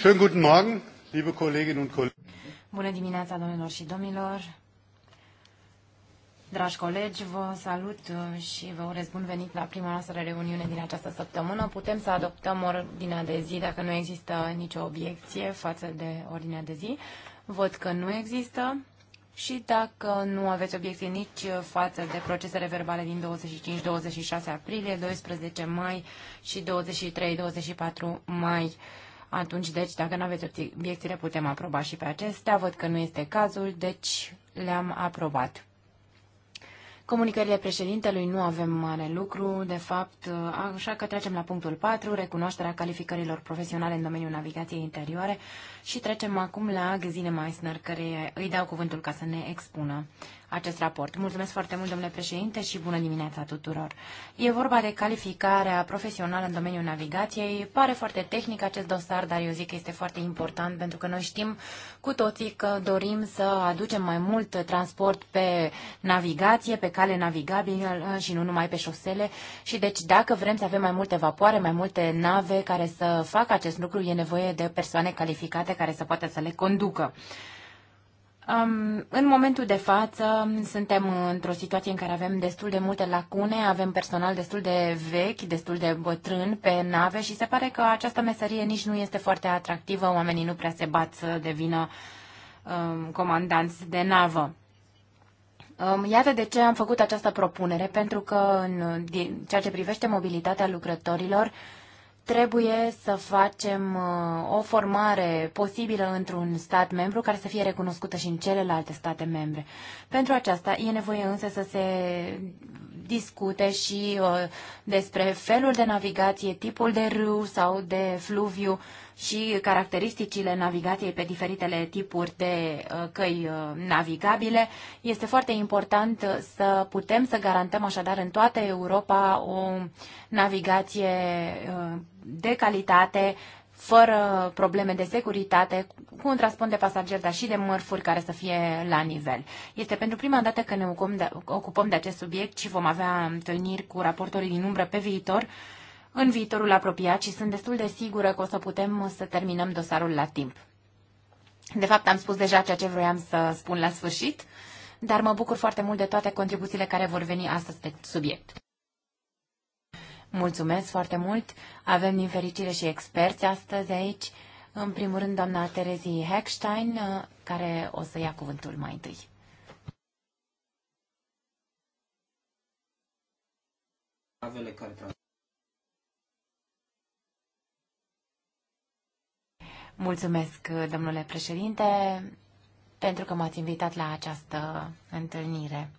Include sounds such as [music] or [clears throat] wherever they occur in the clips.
Schönen guten Morgen, liebe Kolleginnen und Kollegen. Bună dimineața, domnilor și domnilor. Dragi colegi, vă salut uh, și vă urez bun venit la prima noastră reuniune din această săptămână. Putem să adoptăm ordinea de zi dacă nu există nicio obiecție față de ordinea de zi. Văd că nu există și dacă nu aveți obiecții nici față de procesele verbale din 25-26 aprilie, 12 mai și 23-24 mai atunci, deci, dacă nu aveți obiecțiile, putem aproba și pe acestea. Văd că nu este cazul, deci le-am aprobat. Comunicările președintelui nu avem mare lucru, de fapt, așa că trecem la punctul 4, recunoașterea calificărilor profesionale în domeniul navigației interioare și trecem acum la Gzine Meissner, care îi dau cuvântul ca să ne expună acest raport. Mulțumesc foarte mult, domnule președinte, și bună dimineața tuturor. E vorba de calificarea profesională în domeniul navigației. Pare foarte tehnic acest dosar, dar eu zic că este foarte important pentru că noi știm cu toții că dorim să aducem mai mult transport pe navigație, pe cale navigabilă și nu numai pe șosele. Și deci dacă vrem să avem mai multe vapoare, mai multe nave care să facă acest lucru, e nevoie de persoane calificate care să poată să le conducă. Um, în momentul de față suntem într-o situație în care avem destul de multe lacune, avem personal destul de vechi, destul de bătrân pe nave și se pare că această meserie nici nu este foarte atractivă, oamenii nu prea se bat să devină um, comandanți de navă. Um, iată de ce am făcut această propunere, pentru că în ceea ce privește mobilitatea lucrătorilor, uh, trebuie să facem uh, o formare posibilă într-un stat membru care să fie recunoscută și în celelalte state membre. Pentru aceasta e nevoie însă să se discute și uh, despre felul de navigație, tipul de râu sau de fluviu și caracteristicile navigației pe diferitele tipuri de uh, căi uh, navigabile. Este foarte important uh, să putem să garantăm așadar în toată Europa o navigație de calitate, fără probleme de securitate, cu un transport de pasageri, dar și de mărfuri care să fie la nivel. Este pentru prima dată că ne ocupăm de, ocupăm de acest subiect și vom avea întâlniri cu raportorii din umbră pe viitor în viitorul apropiat și sunt destul de sigură că o să putem să terminăm dosarul la timp. De fapt, am spus deja ceea ce vroiam să spun la sfârșit, dar mă bucur foarte mult de toate contribuțiile care vor veni astăzi pe subiect. Mulțumesc foarte mult! Avem din fericire și experți astăzi aici. În primul rând, doamna Terezi Heckstein, care o să ia cuvântul mai întâi. Avele care Mulțumesc, domnule președinte, pentru că m-ați invitat la această întâlnire.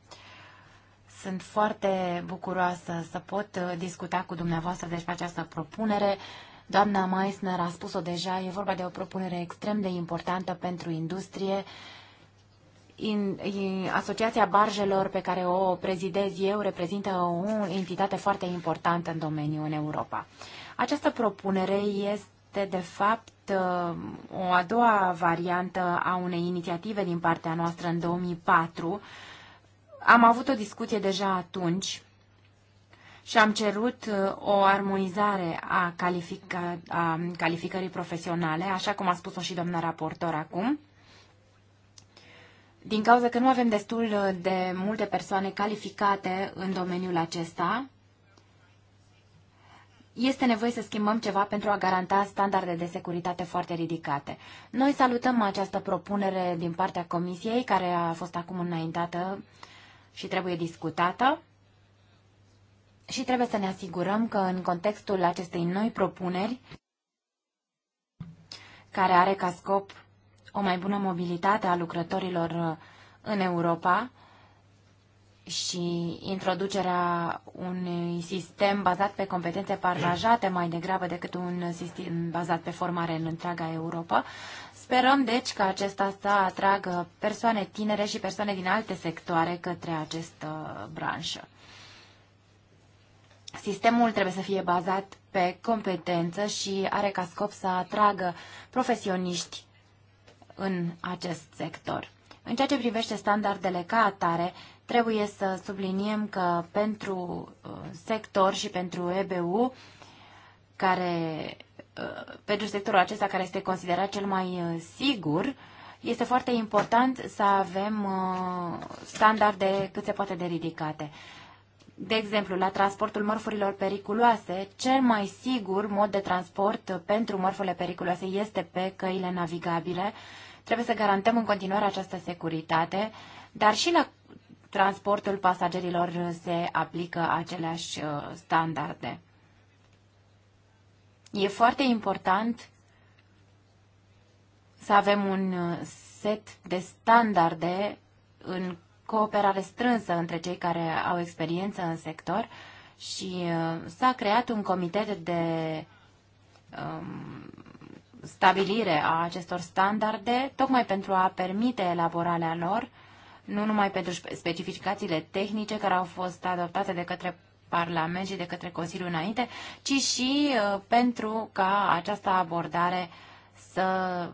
Sunt foarte bucuroasă să pot discuta cu dumneavoastră despre această propunere. Doamna Meissner a spus-o deja, e vorba de o propunere extrem de importantă pentru industrie. In, in, Asociația Barjelor pe care o prezidez eu reprezintă o entitate foarte importantă în domeniu în Europa. Această propunere este este, de fapt, uh, o a doua variantă a unei inițiative din partea noastră în 2004. Am avut o discuție deja atunci și am cerut uh, o armonizare a, califica, a calificării profesionale, așa cum a spus-o și doamna raportor acum. Din cauza că nu avem destul de multe persoane calificate în domeniul acesta, este nevoie să schimbăm ceva pentru a garanta standarde de securitate foarte ridicate. Noi salutăm această propunere din partea Comisiei, care a fost acum înaintată și trebuie discutată. Și trebuie să ne asigurăm că în contextul acestei noi propuneri, care are ca scop o mai bună mobilitate a lucrătorilor în Europa, și introducerea unui sistem bazat pe competențe partajate mai degrabă decât un sistem bazat pe formare în întreaga Europa. Sperăm, deci, că acesta să atragă persoane tinere și persoane din alte sectoare către această branșă. Sistemul trebuie să fie bazat pe competență și are ca scop să atragă profesioniști în acest sector. În ceea ce privește standardele ca atare, Trebuie să subliniem că pentru uh, sector și pentru EBU, care, uh, pentru sectorul acesta care este considerat cel mai uh, sigur, este foarte important să avem standarde cât se poate de ridicate. De exemplu, la transportul mărfurilor periculoase, cel mai sigur mod de transport pentru mărfurile periculoase este pe căile navigabile. Trebuie să garantăm în continuare această securitate, dar și la transportul pasagerilor se aplică aceleași uh, standarde. E foarte important să avem un uh, set de standarde în cooperare strânsă între cei care au experiență în sector și uh, s-a creat un comitet de um, stabilire a acestor standarde, tocmai pentru a permite elaborarea lor nu numai pentru specificațiile tehnice care au fost adoptate de către Parlament și de către Consiliu înainte, ci și uh, pentru ca această abordare să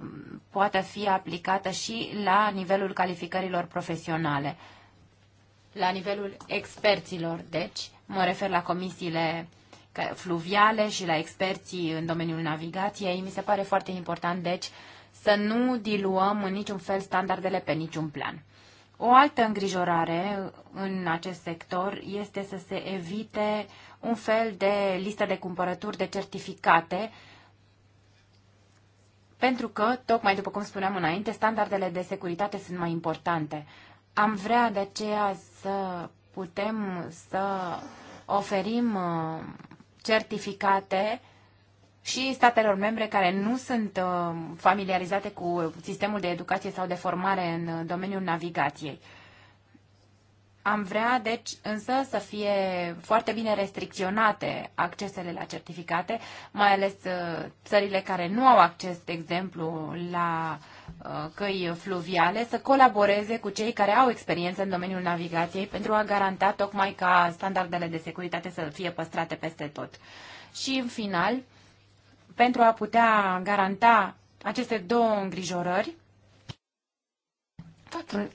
poată fi aplicată și la nivelul calificărilor profesionale, la nivelul experților, deci mă refer la comisiile fluviale și la experții în domeniul navigației. Mi se pare foarte important, deci, să nu diluăm în niciun fel standardele pe niciun plan. O altă îngrijorare în acest sector este să se evite un fel de listă de cumpărături de certificate, pentru că, tocmai după cum spuneam înainte, standardele de securitate sunt mai importante. Am vrea de aceea să putem să oferim uh, certificate și statelor membre care nu sunt uh, familiarizate cu sistemul de educație sau de formare în uh, domeniul navigației. Am vrea, deci, însă să fie foarte bine restricționate accesele la certificate, mai ales uh, țările care nu au acces, de exemplu, la căi fluviale, să colaboreze cu cei care au experiență în domeniul navigației pentru a garanta tocmai ca standardele de securitate să fie păstrate peste tot. Și, în final, pentru a putea garanta aceste două îngrijorări, faptul,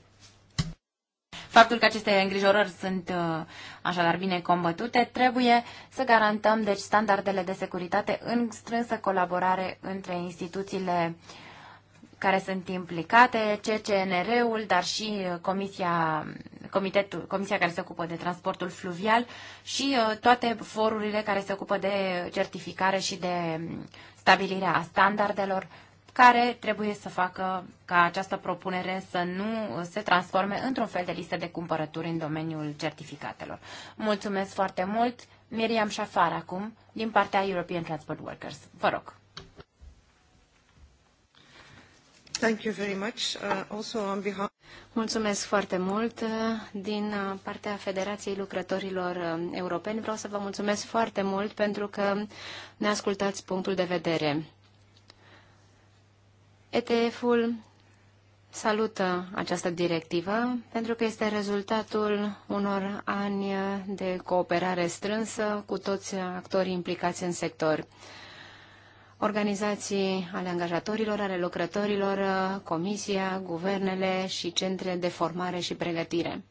faptul că aceste îngrijorări sunt uh, așadar bine combătute, trebuie să garantăm deci standardele de securitate în strânsă colaborare între instituțiile uh, care sunt implicate, CCNR-ul, dar și uh, comisia, comitetul, comisia care se ocupă de transportul fluvial și uh, toate forurile care se ocupă de certificare și de mm, stabilirea standardelor care trebuie să facă ca această propunere să nu uh, se transforme într-un fel de listă de cumpărături în domeniul certificatelor. Mulțumesc foarte mult! Miriam Șafar acum, din partea European Transport Workers. Vă rog! Uh, mulțumesc foarte mult. Uh, din uh, partea Federației Lucrătorilor Europeni vreau să vă mulțumesc foarte mult pentru că ne ascultați punctul de vedere. ETF-ul salută această directivă pentru că este rezultatul unor ani de cooperare strânsă cu toți actorii implicați în sector organizații ale angajatorilor, ale lucrătorilor, comisia, guvernele și centrele de formare și pregătire.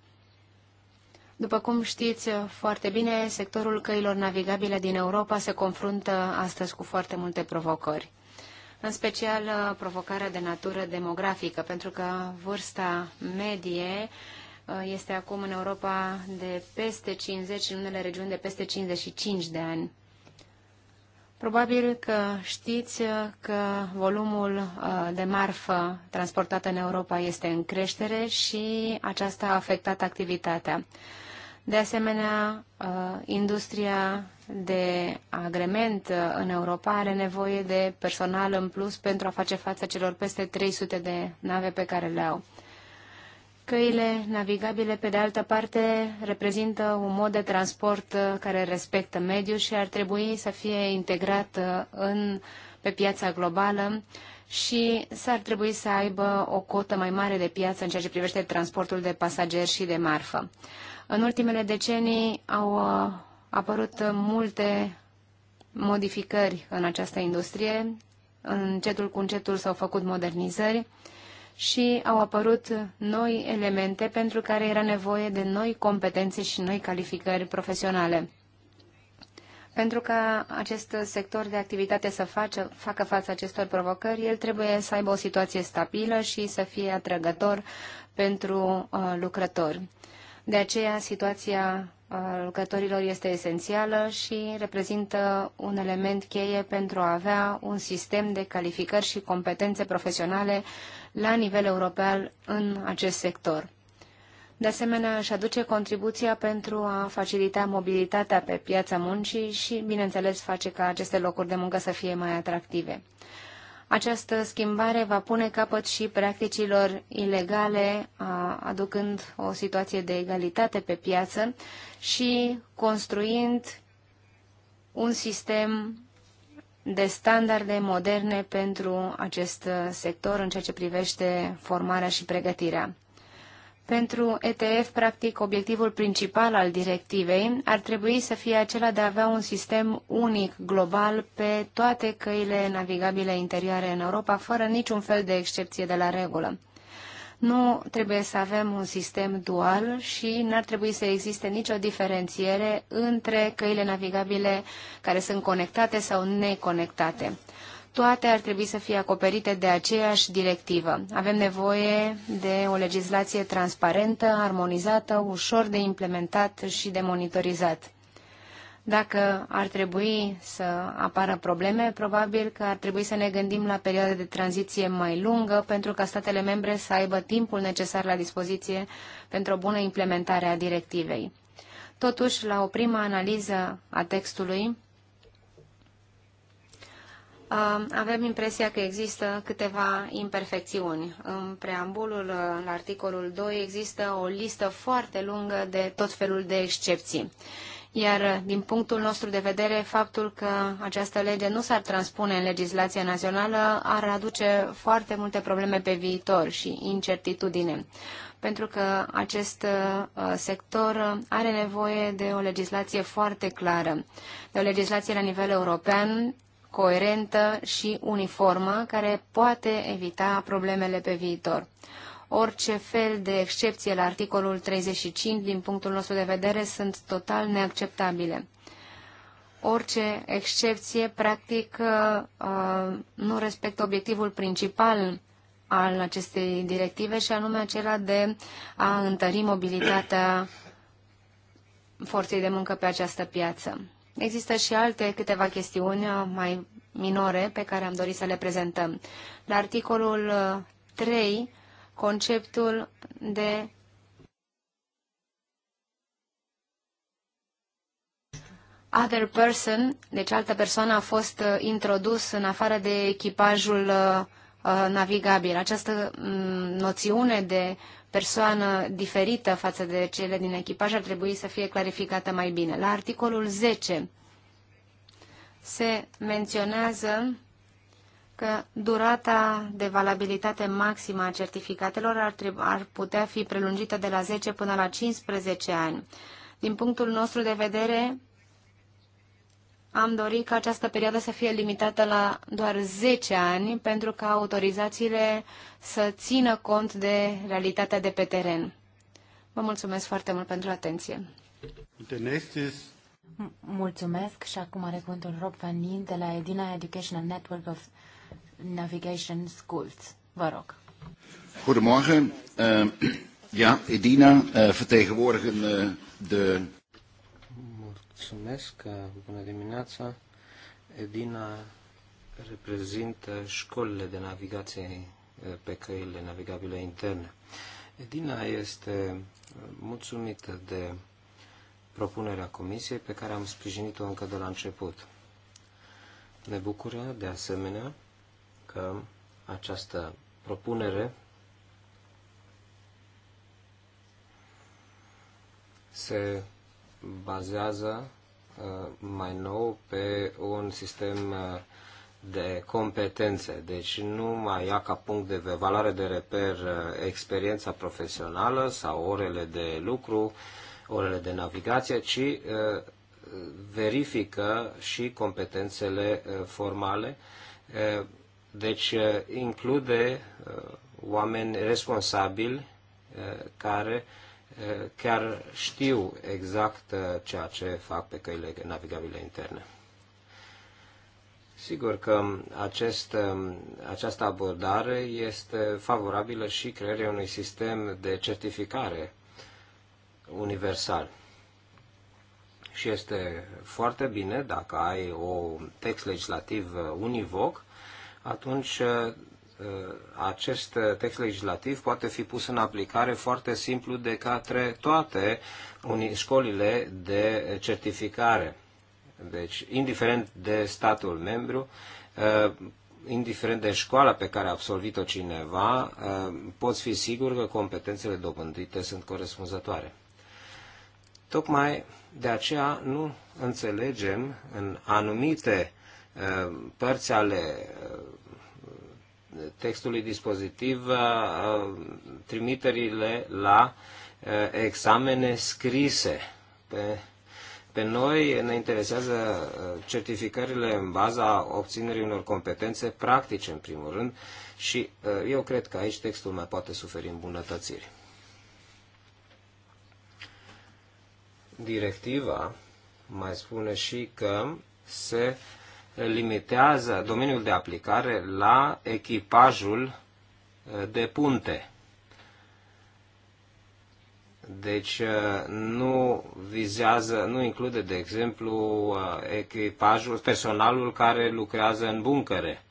După cum știți foarte bine, sectorul căilor navigabile din Europa se confruntă astăzi cu foarte multe provocări. În special uh, provocarea de natură demografică, pentru că vârsta medie uh, este acum în Europa de peste 50, în unele regiuni de peste 55 de ani. Probabil că știți că volumul uh, de marfă transportată în Europa este în creștere și aceasta a afectat activitatea. De asemenea, uh, industria de agrement uh, în Europa are nevoie de personal în plus pentru a face față celor peste 300 de nave pe care le au. Căile navigabile, pe de altă parte, reprezintă un mod de transport uh, care respectă mediul și ar trebui să fie integrat uh, în, pe piața globală și s-ar trebui să aibă o cotă mai mare de piață în ceea ce privește transportul de pasageri și de marfă. În ultimele decenii au uh, apărut multe modificări în această industrie. Încetul cu încetul s-au făcut modernizări și au apărut noi elemente pentru care era nevoie de noi competențe și noi calificări profesionale. Pentru ca acest sector de activitate să face, facă față acestor provocări, el trebuie să aibă o situație stabilă și să fie atrăgător pentru uh, lucrători. De aceea, situația uh, lucrătorilor este esențială și reprezintă un element cheie pentru a avea un sistem de calificări și competențe profesionale uh, la nivel european în acest sector. De asemenea, își aduce contribuția pentru a facilita mobilitatea pe piața muncii și, bineînțeles, face ca aceste locuri de muncă să fie mai atractive. Această schimbare va pune capăt și practicilor ilegale, aducând o situație de egalitate pe piață și construind un sistem de standarde moderne pentru acest sector în ceea ce privește formarea și pregătirea. Pentru ETF, practic, obiectivul principal al directivei ar trebui să fie acela de a avea un sistem unic, global, pe toate căile navigabile interioare în Europa, fără niciun fel de excepție de la regulă. Nu trebuie să avem un sistem dual și n-ar trebui să existe nicio diferențiere între căile navigabile care sunt conectate sau neconectate toate ar trebui să fie acoperite de aceeași directivă. Avem nevoie de o legislație transparentă, armonizată, ușor de implementat și de monitorizat. Dacă ar trebui să apară probleme, probabil că ar trebui să ne gândim la perioade de tranziție mai lungă pentru ca statele membre să aibă timpul necesar la dispoziție pentru o bună implementare a directivei. Totuși, la o primă analiză a textului, avem impresia că există câteva imperfecțiuni. În preambulul, în articolul 2, există o listă foarte lungă de tot felul de excepții iar uh, din punctul nostru de vedere, faptul că această lege nu s-ar transpune în legislația națională ar aduce foarte multe probleme pe viitor și incertitudine, pentru că acest uh, sector are nevoie de o legislație foarte clară, de o legislație la nivel european, coerentă și uniformă, care poate evita problemele pe viitor orice fel de excepție la articolul 35, din punctul nostru de vedere, sunt total neacceptabile. Orice excepție, practic, uh, uh, nu respectă obiectivul principal al acestei directive și anume acela de a întări mobilitatea forței de muncă pe această piață. Există și alte câteva chestiuni uh, mai minore pe care am dorit să le prezentăm. La articolul 3 conceptul de other person, deci altă persoană a fost uh, introdus în afară de echipajul uh, uh, navigabil. Această mm, noțiune de persoană diferită față de cele din echipaj ar trebui să fie clarificată mai bine. La articolul 10 se menționează că durata de valabilitate maximă a certificatelor ar, trebui, ar putea fi prelungită de la 10 până la 15 ani. Din punctul nostru de vedere, am dorit ca această perioadă să fie limitată la doar 10 ani pentru ca autorizațiile să țină cont de realitatea de pe teren. Vă mulțumesc foarte mult pentru atenție. Mulțumesc și acum are cuvântul Rob Van Nien de la Edina Educational Network of Navigation Schools. Vă rog. Goedemorgen. Uh, ja, Edina, uh, vertegenwoordigen uh, de... Mulțumesc, eh, bună dimineața. Edina reprezintă școlile de navigație pe căile navigabile interne. Edina este mulțumită de propunerea comisiei pe care am sprijinit-o încă de la început. Ne bucură, de asemenea, că această propunere se bazează uh, mai nou pe un sistem uh, de competențe. Deci nu mai ia ca punct de valoare de reper uh, experiența profesională sau orele de lucru, orele de navigație, ci verifică și competențele formale deci uh, include uh, oameni responsabili uh, care chiar știu exact ceea ce fac pe căile navigabile interne. Sigur că um, acest, um, această abordare este favorabilă și crearea unui sistem de certificare universal. Și este foarte bine dacă ai un text legislativ univoc atunci uh, uh, acest text legislativ poate fi pus în aplicare foarte simplu de către toate școlile de certificare. Deci, indiferent de statul membru, uh, indiferent de școala pe care a absolvit-o cineva, poți fi sigur că competențele dobândite sunt corespunzătoare. Tocmai de aceea nu înțelegem în anumite Uh, părți ale uh, textului dispozitiv uh, trimiterile la examene scrise. Pe, pe noi ne interesează certificările în baza obținerii unor competențe practice, în primul rând, și eu cred că aici textul mai poate suferi îmbunătățiri. Directiva mai spune și că se limitează domeniul de aplicare la echipajul uh, de punte. Deci uh, nu vizează, nu include, de exemplu, uh, echipajul, personalul care lucrează în buncăre.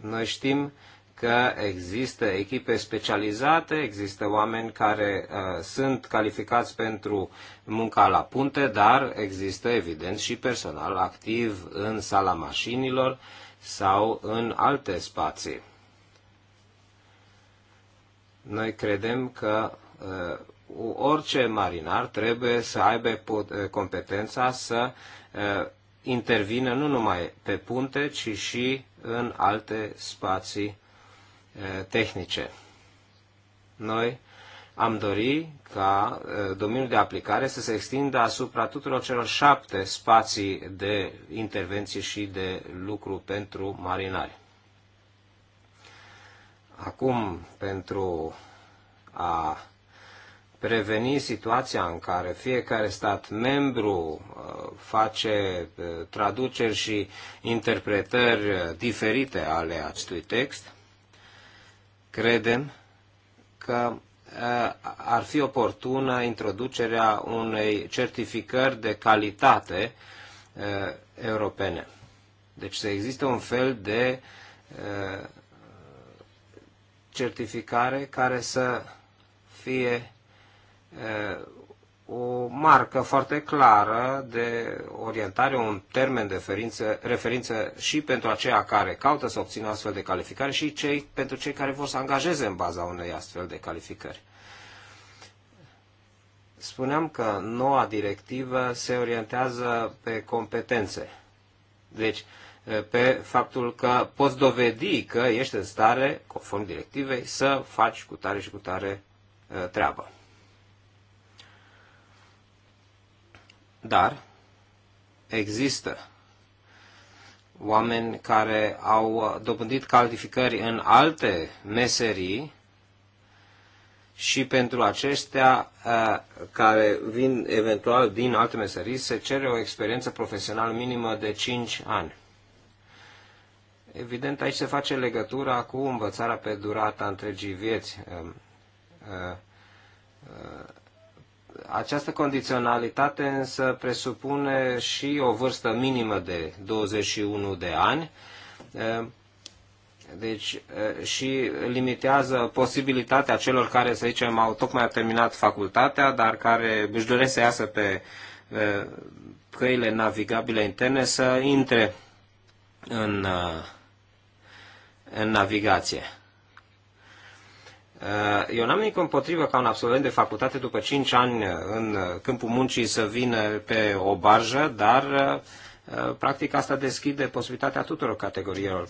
Noi știm că există echipe specializate, există oameni care uh, sunt calificați pentru munca la punte, dar există evident și personal activ în sala mașinilor sau în alte spații. Noi credem că uh, orice marinar trebuie să aibă uh, competența să uh, intervină nu numai pe punte, ci și în alte spații tehnice. Noi am dori ca domeniul de aplicare să se extindă asupra tuturor celor șapte spații de intervenție și de lucru pentru marinari. Acum, pentru a preveni situația în care fiecare stat membru face traduceri și interpretări diferite ale acestui text, Credem că ar fi oportună introducerea unei certificări de calitate europene. Deci să există un fel de certificare care să fie o marcă foarte clară de orientare, un termen de referință, referință și pentru aceia care caută să obțină astfel de calificare și cei, pentru cei care vor să angajeze în baza unei astfel de calificări. Spuneam că noua directivă se orientează pe competențe. Deci, pe faptul că poți dovedi că ești în stare, conform directivei, să faci cu tare și cu tare uh, treabă. Dar există oameni care au dobândit calificări în alte meserii și pentru aceștia care vin eventual din alte meserii se cere o experiență profesională minimă de 5 ani. Evident, aici se face legătura cu învățarea pe durata întregii vieți. Această condiționalitate însă presupune și o vârstă minimă de 21 de ani, deci și limitează posibilitatea celor care, să zicem, au tocmai terminat facultatea, dar care își doresc să iasă pe căile navigabile interne să intre în, în navigație. Uh, eu n-am nimic împotrivă ca un absolvent de facultate după 5 ani în câmpul muncii să vină pe o barjă, dar uh, uh, practic asta deschide posibilitatea tuturor categoriilor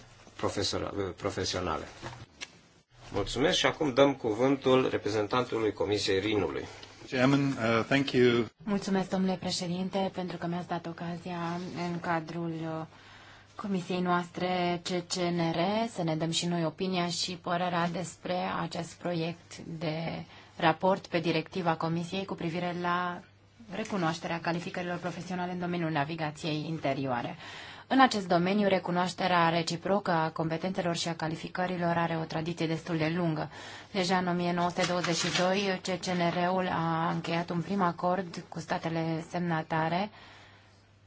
profesionale. Mulțumesc și acum dăm cuvântul reprezentantului Comisiei Rinului. Chairman, uh, thank you. Mulțumesc, domnule președinte, pentru că mi-ați dat ocazia în cadrul uh, Comisiei noastre CCNR să ne dăm și noi opinia și părerea despre acest proiect de raport pe directiva Comisiei cu privire la recunoașterea calificărilor profesionale în domeniul navigației interioare. În acest domeniu, recunoașterea reciprocă a competențelor și a calificărilor are o tradiție destul de lungă. Deja în 1922, CCNR-ul a încheiat un prim acord cu statele semnatare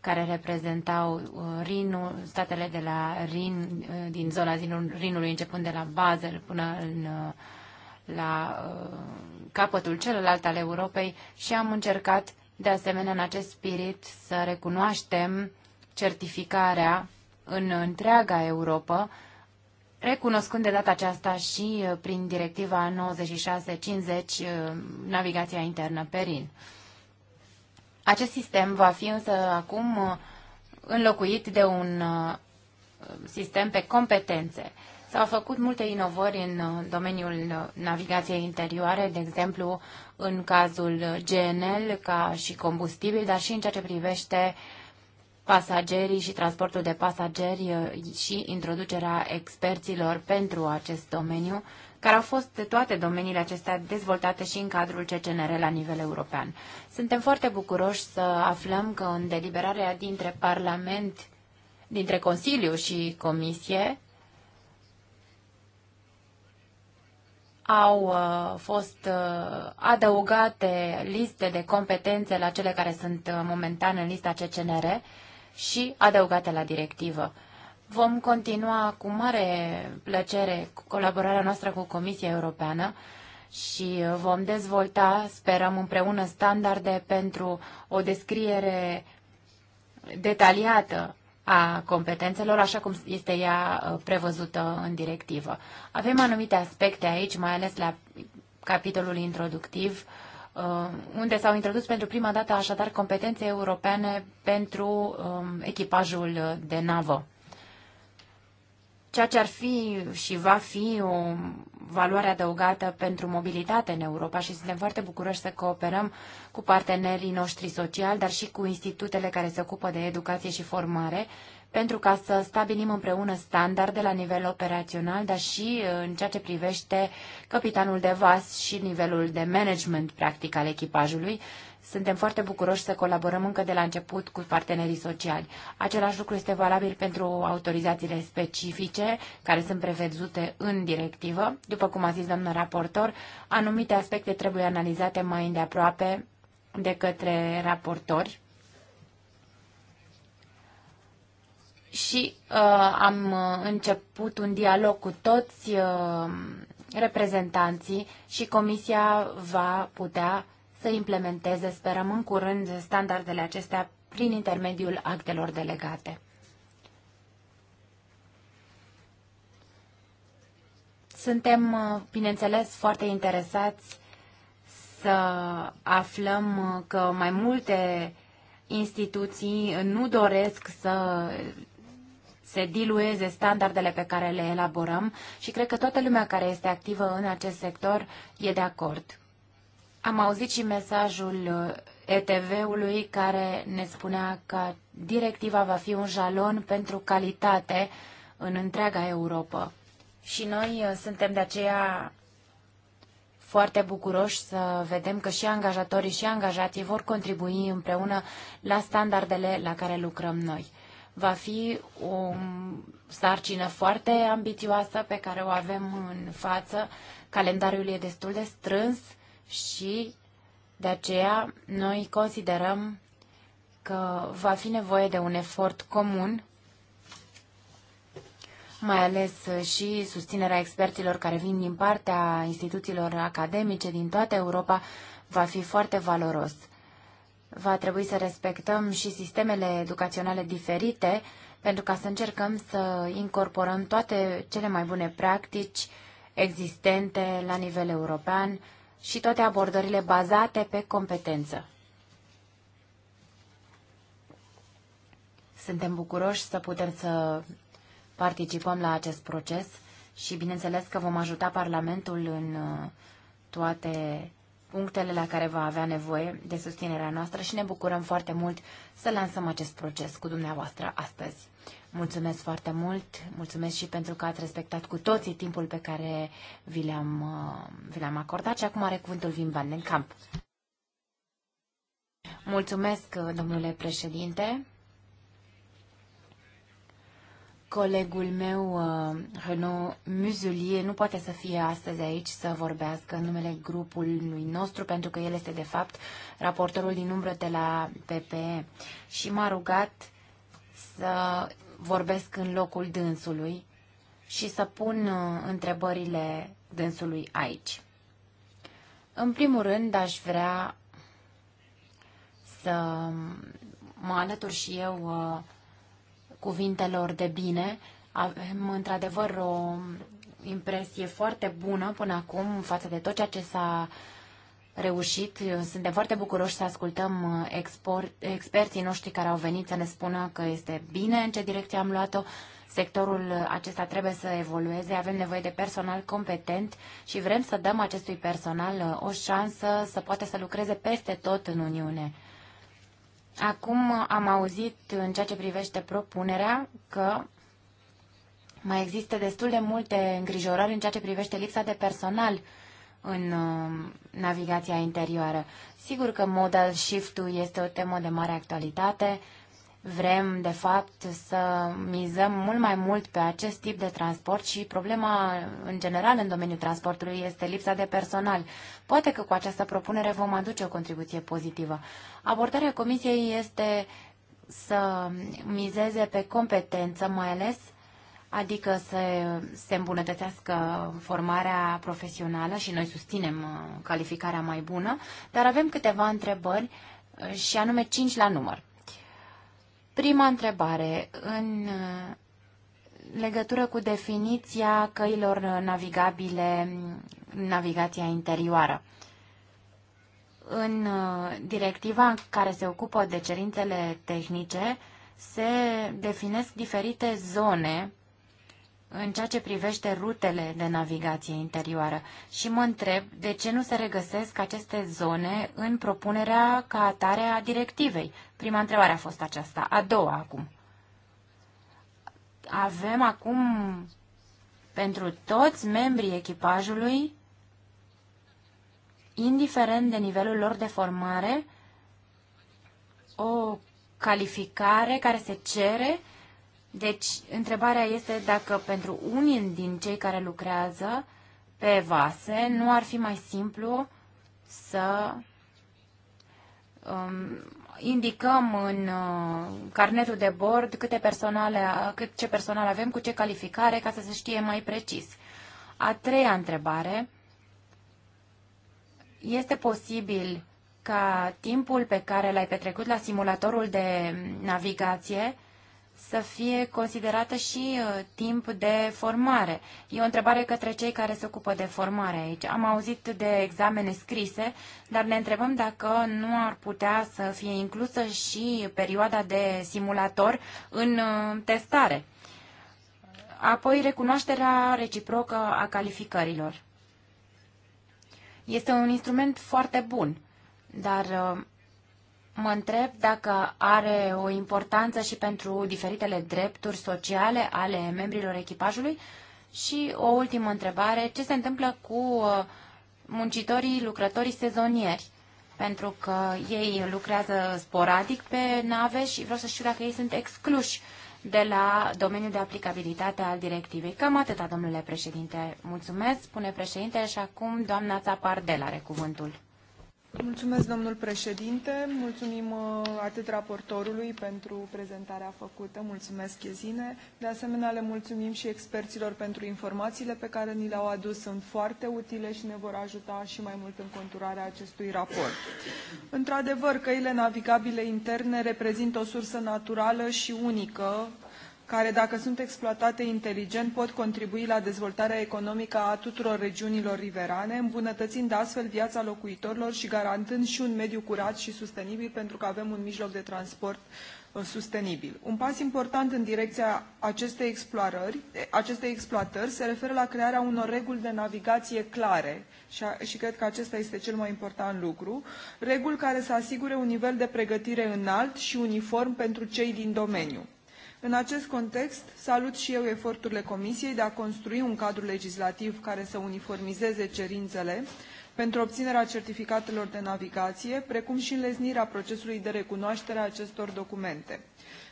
care reprezentau uh, Rinul, statele de la Rin, uh, din zona Rinului, începând de la Basel până în, uh, la capătul celălalt al Europei și am încercat, de asemenea, în acest spirit, să recunoaștem certificarea în întreaga Europa, recunoscând de data aceasta și prin directiva 9650 navigația internă pe Rin. Acest sistem va fi însă acum uh, înlocuit de un uh, sistem pe competențe. S-au făcut multe inovări în uh, domeniul navigației interioare, de exemplu în cazul GNL ca și combustibil, dar și în ceea ce privește pasagerii și transportul de pasageri și introducerea experților pentru acest domeniu care au fost de toate domeniile acestea dezvoltate și în cadrul CCNR la nivel european. Suntem foarte bucuroși să aflăm că în deliberarea dintre Parlament, dintre Consiliu și Comisie, au uh, fost uh, adăugate liste de competențe la cele care sunt uh, momentan în lista CCNR și adăugate la directivă. Vom continua cu mare plăcere cu colaborarea noastră cu Comisia Europeană și vom dezvolta, sperăm împreună, standarde pentru o descriere detaliată a competențelor, așa cum este ea uh, prevăzută în directivă. Avem anumite aspecte aici, mai ales la capitolul introductiv, uh, unde s-au introdus pentru prima dată așadar competențe europene pentru um, echipajul de navă ceea ce ar fi și va fi o valoare adăugată pentru mobilitate în Europa și suntem foarte bucuroși să cooperăm cu partenerii noștri sociali, dar și cu institutele care se ocupă de educație și formare, pentru ca să stabilim împreună standarde la nivel operațional, dar și uh, în ceea ce privește capitanul de vas și nivelul de management practic al echipajului, suntem foarte bucuroși să colaborăm încă de la început cu partenerii sociali. Același lucru este valabil pentru autorizațiile specifice care sunt prevăzute în directivă. După cum a zis domnul raportor, anumite aspecte trebuie analizate mai îndeaproape de către raportori. Și uh, am început un dialog cu toți uh, reprezentanții și comisia va putea să implementeze, sperăm în curând, standardele acestea prin intermediul actelor delegate. Suntem, uh, bineînțeles, foarte interesați să aflăm uh, că mai multe instituții nu doresc să se dilueze standardele pe care le elaborăm și cred că toată lumea care este activă în acest sector e de acord. Am auzit și mesajul uh, ETV-ului care ne spunea că directiva va fi un jalon pentru calitate în întreaga Europa. Și noi uh, suntem de aceea foarte bucuroși să vedem că și angajatorii și angajații vor contribui împreună la standardele la care lucrăm noi. Va fi o sarcină foarte ambițioasă pe care o avem în față. Calendariul e destul de strâns și de aceea noi considerăm că va fi nevoie de un efort comun, mai ales și susținerea experților care vin din partea instituțiilor academice din toată Europa va fi foarte valoros. Va trebui să respectăm și sistemele educaționale diferite pentru ca să încercăm să incorporăm toate cele mai bune practici existente la nivel european și toate abordările bazate pe competență. Suntem bucuroși să putem să participăm la acest proces și bineînțeles că vom ajuta Parlamentul în uh, toate punctele la care va avea nevoie de susținerea noastră și ne bucurăm foarte mult să lansăm acest proces cu dumneavoastră astăzi. Mulțumesc foarte mult, mulțumesc și pentru că ați respectat cu toții timpul pe care vi l-am, uh, vi l-am acordat și acum are cuvântul Vim Van den Camp. Mulțumesc, uh, domnule președinte. Colegul meu, uh, Renaud Muzulier, nu poate să fie astăzi aici să vorbească în numele grupului nostru, pentru că el este, de fapt, raportorul din umbră de la PPE și m-a rugat să vorbesc în locul dânsului și să pun uh, întrebările dânsului aici. În primul rând, aș vrea să mă alătur și eu uh, cuvintelor de bine. Avem, într-adevăr, o impresie foarte bună până acum față de tot ceea ce s-a uh, reușit. Suntem foarte bucuroși să ascultăm uh, export, experții noștri care au venit să ne spună că este bine în ce direcție am luat-o. Sectorul uh, acesta trebuie să evolueze, avem nevoie de personal competent și vrem să dăm acestui personal uh, o șansă să poată să lucreze peste tot în Uniune. Acum am auzit în ceea ce privește propunerea că mai există destul de multe îngrijorări în ceea ce privește lipsa de personal în um, navigația interioară. Sigur că modal shift-ul este o temă de mare actualitate. Vrem, de fapt, să mizăm mult mai mult pe acest tip de transport și problema, în general, în domeniul transportului este lipsa de personal. Poate că cu această propunere vom aduce o contribuție pozitivă. Abordarea Comisiei este să mizeze pe competență, mai ales adică să se îmbunătățească formarea profesională și noi susținem uh, calificarea mai bună, dar avem câteva întrebări uh, și anume 5 la număr. Prima întrebare, în uh, legătură cu definiția căilor navigabile, navigația interioară. În directiva care se ocupă de cerințele tehnice se definesc diferite zone în ceea ce privește rutele de navigație interioară și mă întreb de ce nu se regăsesc aceste zone în propunerea ca atare a directivei. Prima întrebare a fost aceasta, a doua acum. Avem acum pentru toți membrii echipajului, indiferent de nivelul lor de formare, o calificare care se cere deci, întrebarea este dacă pentru unii din cei care lucrează pe vase nu ar fi mai simplu să um, indicăm în uh, carnetul de bord câte personale, cât ce personal avem, cu ce calificare, ca să se știe mai precis. A treia întrebare. Este posibil ca timpul pe care l-ai petrecut la simulatorul de navigație să fie considerată și uh, timp de formare. E o întrebare către cei care se ocupă de formare aici. Am auzit de examene scrise, dar ne întrebăm dacă nu ar putea să fie inclusă și perioada de simulator în uh, testare. Apoi, recunoașterea reciprocă a calificărilor. Este un instrument foarte bun, dar uh, Mă întreb dacă are o importanță și pentru diferitele drepturi sociale ale membrilor echipajului și o ultimă întrebare, ce se întâmplă cu uh, muncitorii, lucrătorii sezonieri? Pentru că ei lucrează sporadic pe nave și vreau să știu dacă ei sunt excluși de la domeniul de aplicabilitate al directivei. Cam atâta, domnule președinte. Mulțumesc, spune președinte. și acum doamna Țapardel are cuvântul. Mulțumesc, domnul președinte. Mulțumim uh, atât raportorului pentru prezentarea făcută. Mulțumesc, Chezine. De asemenea, le mulțumim și experților pentru informațiile pe care ni le-au adus. Sunt foarte utile și ne vor ajuta și mai mult în conturarea acestui raport. Într-adevăr, căile navigabile interne reprezintă o sursă naturală și unică care, dacă sunt exploatate inteligent, pot contribui la dezvoltarea economică a tuturor regiunilor riverane, îmbunătățind astfel viața locuitorilor și garantând și un mediu curat și sustenibil, pentru că avem un mijloc de transport uh, sustenibil. Un pas important în direcția acestei, explorări, acestei exploatări se referă la crearea unor reguli de navigație clare și, a, și cred că acesta este cel mai important lucru, reguli care să asigure un nivel de pregătire înalt și uniform pentru cei din domeniu. În acest context, salut și eu eforturile Comisiei de a construi un cadru legislativ care să uniformizeze cerințele pentru obținerea certificatelor de navigație, precum și înlesnirea procesului de recunoaștere a acestor documente.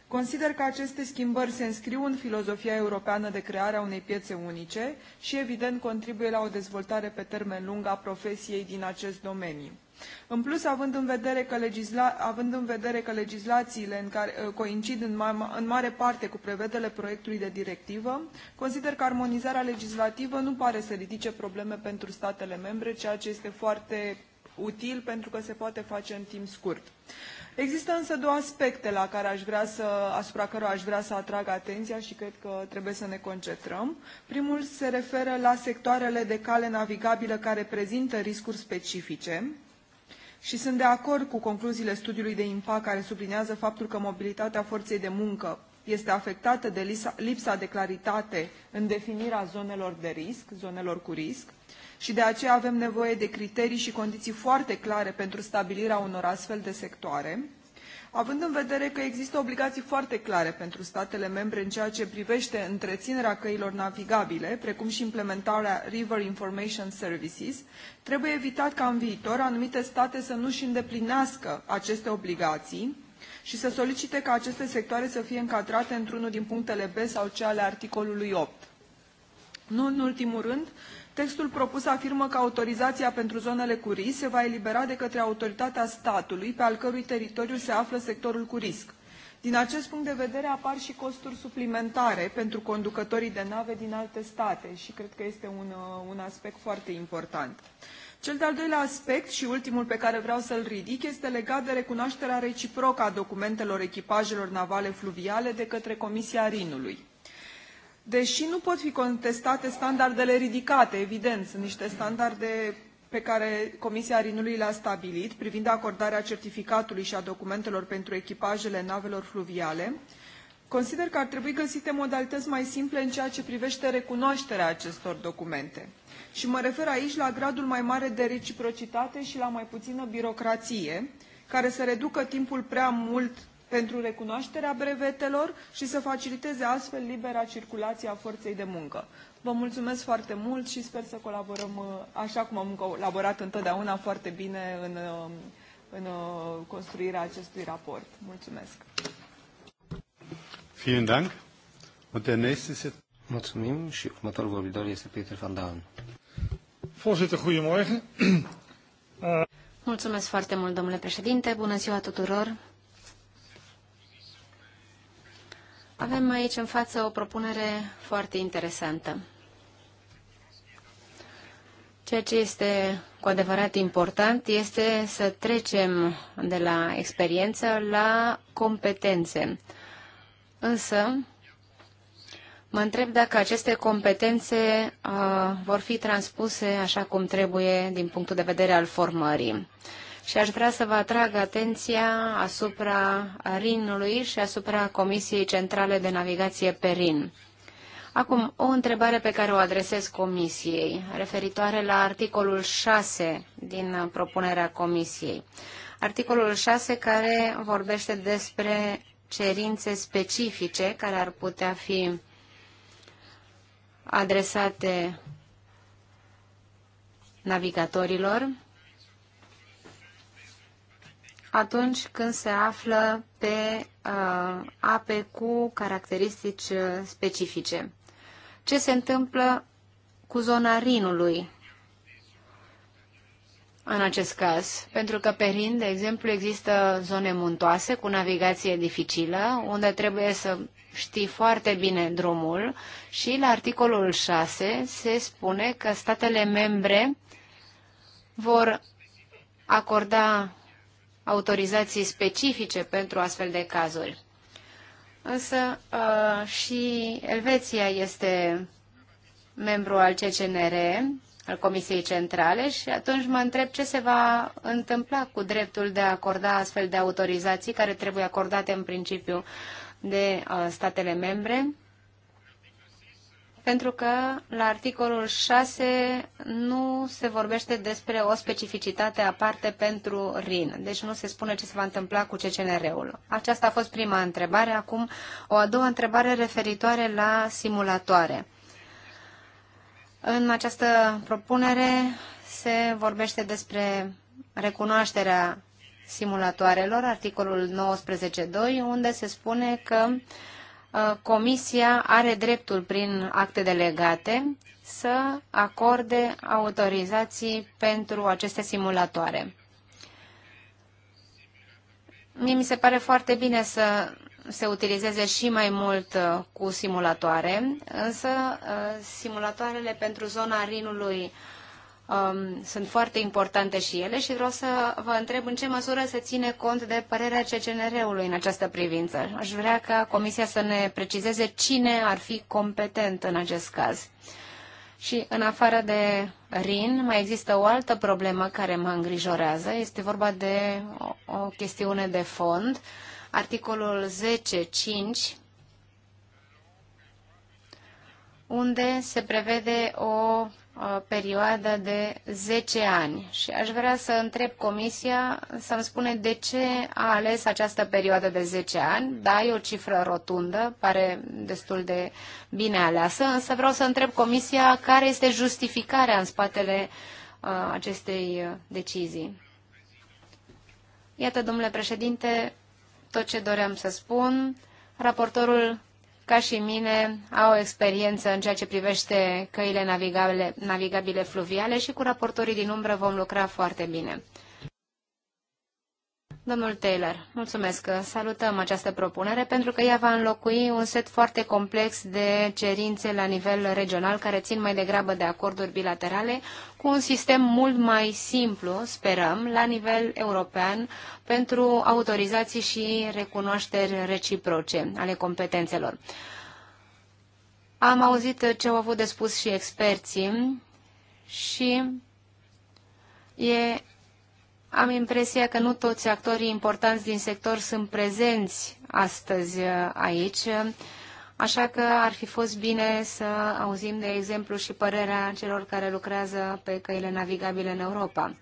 Consider că aceste schimbări se înscriu în filozofia europeană de creare a unei piețe unice și, evident, contribuie la o dezvoltare pe termen lung a profesiei din acest domeniu. În plus, având în vedere că, legisla, având în vedere că legislațiile în care, uh, coincid în, ma, în mare parte cu prevederile proiectului de directivă, consider că armonizarea legislativă nu pare să ridice probleme pentru statele membre, ceea ce este foarte util pentru că se poate face în timp scurt. Există însă două aspecte la care aș vrea să, asupra cărora aș vrea să atrag atenția și cred că trebuie să ne concentrăm. Primul se referă la sectoarele de cale navigabilă care prezintă riscuri specifice și sunt de acord cu concluziile studiului de impact care subliniază faptul că mobilitatea forței de muncă este afectată de lipsa de claritate în definirea zonelor de risc, zonelor cu risc, și de aceea avem nevoie de criterii și condiții foarte clare pentru stabilirea unor astfel de sectoare, Având în vedere că există obligații foarte clare pentru statele membre în ceea ce privește întreținerea căilor navigabile, precum și implementarea River Information Services, trebuie evitat ca în viitor anumite state să nu-și îndeplinească aceste obligații și să solicite ca aceste sectoare să fie încadrate într-unul din punctele B sau C ale articolului 8. Nu în ultimul rând, Textul propus afirmă că autorizația pentru zonele cu risc se va elibera de către autoritatea statului pe al cărui teritoriu se află sectorul cu risc. Din acest punct de vedere apar și costuri suplimentare pentru conducătorii de nave din alte state și cred că este un, uh, un aspect foarte important. Cel de-al doilea aspect și ultimul pe care vreau să-l ridic este legat de recunoașterea reciprocă a documentelor echipajelor navale fluviale de către Comisia Rinului deși nu pot fi contestate standardele ridicate, evident, sunt niște standarde pe care Comisia Rinului le-a stabilit privind acordarea certificatului și a documentelor pentru echipajele navelor fluviale, consider că ar trebui găsite modalități mai simple în ceea ce privește recunoașterea acestor documente. Și mă refer aici la gradul mai mare de reciprocitate și la mai puțină birocrație, care să reducă timpul prea mult pentru recunoașterea brevetelor și să faciliteze astfel libera circulație a forței de muncă. Vă mulțumesc foarte mult și sper să colaborăm, uh, așa cum am colaborat întotdeauna, foarte bine în, um, în uh, construirea acestui raport. Mulțumesc! Vielen Dank. Und der nächste ist Mulțumim și următorul vorbitor este Peter van Daan. Voorzitter, goedemorgen. Mulțumesc foarte mult, domnule președinte. Bună ziua tuturor. Avem aici în față o propunere foarte interesantă. Ceea ce este cu adevărat important este să trecem de la experiență la competențe. Însă, mă întreb dacă aceste competențe uh, vor fi transpuse așa cum trebuie din punctul de vedere al formării. Uh, și aș vrea să vă atrag atenția asupra RIN-ului și asupra Comisiei Centrale de Navigație pe Rin. Acum, o întrebare pe care o adresez Comisiei, referitoare la articolul 6 din propunerea Comisiei. Articolul 6 care vorbește despre cerințe specifice care ar putea fi adresate navigatorilor atunci când se află pe uh, ape cu caracteristici uh, specifice. Ce se întâmplă cu zona Rinului în acest caz? Pentru că pe Rin, de exemplu, există zone muntoase cu navigație dificilă, unde trebuie să știi foarte bine drumul și la articolul 6 se spune că statele membre vor acorda autorizații specifice pentru astfel de cazuri. Însă uh, și Elveția este membru al CCNR, al Comisiei Centrale, și atunci mă întreb ce se va întâmpla cu dreptul de a acorda astfel de autorizații care trebuie acordate în principiu de uh, statele membre pentru că la articolul 6 nu se vorbește despre o specificitate aparte pentru RIN, deci nu se spune ce se va întâmpla cu CCNR-ul. Aceasta a fost prima întrebare. Acum o a doua întrebare referitoare la simulatoare. În această propunere se vorbește despre recunoașterea simulatoarelor, articolul 19.2, unde se spune că uh, Uh, Comisia are dreptul prin acte delegate să acorde autorizații pentru aceste simulatoare. Mie mi se pare foarte bine să se utilizeze și mai mult uh, cu simulatoare, însă uh, simulatoarele pentru zona Rinului um, sunt foarte importante și ele și vreau să vă întreb în ce măsură se ține cont de părerea CCNR-ului în această privință. Aș vrea ca Comisia să ne precizeze cine ar fi competent în acest caz. Și în afară de RIN, mai există o altă problemă care mă îngrijorează. Este vorba de o, o chestiune de fond. Articolul 10.5 unde se prevede o perioadă de 10 ani și aș vrea să întreb comisia să-mi spune de ce a ales această perioadă de 10 ani. Da, e o cifră rotundă, pare destul de bine aleasă, însă vreau să întreb comisia care este justificarea în spatele uh, acestei uh, decizii. Iată, domnule președinte, tot ce doream să spun. Raportorul ca și mine, au experiență în ceea ce privește căile navigabile, navigabile fluviale și cu raportorii din umbră vom lucra foarte bine. Domnul Taylor, mulțumesc că salutăm această propunere pentru că ea va înlocui un set foarte complex de cerințe la nivel regional care țin mai degrabă de acorduri bilaterale cu un sistem mult mai simplu, sperăm, la nivel european pentru autorizații și recunoașteri reciproce ale competențelor. Am auzit ce au avut de spus și experții și e am impresia că nu toți actorii importanți din sector sunt prezenți astăzi uh, aici, așa că ar fi fost bine să auzim, de exemplu, și părerea celor care lucrează pe căile navigabile în Europa.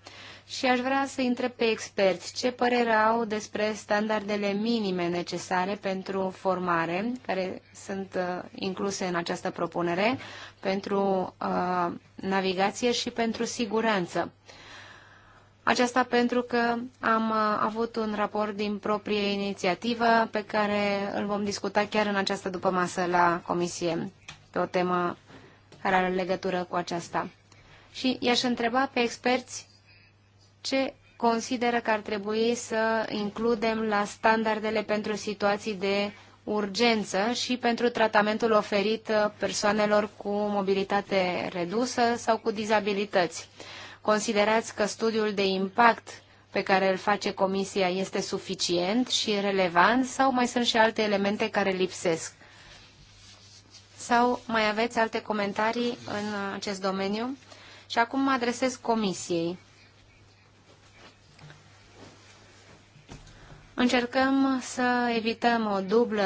Și aș vrea să întreb pe expert ce părere au despre standardele minime necesare pentru formare, care sunt uh, incluse în această propunere, pentru uh, navigație și pentru siguranță. Uh, aceasta pentru că am uh, avut un raport din proprie inițiativă pe care îl vom discuta chiar în această dupămasă la comisie pe o temă care are legătură cu aceasta. Și i-aș întreba pe experți ce consideră că ar trebui să includem la standardele pentru situații de urgență și pentru tratamentul oferit uh, persoanelor cu mobilitate redusă sau cu dizabilități. Considerați că studiul de impact pe care îl face Comisia este suficient și relevant sau mai sunt și alte elemente care lipsesc? Sau mai aveți alte comentarii în acest domeniu? Și acum mă adresez Comisiei. Încercăm să evităm o dublă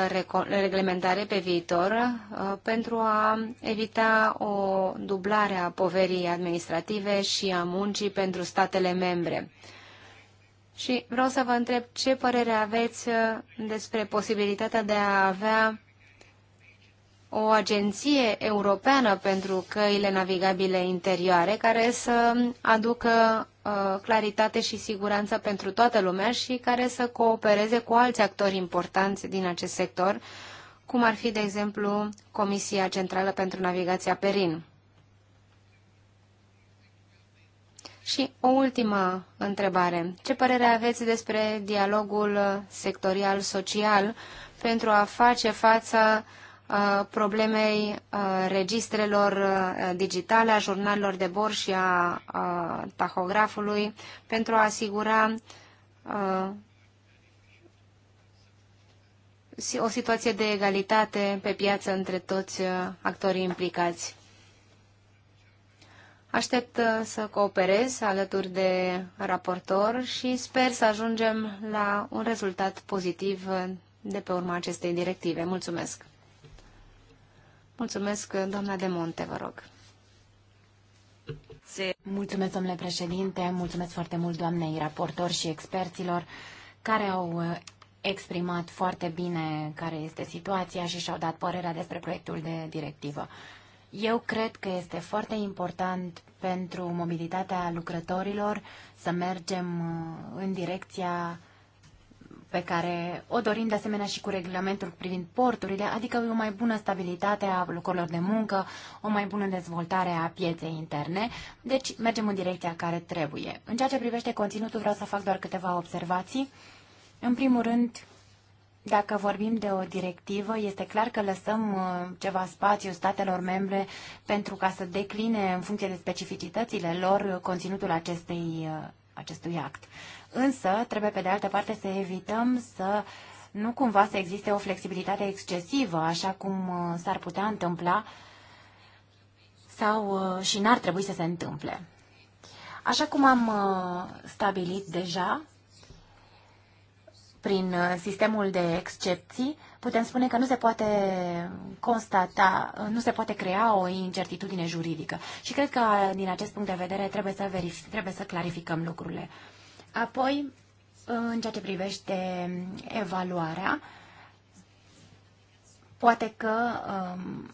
reglementare pe viitor uh, pentru a evita o dublare a poverii administrative și a muncii pentru statele membre. Și vreau să vă întreb ce părere aveți uh, despre posibilitatea de a avea o agenție europeană pentru căile navigabile interioare care să aducă Uh, claritate și siguranță pentru toată lumea și care să coopereze cu alți actori importanți din acest sector, cum ar fi, de exemplu, Comisia Centrală pentru Navigația Perin. Și o ultimă întrebare. Ce părere aveți despre dialogul sectorial social pentru a face față problemei registrelor digitale, a jurnalelor de bord și a tahografului pentru a asigura o situație de egalitate pe piață între toți actorii implicați. Aștept să cooperez alături de raportor și sper să ajungem la un rezultat pozitiv de pe urma acestei directive. Mulțumesc! Mulțumesc, doamna de Monte, vă rog. Mulțumesc, domnule președinte, mulțumesc foarte mult doamnei raportor și experților care au uh, exprimat foarte bine care este situația și și-au dat părerea despre proiectul de directivă. Eu cred că este foarte important pentru mobilitatea lucrătorilor să mergem uh, în direcția pe care o dorim de asemenea și cu regulamentul privind porturile, adică o mai bună stabilitate a locurilor de muncă, o mai bună dezvoltare a pieței interne. Deci mergem în direcția care trebuie. În ceea ce privește conținutul, vreau să fac doar câteva observații. În primul rând, dacă vorbim de o directivă, este clar că lăsăm uh, ceva spațiu statelor membre pentru ca să decline în funcție de specificitățile lor conținutul acestei, uh, acestui act. Însă, trebuie pe de altă parte să evităm să nu cumva să existe o flexibilitate excesivă, așa cum uh, s-ar putea întâmpla sau uh, și n-ar trebui să se întâmple. Așa cum am uh, stabilit deja, prin sistemul de excepții, putem spune că nu se poate constata, nu se poate crea o incertitudine juridică. Și cred că din acest punct de vedere trebuie să, verif- trebuie să clarificăm lucrurile. Apoi, în ceea ce privește evaluarea, poate că um,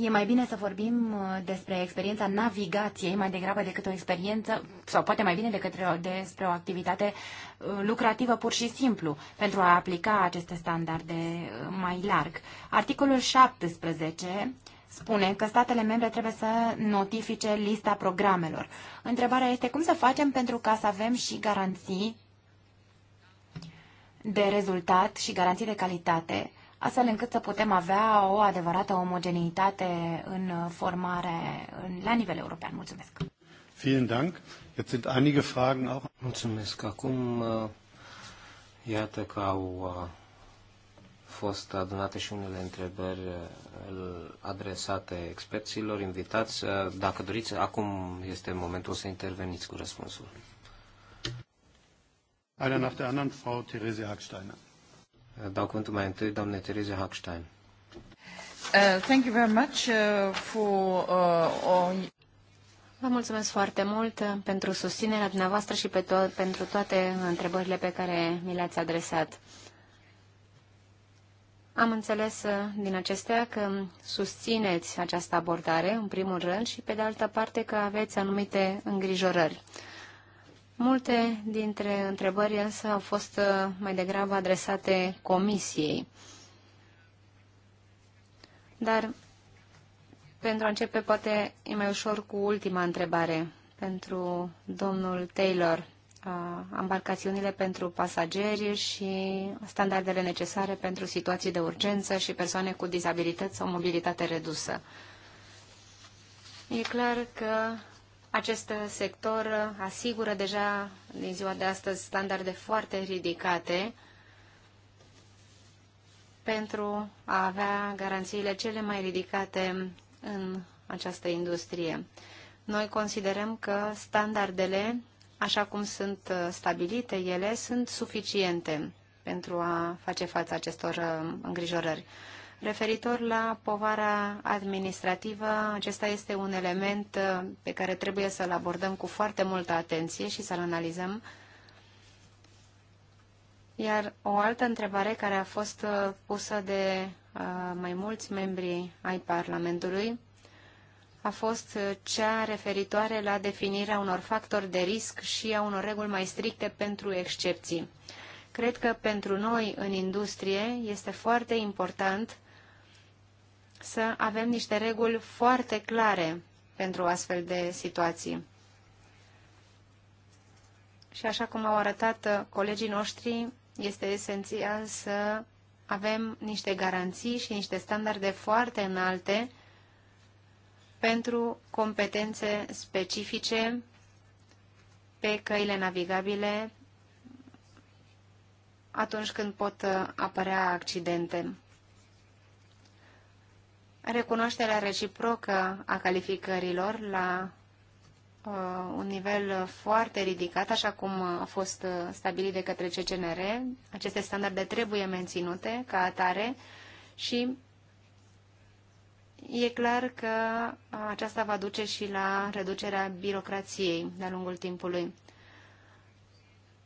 E mai bine să vorbim uh, despre experiența navigației mai degrabă decât o experiență, sau poate mai bine decât despre o activitate uh, lucrativă pur și simplu, pentru a aplica aceste standarde uh, mai larg. Articolul 17 spune că statele membre trebuie să notifice lista programelor. Întrebarea este cum să facem pentru ca să avem și garanții de rezultat și garanții de calitate, astfel încât să putem avea o adevărată omogeneitate în formare la nivel european. Mulțumesc! Vielen Dank. Jetzt sind einige Fragen auch. Mulțumesc. Acum uh, iată că au uh, fost adunate și unele întrebări uh, adresate experților invitați. Uh, dacă doriți, acum este momentul să interveniți cu răspunsul. Einer nach der anderen, Frau Therese Hacksteiner. Uh, dau cuvântul mai întâi, doamne Therese Hackstein. Uh, thank you very much uh, for uh, all... Vă mulțumesc foarte mult uh, pentru susținerea dumneavoastră și pe to- pentru toate întrebările pe care mi le-ați adresat. Uh, am înțeles uh, din acestea că susțineți această abordare, în primul rând, și pe de altă parte că aveți anumite îngrijorări. Multe dintre întrebări însă au fost uh, mai degrabă adresate comisiei. Dar pentru a începe, poate e mai ușor cu ultima întrebare pentru domnul Taylor ambarcațiunile pentru pasageri și standardele necesare pentru situații de urgență și persoane cu dizabilități sau mobilitate redusă. E clar că acest sector asigură deja din ziua de astăzi standarde foarte ridicate pentru a avea garanțiile cele mai ridicate în această industrie. Noi considerăm că standardele așa cum sunt uh, stabilite ele, sunt suficiente pentru a face față acestor uh, îngrijorări. Referitor la povara administrativă, acesta este un element uh, pe care trebuie să-l abordăm cu foarte multă atenție și să-l analizăm. Iar o altă întrebare care a fost pusă de mai mulți membri ai Parlamentului a fost uh, cea referitoare la definirea unor factori de risc și a unor reguli mai stricte pentru excepții. Cred că pentru noi în industrie este foarte important să avem niște reguli foarte clare pentru astfel de situații. Și așa cum au arătat uh, colegii noștri, este esențial să avem niște garanții și niște standarde foarte înalte pentru competențe specifice pe căile navigabile atunci când pot apărea accidente. Recunoașterea reciprocă a calificărilor la uh, un nivel foarte ridicat, așa cum a fost stabilit de către CCNR, aceste standarde trebuie menținute ca atare și e clar că aceasta va duce și la reducerea birocrației de-a lungul timpului.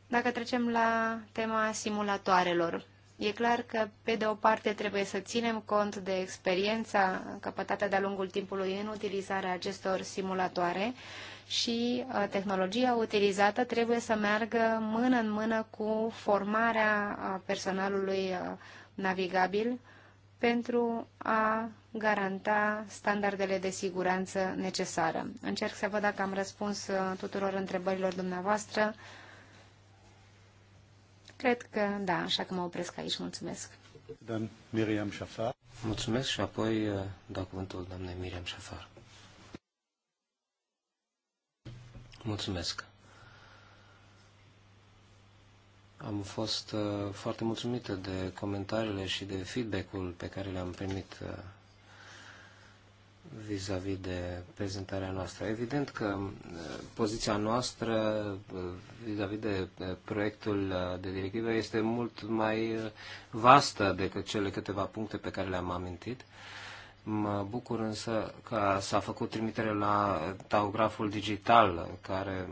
Dacă trecem la tema simulatoarelor, e clar că, pe de o parte, trebuie să ținem cont de experiența căpătată de-a lungul timpului în utilizarea acestor simulatoare și uh, tehnologia utilizată trebuie să meargă mână în mână cu formarea uh, personalului uh, navigabil pentru a garanta standardele de siguranță necesară. Încerc să văd dacă am răspuns uh, tuturor întrebărilor dumneavoastră. Cred că da, așa că mă opresc aici. Mulțumesc. Dan Miriam Șafar. Mulțumesc și apoi uh, dau cuvântul doamnei Miriam Șafar. Mulțumesc. Am fost uh, foarte mulțumită de comentariile și de feedback-ul pe care le-am primit uh, vis-a-vis -vis de prezentarea noastră. Evident că uh, poziția noastră vis-a-vis -vis de proiectul de directivă este mult mai vastă decât cele câteva puncte pe care le-am amintit. Mă bucur însă că s-a făcut trimitere la taograful digital, care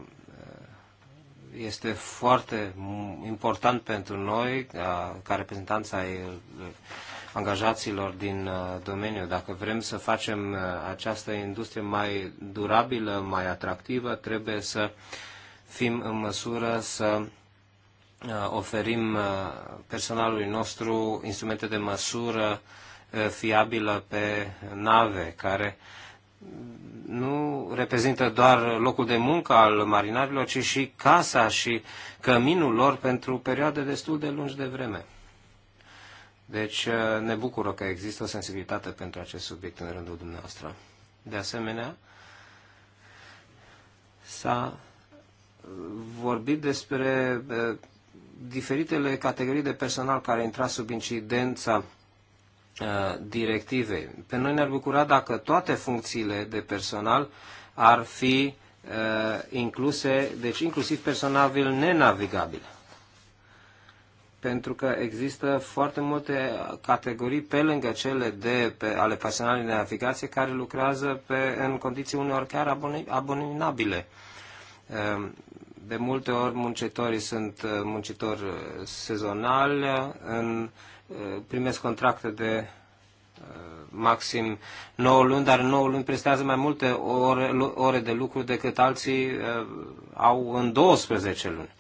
este foarte important pentru noi, ca reprezentanța ai uh, angajaților din uh, domeniu. Dacă vrem să facem uh, această industrie mai durabilă, mai atractivă, trebuie să fim în măsură să oferim personalului nostru instrumente de măsură fiabilă pe nave care uh, nu reprezintă doar locul de muncă al marinarilor, ci și casa și căminul lor pentru perioade destul de lungi de vreme. Deci uh, ne bucură că există o sensibilitate pentru acest subiect în rândul dumneavoastră. De asemenea, s-a uh, vorbit despre uh, diferitele categorii de personal care intra sub incidența Uh, directivei. Pe noi ne-ar bucura dacă toate funcțiile de personal ar fi uh, incluse, deci inclusiv personalul nenavigabil. Pentru că există foarte multe categorii pe lângă cele de pe, ale personalului de navigație care lucrează pe, în condiții uneori chiar abominabile. Uh, de multe ori muncitorii sunt muncitori sezonali, în Uh, primesc contracte de uh, maxim 9 luni, dar 9 luni prestează mai multe ore, ore de lucru decât alții uh, au în 12 luni.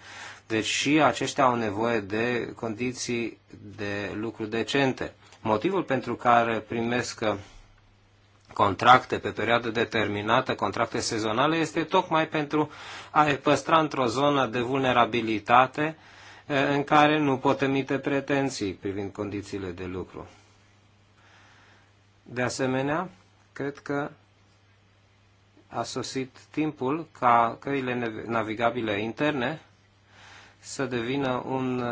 Deci și aceștia au nevoie de condiții de lucru decente. Motivul pentru care primesc contracte pe perioadă determinată, contracte sezonale, este tocmai pentru a păstra într-o zonă de vulnerabilitate uh, în care nu pot emite pretenții privind condițiile de lucru. De asemenea, cred că a sosit timpul ca căile navigabile interne să devină un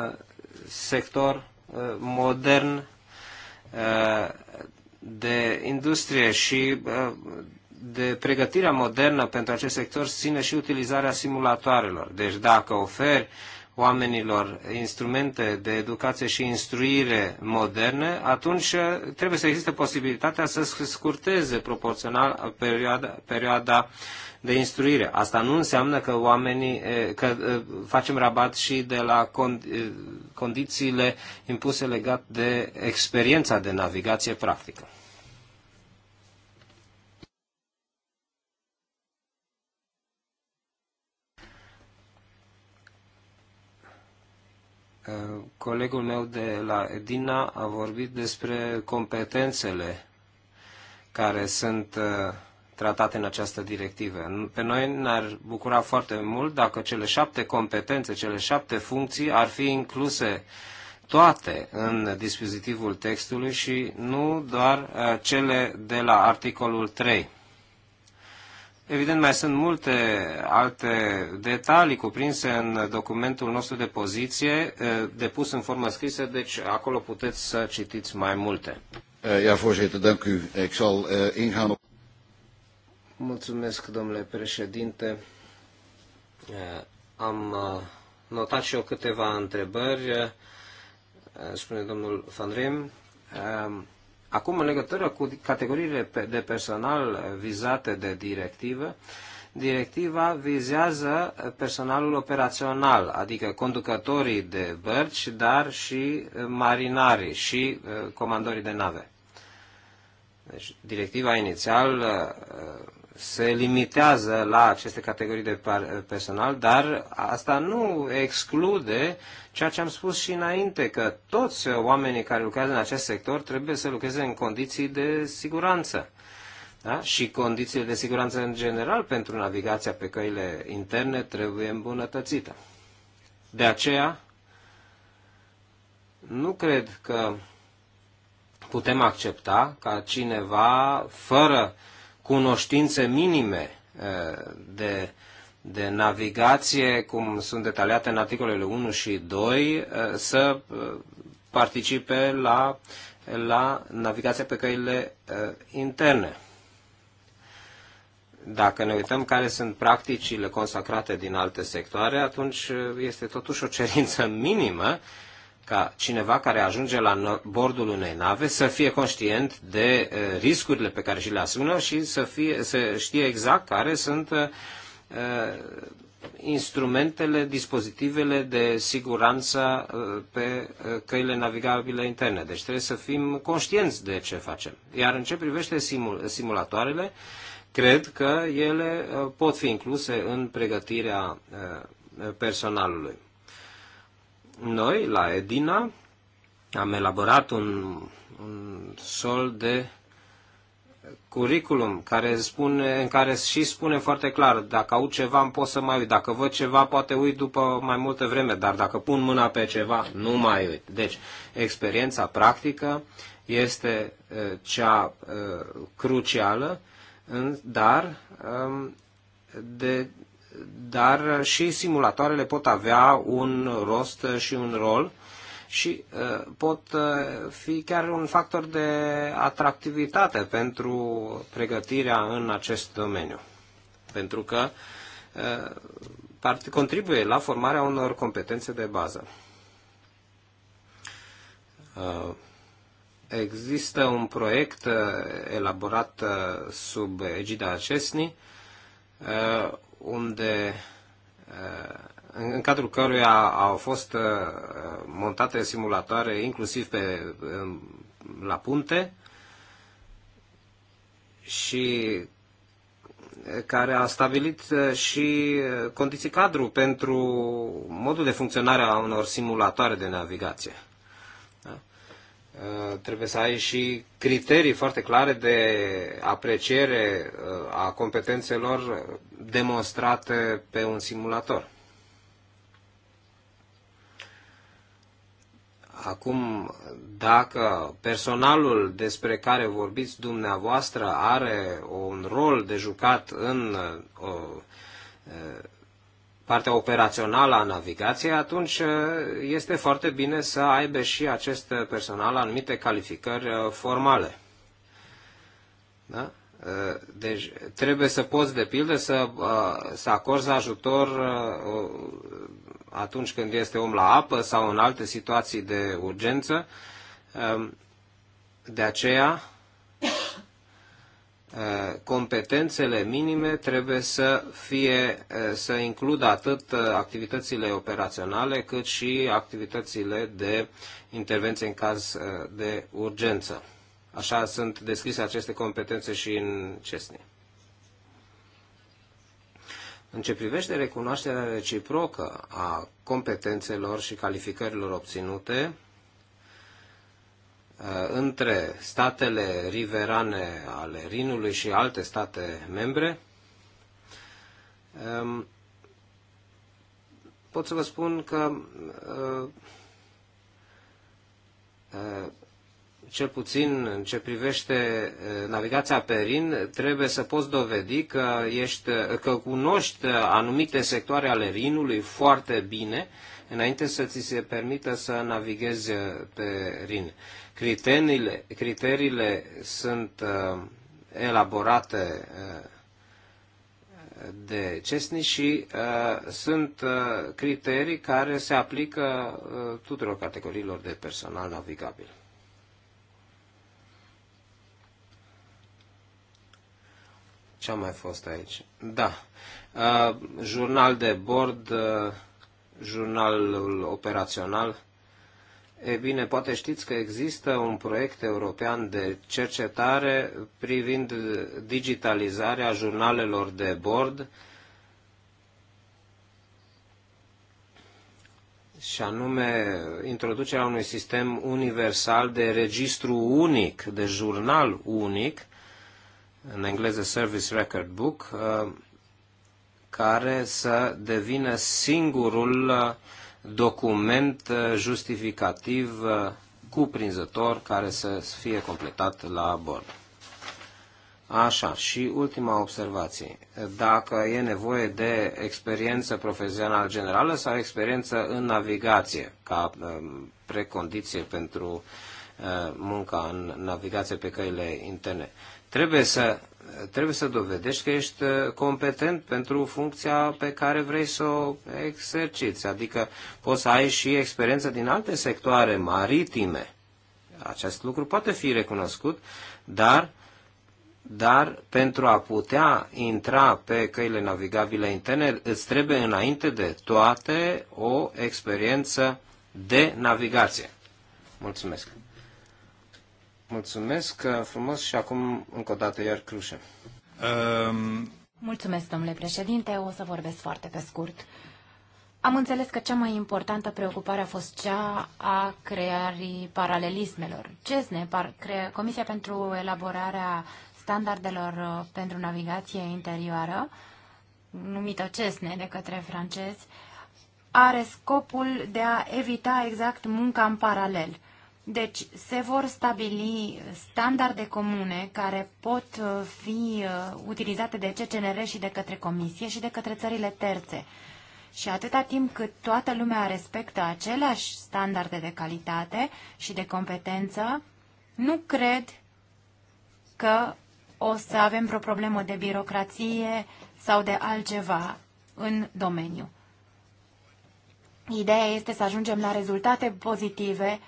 sector modern de industrie și de pregătirea modernă pentru acest sector ține și utilizarea simulatoarelor. Deci dacă oferi oamenilor instrumente de educație și instruire moderne, atunci trebuie să existe posibilitatea să scurteze proporțional perioada, perioada de instruire. Asta nu înseamnă că oamenii, că facem rabat și de la condițiile impuse legat de experiența de navigație practică. Colegul meu de la Edina a vorbit despre competențele care sunt uh, tratate în această directivă. Pe noi ne-ar bucura foarte mult dacă cele șapte competențe, cele șapte funcții ar fi incluse toate în dispozitivul textului și nu doar uh, cele de la articolul 3. Evident, mai sunt multe alte detalii cuprinse în documentul nostru de poziție, eh, depus în formă scrisă, deci acolo puteți să citiți mai multe. Eh, ja, voorzitter, dank u. Ik zal eh, ingaan op... Mulțumesc, domnule președinte. Am notat și eu câteva întrebări, spune domnul Van Rem. Acum, în legătură cu categoriile de personal vizate de directivă, directiva vizează personalul operațional, adică conducătorii de bărci, dar și marinarii și uh, comandorii de nave. Deci, directiva inițial uh, se limitează la aceste categorii de personal, dar asta nu exclude ceea ce am spus și înainte, că toți oamenii care lucrează în acest sector trebuie să lucreze în condiții de siguranță. Da? Și condițiile de siguranță în general pentru navigația pe căile interne trebuie îmbunătățită. De aceea, nu cred că putem accepta ca cineva, fără cunoștințe minime eh, de, de navigație, cum sunt detaliate în articolele 1 și 2, eh, să eh, participe la, la navigația pe căile interne. Dacă ne uităm care sunt practicile consacrate din alte sectoare, atunci este totuși o cerință minimă ca cineva care ajunge la bordul unei nave să fie conștient de eh, riscurile pe care și le asumă și să, fie, să știe exact care sunt eh, instrumentele, dispozitivele de siguranță eh, pe căile navigabile interne. Deci trebuie să fim conștienți de ce facem. Iar în ce privește simul, simulatoarele, cred că ele pot fi incluse în pregătirea personalului. Noi, la Edina, am elaborat un, un sol de curriculum care spune, în care și spune foarte clar, dacă aud ceva îmi pot să mai uit, dacă văd ceva poate uit după mai multă vreme, dar dacă pun mâna pe ceva nu mai uit. Deci, experiența practică este cea crucială, dar de dar și simulatoarele pot avea un rost și un rol și uh, pot uh, fi chiar un factor de atractivitate pentru pregătirea în acest domeniu. Pentru că uh, contribuie la formarea unor competențe de bază. Există un proiect elaborat sub egida acestui unde uh, în cadrul căruia au fost uh, montate simulatoare inclusiv pe, um, la punte și uh, care a stabilit și condiții cadru pentru modul de funcționare a unor simulatoare de navigație. Uh, trebuie să ai și criterii foarte clare de apreciere uh, a competențelor demonstrate pe un simulator. Acum, dacă personalul despre care vorbiți dumneavoastră are un rol de jucat în uh, partea operațională a navigației, atunci uh, este foarte bine să aibă și acest personal anumite calificări uh, formale. Da? Uh, deci trebuie să poți, de pildă, să, să acorzi ajutor atunci când este om la apă sau în alte situații de urgență. Um, de aceea, Eh, competențele minime trebuie să fie, eh, să includă atât eh, activitățile operaționale cât și activitățile de intervenție în caz de urgență. Așa sunt descrise aceste competențe și în CESNI. În ce privește recunoașterea reciprocă a competențelor și calificărilor obținute, Uh, între statele riverane ale Rinului și alte state membre, um, pot să vă spun că uh, uh, cel puțin în ce privește navigația pe Rin, trebuie să poți dovedi că, ești, că cunoști anumite sectoare ale Rinului foarte bine înainte să ți se permită să navighezi pe Rin. Criteriile, criteriile sunt elaborate de CESNI și uh, sunt uh, criterii care se aplică uh, tuturor categoriilor de personal navigabil. Ce-a mai fost aici? Da. Uh, jurnal de bord, uh, jurnalul operațional. E bine, poate știți că există un proiect european de cercetare privind digitalizarea jurnalelor de bord și anume introducerea unui sistem universal de registru unic, de jurnal unic, în engleză Service Record Book, uh, care să devină singurul uh, document uh, justificativ cuprinzător care să fie completat la bord. Așa, și ultima observație. Dacă e nevoie de experiență profesională generală sau experiență în navigație, ca precondiție pentru munca în navigație pe căile interne. Trebuie să, trebuie să dovedești că ești uh, competent pentru funcția pe care vrei să o exerciți. Adică poți să ai și experiență din alte sectoare maritime. Acest lucru poate fi recunoscut, dar dar pentru a putea intra pe căile navigabile interne, îți trebuie înainte de toate o experiență de navigație. Mulțumesc! Mulțumesc uh, frumos și acum încă o dată iar Crușe. Um... Mulțumesc, domnule președinte, o să vorbesc foarte pe scurt. Am înțeles că cea mai importantă preocupare a fost cea a creării paralelismelor. CESNE, par, crea, Comisia pentru elaborarea standardelor uh, pentru navigație interioară, numită CESNE de către francezi, are scopul de a evita exact munca în paralel. Deci se vor stabili standarde comune care pot uh, fi uh, utilizate de CCNR și de către Comisie și de către țările terțe. Și atâta timp cât toată lumea respectă aceleași standarde de calitate și de competență, nu cred că o să avem vreo problemă de birocrație sau de altceva în domeniu. Ideea este să ajungem la rezultate pozitive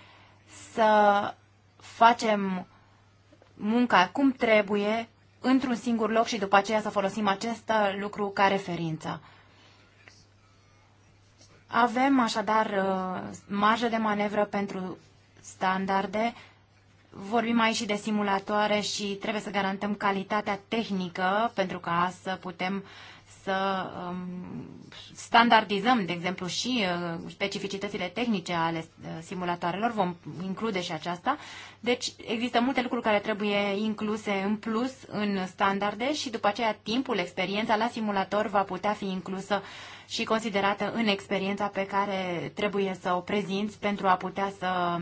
să facem munca cum trebuie, într-un singur loc și după aceea să folosim acest lucru ca referință. Avem așadar uh, marjă de manevră pentru standarde, vorbim aici și de simulatoare și trebuie să garantăm calitatea tehnică pentru ca să putem uh, să um, standardizăm, de exemplu, și uh, specificitățile tehnice ale uh, simulatoarelor, vom include și aceasta. Deci există multe lucruri care trebuie incluse în plus în standarde și după aceea timpul, experiența la simulator va putea fi inclusă și considerată în experiența pe care trebuie să o prezinți pentru a putea să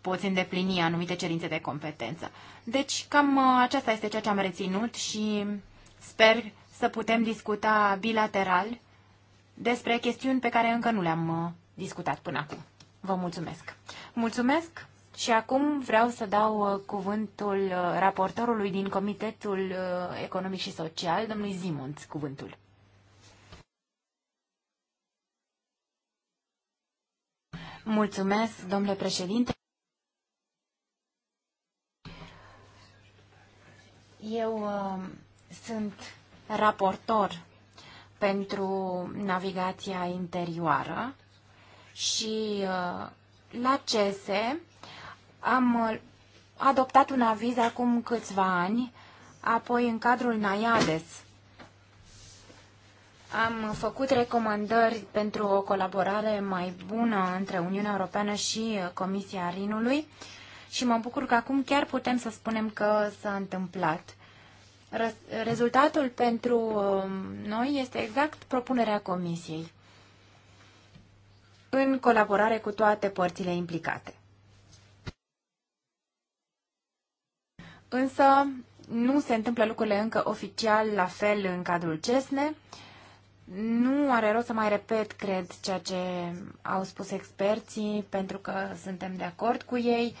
poți îndeplini anumite cerințe de competență. Deci cam uh, aceasta este ceea ce am reținut și sper să putem discuta bilateral despre chestiuni pe care încă nu le-am uh, discutat până acum. Vă mulțumesc! Mulțumesc! Și acum vreau să dau uh, cuvântul uh, raportorului din Comitetul Economic și Social, domnului Zimonț, cuvântul. Mulțumesc, domnule președinte. Eu uh, sunt raportor pentru navigația interioară și uh, la CESE am uh, adoptat un aviz acum câțiva ani, apoi în cadrul NAIADES am făcut recomandări pentru o colaborare mai bună între Uniunea Europeană și uh, Comisia Rinului și mă bucur că acum chiar putem să spunem că s-a întâmplat. Rezultatul pentru um, noi este exact propunerea Comisiei, în colaborare cu toate părțile implicate. Însă nu se întâmplă lucrurile încă oficial la fel în cadrul CESNE. Nu are rost să mai repet, cred, ceea ce au spus experții, pentru că suntem de acord cu ei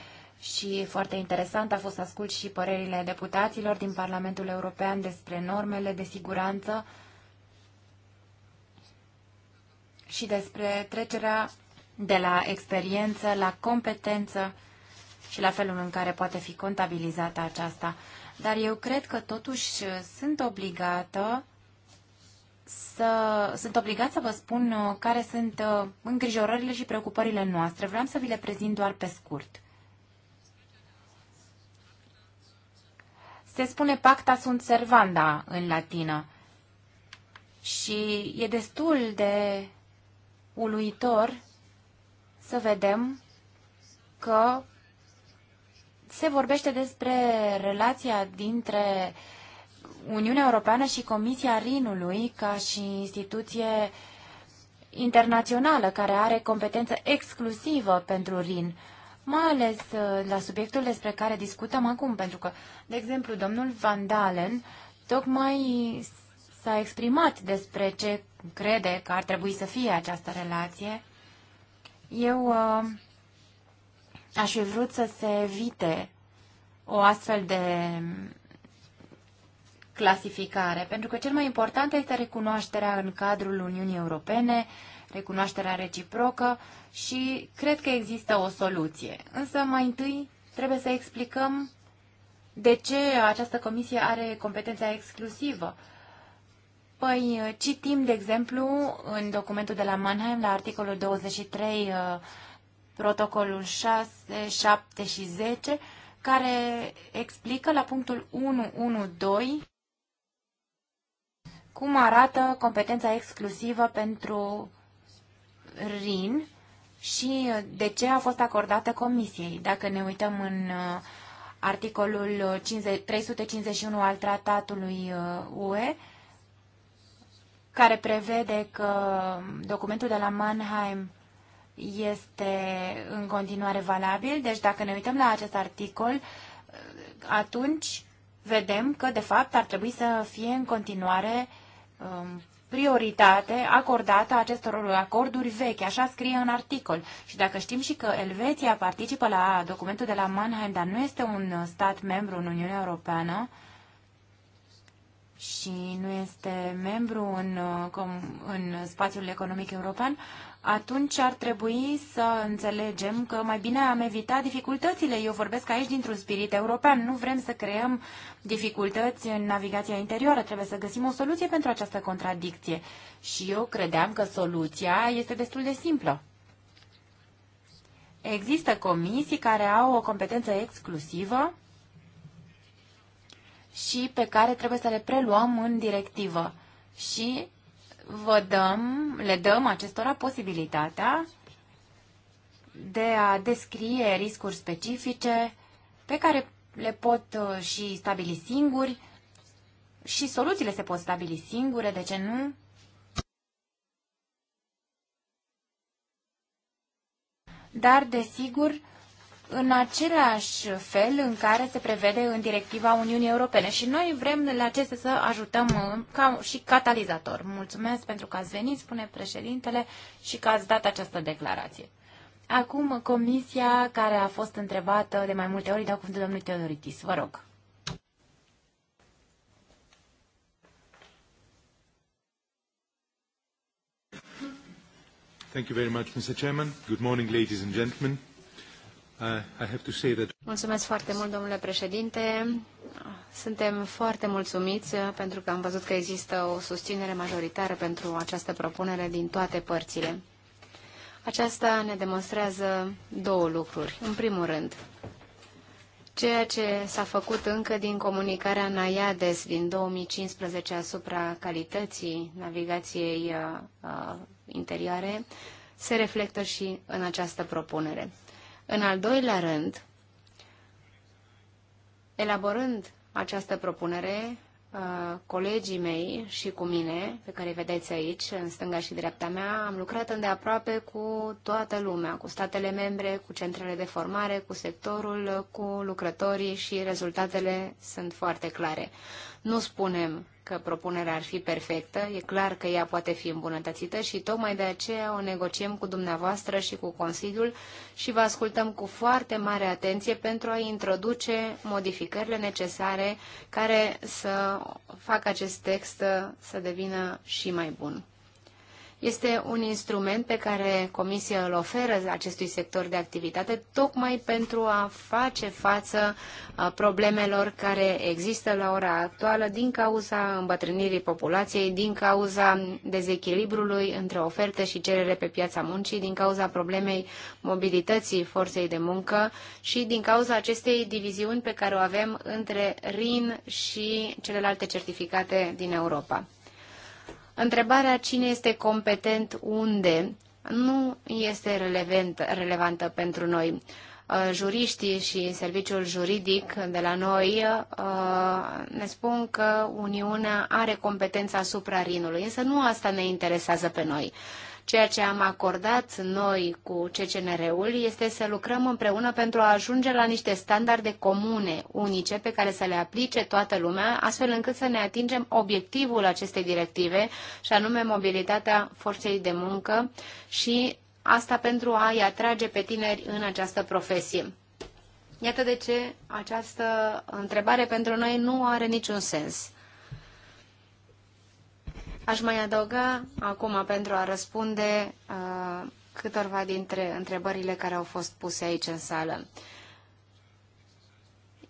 și foarte interesant a fost să ascult și părerile deputaților din Parlamentul European despre normele de siguranță și despre trecerea de la experiență la competență și la felul în care poate fi contabilizată aceasta. Dar eu cred că totuși sunt obligată să, sunt obligat să vă spun uh, care sunt uh, îngrijorările și preocupările noastre. Vreau să vi le prezint doar pe scurt. Se spune pacta sunt servanda în latină și e destul de uluitor să vedem că se vorbește despre relația dintre Uniunea Europeană și Comisia Rinului ca și instituție internațională care are competență exclusivă pentru Rin mai ales uh, la subiectul despre care discutăm acum, pentru că, de exemplu, domnul Van Dalen tocmai s-a exprimat despre ce crede că ar trebui să fie această relație. Eu uh, aș fi vrut să se evite o astfel de clasificare, pentru că cel mai important este recunoașterea în cadrul Uniunii Europene uh, cunoașterea reciprocă și cred că există o soluție. Însă mai întâi trebuie să explicăm de ce această comisie are competența exclusivă. Păi citim, de exemplu, în documentul de la Mannheim, la articolul 23, uh, protocolul 6, 7 și 10, care explică la punctul 112 cum arată competența exclusivă pentru RIN și uh, de ce a fost acordată Comisiei. Dacă ne uităm în uh, articolul 50, uh, 351 al tratatului UE, care prevede că documentul de la Mannheim este în continuare valabil. Deci dacă ne uităm la acest articol, atunci vedem că, de fapt, ar trebui să fie în continuare um, prioritate acordată acestor acorduri vechi, așa scrie în articol. Și dacă știm și că Elveția participă la documentul de la Mannheim, dar nu este un stat membru în Uniunea Europeană, și nu este membru în, uh, în spațiul economic european, atunci ar trebui să înțelegem că mai bine am evitat dificultățile. Eu vorbesc aici dintr-un spirit european. Nu vrem să creăm dificultăți în navigația interioară. Trebuie să găsim o soluție pentru această contradicție. Și eu credeam că soluția este destul de simplă. Există comisii care au o competență exclusivă și pe care trebuie să le preluăm în directivă. Și vă dăm, le dăm acestora posibilitatea de a descrie riscuri specifice pe care le pot uh, și stabili singuri și soluțiile se pot stabili singure, de ce nu? Dar, desigur, în același fel în care se prevede în directiva Uniunii Europene. Și noi vrem la aceste să ajutăm uh, ca și catalizator. Mulțumesc pentru că ați venit, spune președintele, și că ați dat această declarație. Acum, comisia care a fost întrebată de mai multe ori, dau cuvântul domnului Teodoritis. Vă rog. Thank you very much, Mr. Chairman. Good morning, ladies and gentlemen. Mulțumesc foarte mult, domnule președinte. Suntem foarte mulțumiți uh, pentru că am văzut că există o susținere majoritară pentru această propunere din toate părțile. Aceasta ne demonstrează două lucruri. În primul rând, ceea ce s-a făcut încă din comunicarea NAIADES din 2015 asupra calității navigației uh, uh, interioare se reflectă și în această propunere. În al doilea rând, elaborând această propunere, uh, colegii mei și cu mine, pe care îi vedeți aici, în stânga și dreapta mea, am lucrat îndeaproape cu toată lumea, cu statele membre, cu centrele de formare, cu sectorul, cu lucrătorii și rezultatele sunt foarte clare. Nu spunem că propunerea ar fi perfectă, e clar că ea poate fi îmbunătățită și tocmai de aceea o negociem cu dumneavoastră și cu Consiliul și vă ascultăm cu foarte mare atenție pentru a introduce modificările necesare care să facă acest text să devină și mai bun. Este un instrument pe care Comisia îl oferă acestui sector de activitate tocmai pentru a face față problemelor care există la ora actuală din cauza îmbătrânirii populației, din cauza dezechilibrului între ofertă și cerere pe piața muncii, din cauza problemei mobilității forței de muncă și din cauza acestei diviziuni pe care o avem între RIN și celelalte certificate din Europa întrebarea cine este competent unde nu este relevant, relevantă pentru noi. Uh, juriștii și serviciul juridic de la noi uh, ne spun că Uniunea are competența asupra Rinului, însă nu asta ne interesează pe noi. Ceea ce am acordat noi cu CCNR-ul este să lucrăm împreună pentru a ajunge la niște standarde comune, unice, pe care să le aplice toată lumea, astfel încât să ne atingem obiectivul acestei directive, și anume mobilitatea forței de muncă și asta pentru a-i atrage pe tineri în această profesie. Iată de ce această întrebare pentru noi nu are niciun sens. Aș mai adăuga acum pentru a răspunde uh, câtorva dintre întrebările care au fost puse aici în sală.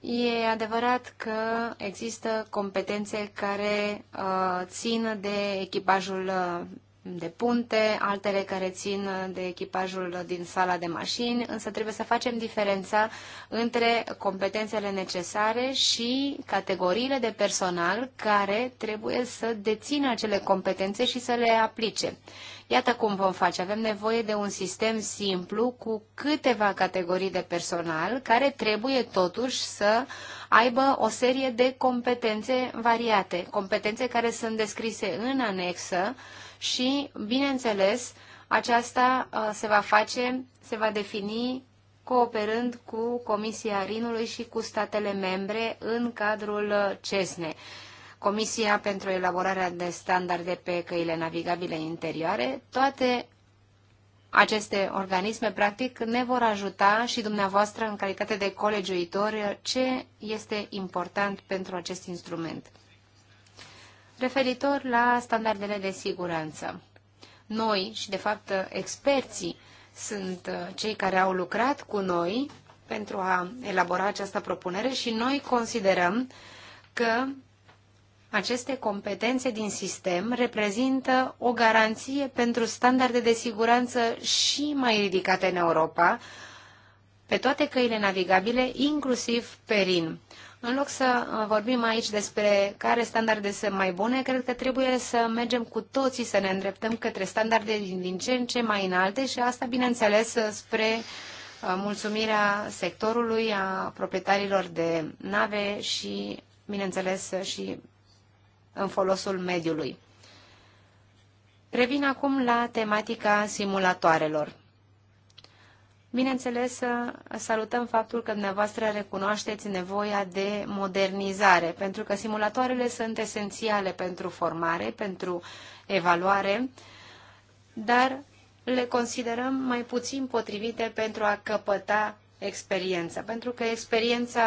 E adevărat că există competențe care uh, țin de echipajul uh, de punte, altele care țin de echipajul din sala de mașini, însă trebuie să facem diferența între competențele necesare și categoriile de personal care trebuie să dețină acele competențe și să le aplice. Iată cum vom face. Avem nevoie de un sistem simplu cu câteva categorii de personal care trebuie totuși să aibă o serie de competențe variate, competențe care sunt descrise în anexă, și, bineînțeles, aceasta uh, se va face, se va defini cooperând cu Comisia Rinului și cu statele membre în cadrul uh, CESNE. Comisia pentru elaborarea de standarde pe căile navigabile interioare, toate aceste organisme, practic, ne vor ajuta și dumneavoastră, în calitate de colegiuitor ce este important pentru acest instrument referitor la standardele de siguranță. Noi și, de fapt, experții sunt uh, cei care au lucrat cu noi pentru a elabora această propunere și noi considerăm că aceste competențe din sistem reprezintă o garanție pentru standarde de siguranță și mai ridicate în Europa, pe toate căile navigabile, inclusiv pe RIN. În loc să uh, vorbim aici despre care standarde sunt mai bune, cred că trebuie să mergem cu toții să ne îndreptăm către standarde din ce în ce mai înalte și asta, bineînțeles, spre uh, mulțumirea sectorului, a proprietarilor de nave și, bineînțeles, și în folosul mediului. Revin acum la tematica simulatoarelor. Bineînțeles, salutăm faptul că dumneavoastră recunoașteți nevoia de modernizare, pentru că simulatoarele sunt esențiale pentru formare, pentru evaluare, dar le considerăm mai puțin potrivite pentru a căpăta experiența, pentru că experiența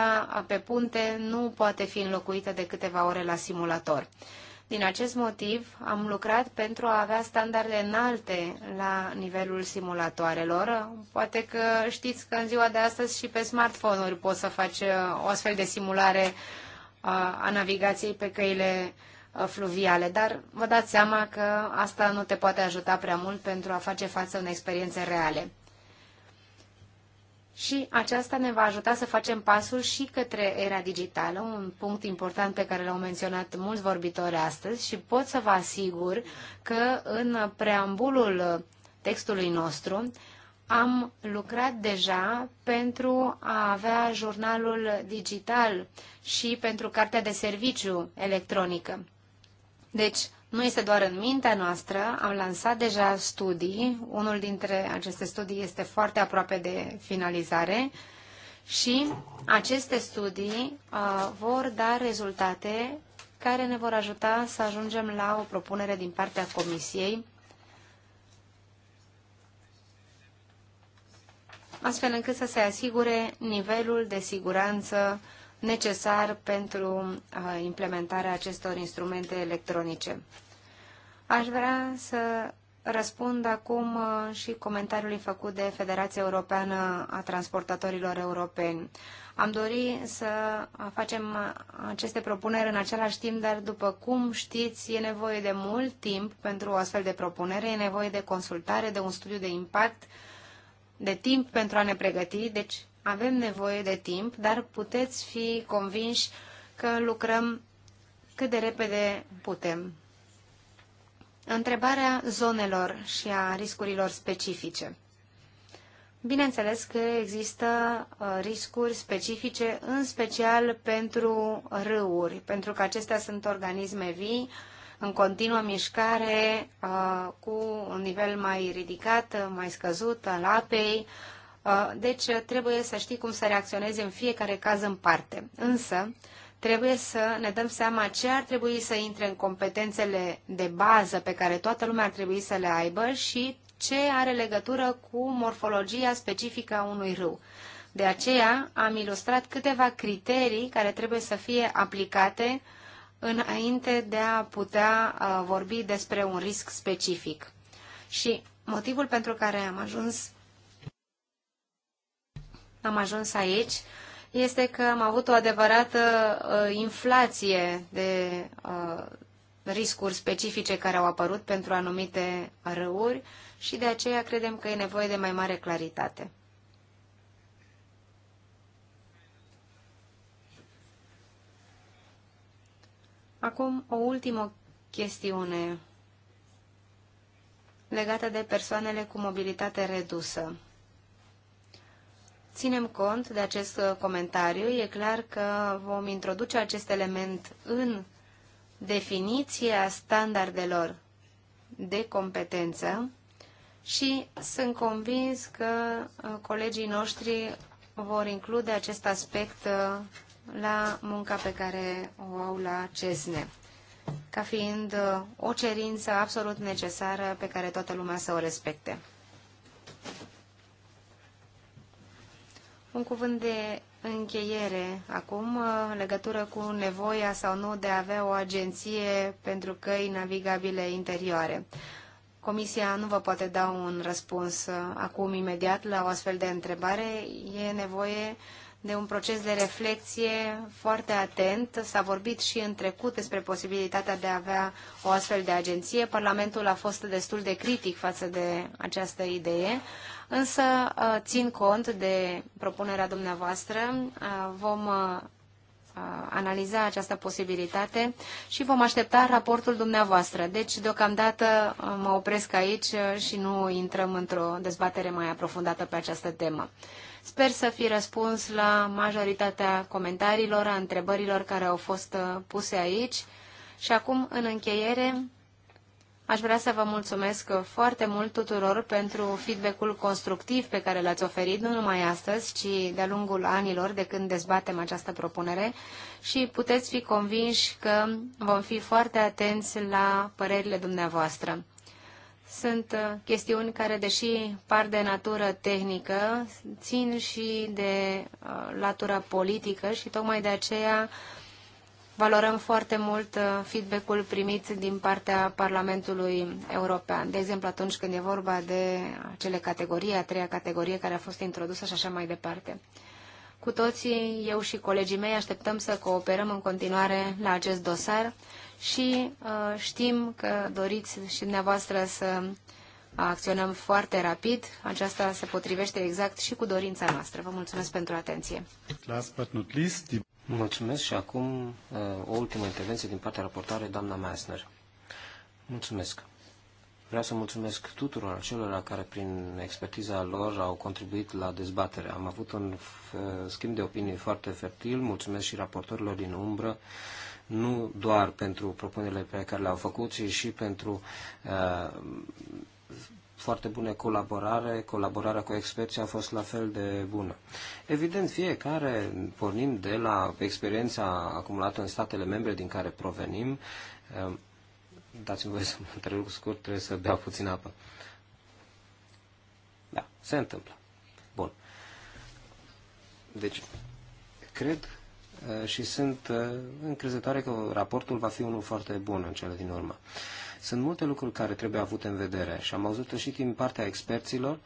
pe punte nu poate fi înlocuită de câteva ore la simulator. Din acest motiv am lucrat pentru a avea standarde înalte la nivelul simulatoarelor. Poate că știți că în ziua de astăzi și pe smartphone-uri poți să faci uh, o astfel de simulare uh, a navigației pe căile uh, fluviale, dar vă dați seama că asta nu te poate ajuta prea mult pentru a face față unei experiențe reale și aceasta ne va ajuta să facem pasul și către era digitală, un punct important pe care l-au menționat mulți vorbitori astăzi și pot să vă asigur că în preambulul textului nostru am lucrat deja pentru a avea jurnalul digital și pentru cartea de serviciu electronică. Deci, nu este doar în mintea noastră, am lansat deja studii, unul dintre aceste studii este foarte aproape de finalizare și aceste studii uh, vor da rezultate care ne vor ajuta să ajungem la o propunere din partea Comisiei astfel încât să se asigure nivelul de siguranță uh, necesar pentru implementarea acestor instrumente electronice. Aș vrea să răspund acum și comentariului făcut de Federația Europeană a Transportatorilor Europeni. Am dorit să facem aceste propuneri în același timp, dar după cum știți, e nevoie de mult timp pentru o astfel de propunere, e nevoie de consultare, de un studiu de impact, de timp pentru a ne pregăti, deci avem nevoie de timp, dar puteți fi convinși că lucrăm cât de repede putem. Întrebarea zonelor și a riscurilor specifice. Bineînțeles că există uh, riscuri specifice, în special pentru râuri, pentru că acestea sunt organisme vii, în continuă mișcare, uh, cu un nivel mai ridicat, uh, mai scăzut al apei, Uh, deci uh, trebuie să știi cum să reacționezi în fiecare caz în parte. Însă, trebuie să ne dăm seama ce ar trebui să intre în competențele de bază pe care toată lumea ar trebui să le aibă și ce are legătură cu morfologia specifică a unui râu. De aceea am ilustrat câteva criterii care trebuie să fie aplicate înainte de a putea uh, vorbi despre un risc specific. Și motivul pentru care am ajuns am ajuns aici este că am avut o adevărată uh, inflație de uh, riscuri specifice care au apărut pentru anumite râuri și de aceea credem că e nevoie de mai mare claritate. Acum o ultimă chestiune legată de persoanele cu mobilitate redusă ținem cont de acest uh, comentariu. E clar că vom introduce acest element în definiția standardelor de competență și sunt convins că uh, colegii noștri vor include acest aspect uh, la munca pe care o au la CESNE, ca fiind o cerință absolut necesară pe care toată lumea să o respecte. Un cuvânt de încheiere acum uh, în legătură cu nevoia sau nu de a avea o agenție pentru căi navigabile interioare. Comisia nu vă poate da un răspuns uh, acum imediat la o astfel de întrebare. E nevoie uh, de un proces de reflexie foarte atent. S-a vorbit și în trecut despre posibilitatea de a avea o astfel de agenție. Parlamentul a fost destul de critic față de această idee, însă uh, țin cont de propunerea dumneavoastră. Uh, vom uh, analiza această posibilitate și vom aștepta raportul dumneavoastră. Deci, deocamdată, mă opresc aici și nu intrăm într-o dezbatere mai aprofundată pe această temă. Sper să fi răspuns la majoritatea comentariilor, a întrebărilor care au fost uh, puse aici. Și acum, în încheiere, aș vrea să vă mulțumesc uh, foarte mult tuturor pentru feedback-ul constructiv pe care l-ați oferit, nu numai astăzi, ci de-a lungul anilor de când dezbatem această propunere și puteți fi convinși că vom fi foarte atenți la părerile dumneavoastră sunt uh, chestiuni care, deși par de natură tehnică, țin și de uh, latura politică și tocmai de aceea valorăm foarte mult uh, feedback-ul primit din partea Parlamentului European. De exemplu, atunci când e vorba de acele categorii, a treia categorie care a fost introdusă și așa mai departe. Cu toții, eu și colegii mei, așteptăm să cooperăm în continuare la acest dosar și uh, știm că doriți și dumneavoastră să acționăm foarte rapid. Aceasta se potrivește exact și cu dorința noastră. Vă mulțumesc pentru atenție. Last but not least, Mulțumesc și acum uh, o ultimă intervenție din partea raportare, doamna Meissner. Mulțumesc. Vreau să mulțumesc tuturor celor care prin expertiza lor au contribuit la dezbatere. Am avut un uh, schimb de opinii foarte fertil, mulțumesc și raportorilor din umbră nu doar pentru propunerile pe care le-au făcut, ci și pentru uh, foarte bune colaborare, colaborarea cu experții a fost la fel de bună. Evident, fiecare, pornind de la experiența acumulată în statele membre din care provenim, uh, dați-mi voie să mă întreb scurt, trebuie să beau puțin apă. Da, se întâmplă. Bun. Deci, cred Eh, și sunt eh, încrezătoare că raportul va fi unul foarte bun în cele din urmă. Sunt multe lucruri care trebuie avute în vedere și am auzit și din partea experților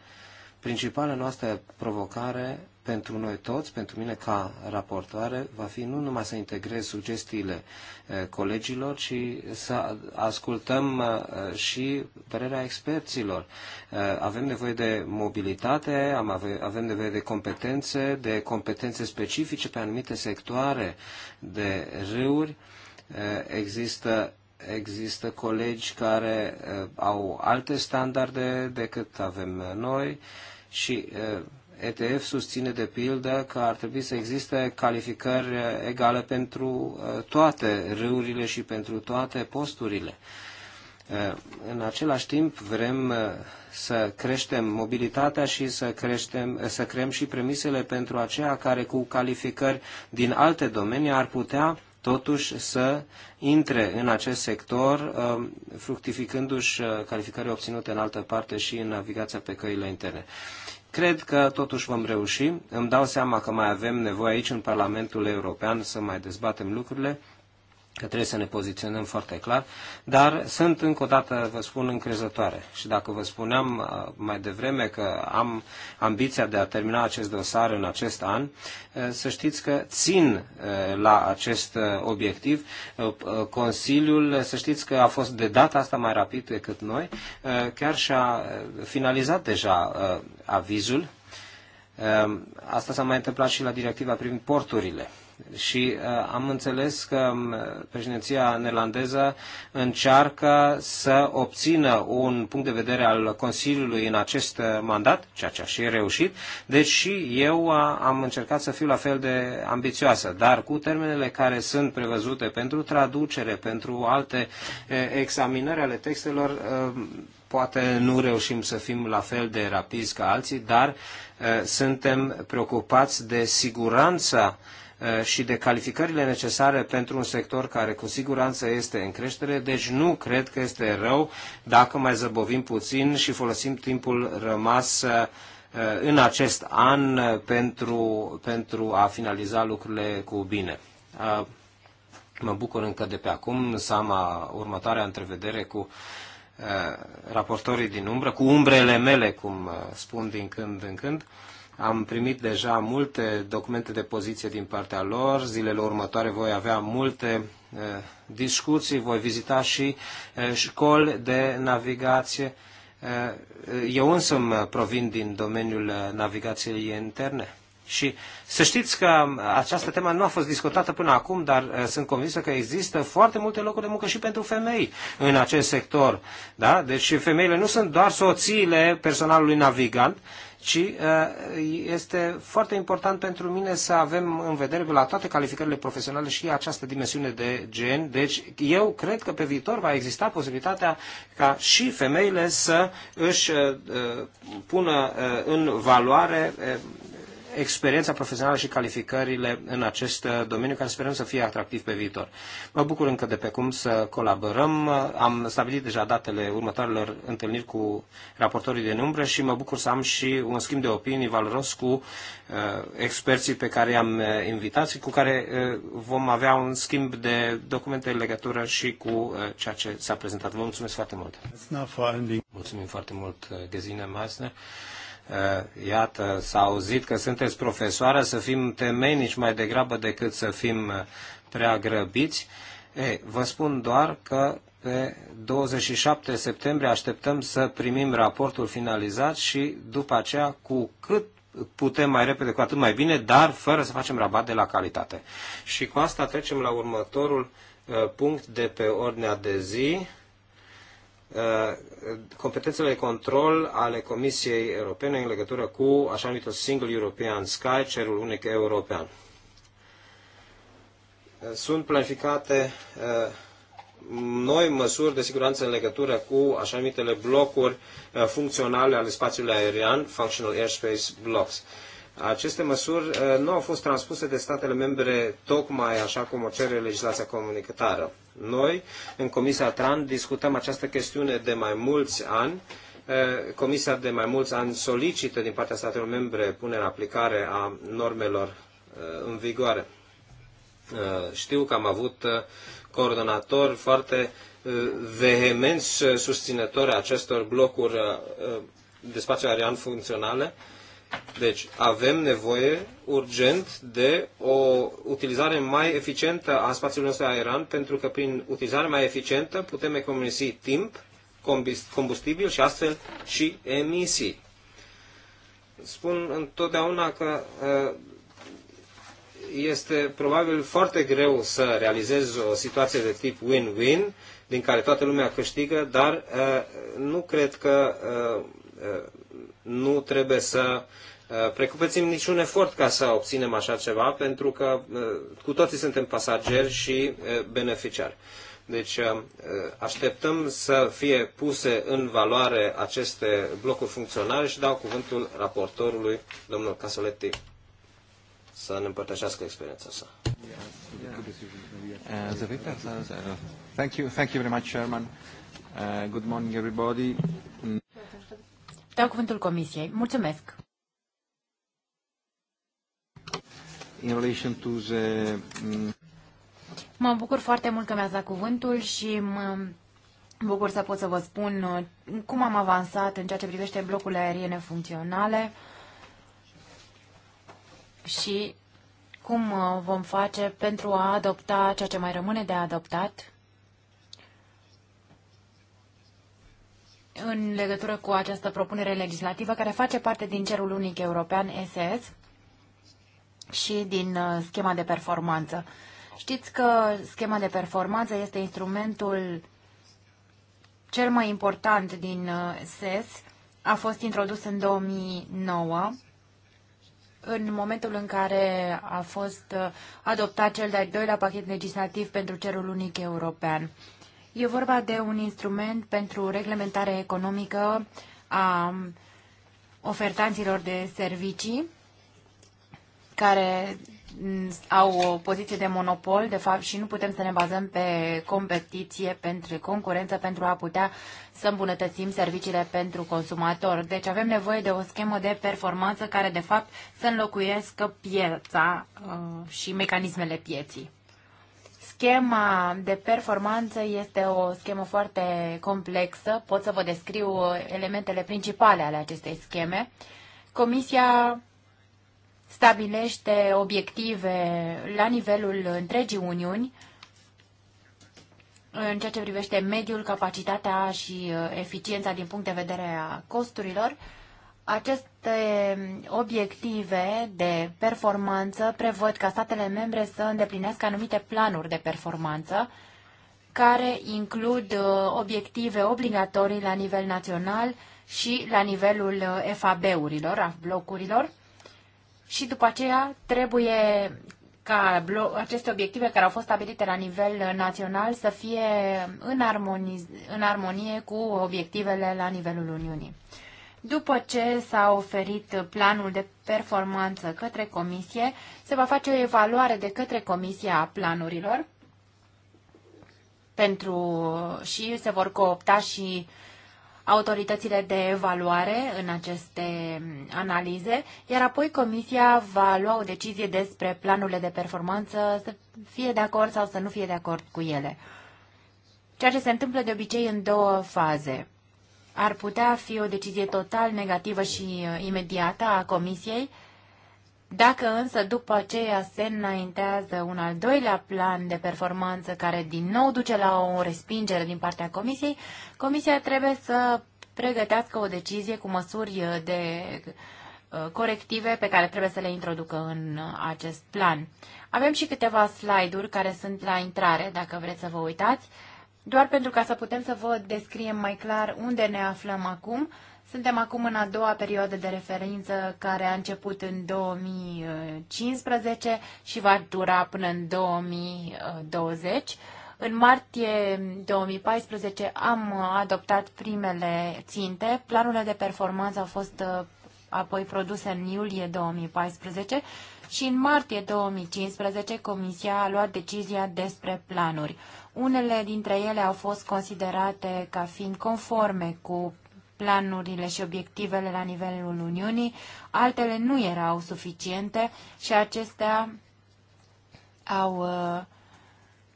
Principala noastră provocare pentru noi toți, pentru mine ca raportoare, va fi nu numai să integrez sugestiile eh, colegilor, ci să ascultăm eh, și părerea experților. Eh, avem nevoie de mobilitate, avem nevoie de competențe, de competențe specifice pe anumite sectoare de râuri. Există există colegi care au alte standarde decât avem noi. Uh, și uh, ETF susține de pildă că ar trebui să existe calificări uh, egale pentru uh, toate râurile și pentru toate posturile. În același timp vrem să creștem mobilitatea și să, creștem, să creăm și premisele pentru aceia care cu calificări din alte domenii ar putea totuși să intre în acest sector, um, fructificându-și uh, calificările obținute în altă parte și în navigația pe căile interne. Cred că totuși vom reuși. Îmi dau seama că mai avem nevoie aici, în Parlamentul European, să mai dezbatem lucrurile că trebuie să ne poziționăm foarte clar, dar sunt încă o dată, vă spun, încrezătoare. Și dacă vă spuneam uh, mai devreme că am ambiția de a termina acest dosar în acest an, uh, să știți că țin uh, la acest obiectiv. Consiliul, să știți că a fost de data asta mai rapid decât noi, chiar și-a finalizat deja avizul. Asta s-a mai întâmplat și la directiva privind porturile și uh, am înțeles că um, președinția neerlandeză încearcă să obțină un punct de vedere al Consiliului în acest uh, mandat, ceea ce a și reușit, deci și eu uh, am încercat să fiu la fel de ambițioasă, dar cu termenele care sunt prevăzute pentru traducere, pentru alte examinări ale textelor, poate nu reușim să fim la fel de rapizi ca alții, dar uh, suntem preocupați de siguranța uh, Uh, și de calificările necesare pentru un sector care cu siguranță este în creștere, deci nu cred că este rău dacă mai zăbovim puțin și folosim timpul rămas uh, uh, în acest an pentru, pentru a finaliza lucrurile cu bine. Mă bucur încă de pe acum să am următoarea întrevedere cu raportorii din umbră, cu umbrele mele, cum spun din când în când, am primit deja multe documente de poziție din partea lor. Zilele următoare voi avea multe eh, discuții, voi vizita și eh, școli de navigație. Eh, eu însă provin din domeniul navigației interne. Și să știți că mm, această temă nu a fost discutată până acum, dar sunt convinsă că există foarte multe locuri de muncă și pentru femei în acest sector. Da? Deci femeile nu sunt doar soțiile personalului navigant, ci uh, este foarte important pentru mine să avem în vedere la toate calificările profesionale și această dimensiune de gen. Deci eu cred că pe viitor va exista posibilitatea ca și femeile să își uh, uh, pună în valoare experiența profesională și calificările în acest uh, domeniu, care sperăm să fie atractiv pe viitor. Mă bucur încă de pe cum să colaborăm. Am stabilit deja datele următoarelor întâlniri cu raportorii din umbră și mă bucur să am și un schimb de opinii valoros cu uh, experții pe care i-am uh, invitat și cu care uh, vom avea un schimb de documente în legătură și cu uh, ceea ce s-a prezentat. Vă mulțumesc foarte mult! Mulțumim foarte mult, uh, Gesine Meissner. Eh, iată, s-a auzit că sunteți profesoară, să fim temenici mai degrabă decât să fim eh, prea grăbiți. E, vă spun doar că pe 27 septembrie așteptăm să primim raportul finalizat și după aceea cu cât putem mai repede, cu atât mai bine, dar fără să facem rabat de la calitate. Și cu asta trecem la următorul eh, punct de pe ordinea de zi. Uh, competențele de control ale Comisiei Europene în legătură cu așa numitul Single European Sky, cerul unic european. Uh, sunt planificate uh, noi măsuri de siguranță în legătură cu așa numitele blocuri funcționale ale spațiului aerian, Functional Airspace Blocks. Aceste măsuri uh, nu au fost transpuse de statele membre tocmai așa cum o cere legislația comunitară. Noi, în Comisia TRAN, discutăm această chestiune de mai mulți ani. Uh, Comisia de mai mulți ani solicită din partea statelor membre punerea în aplicare a normelor uh, în vigoare. Știu că am avut coordonatori foarte vehemenți susținători acestor blocuri de spațiu aerian funcționale, deci avem nevoie urgent de o utilizare mai eficientă a spațiului nostru aeran, pentru că prin utilizare mai eficientă putem economisi timp, combustibil și astfel și emisii. Spun întotdeauna că uh, este probabil foarte greu să realizezi o situație de tip win-win, din care toată lumea câștigă, dar uh, nu cred că uh, nu trebuie să uh, precupețim niciun efort ca să obținem așa ceva, pentru că uh, cu toții suntem pasageri și uh, beneficiari. Deci așteptăm să fie puse în valoare aceste blocuri funcționale și dau cuvântul raportorului, domnul Casoletti, să ne împărtășească experiența sa. Thank you, thank you very much, Chairman. Uh, good morning, everybody. Dau cuvântul Comisiei. Mulțumesc. In relation to the... Mm, mă bucur foarte mult că mi-ați dat cuvântul și mă bucur să pot să vă spun uh, cum am avansat în ceea ce privește blocurile aeriene funcționale și cum uh, vom face pentru a adopta ceea ce mai rămâne de adoptat în legătură cu această propunere legislativă care face parte din cerul unic european SS și din uh, schema de performanță. Știți că schema de performanță este instrumentul cel mai important din SES, uh, a fost introdus în 2009, în momentul în care a fost uh, adoptat cel de-al doilea pachet legislativ pentru cerul unic european. E vorba de un instrument pentru reglementare economică a ofertanților de servicii care au o poziție de monopol, de fapt, și nu putem să ne bazăm pe competiție, pentru concurență, pentru a putea să îmbunătățim serviciile pentru consumator. Deci avem nevoie de o schemă de performanță care, de fapt, să înlocuiască piața uh, și mecanismele pieții. Schema de performanță este o schemă foarte complexă. Pot să vă descriu elementele principale ale acestei scheme. Comisia stabilește obiective la nivelul întregii Uniuni în ceea ce privește mediul, capacitatea și uh, eficiența din punct de vedere a costurilor aceste obiective de performanță prevăd ca statele membre să îndeplinească anumite planuri de performanță, care includ uh, obiective obligatorii la nivel național și la nivelul uh, FAB-urilor, a blocurilor. Și după aceea trebuie ca aceste obiective care au fost stabilite la nivel uh, național să fie în, armoniz- în armonie cu obiectivele la nivelul Uniunii. După ce s-a oferit planul de performanță către comisie, se va face o evaluare de către comisia a planurilor pentru și se vor coopta și autoritățile de evaluare în aceste analize, iar apoi comisia va lua o decizie despre planurile de performanță, să fie de acord sau să nu fie de acord cu ele. Ceea ce se întâmplă de obicei în două faze ar putea fi o decizie total negativă și uh, imediată a Comisiei, dacă însă după aceea se înaintează un al doilea plan de performanță care din nou duce la o respingere din partea Comisiei, Comisia trebuie să pregătească o decizie cu măsuri uh, de uh, corective pe care trebuie să le introducă în acest plan. Avem și câteva slide-uri care sunt la intrare, dacă vreți să vă uitați. Doar pentru ca să putem să vă descriem mai clar unde ne aflăm acum, suntem acum în a doua perioadă de referință care a început în 2015 și va dura până în 2020. În martie 2014 am adoptat primele ținte. Planurile de performanță au fost uh, apoi produse în iulie 2014 și în martie 2015 Comisia a luat decizia despre planuri. Unele dintre ele au fost considerate ca fiind conforme cu planurile și obiectivele la nivelul Uniunii, altele nu erau suficiente și acestea au uh,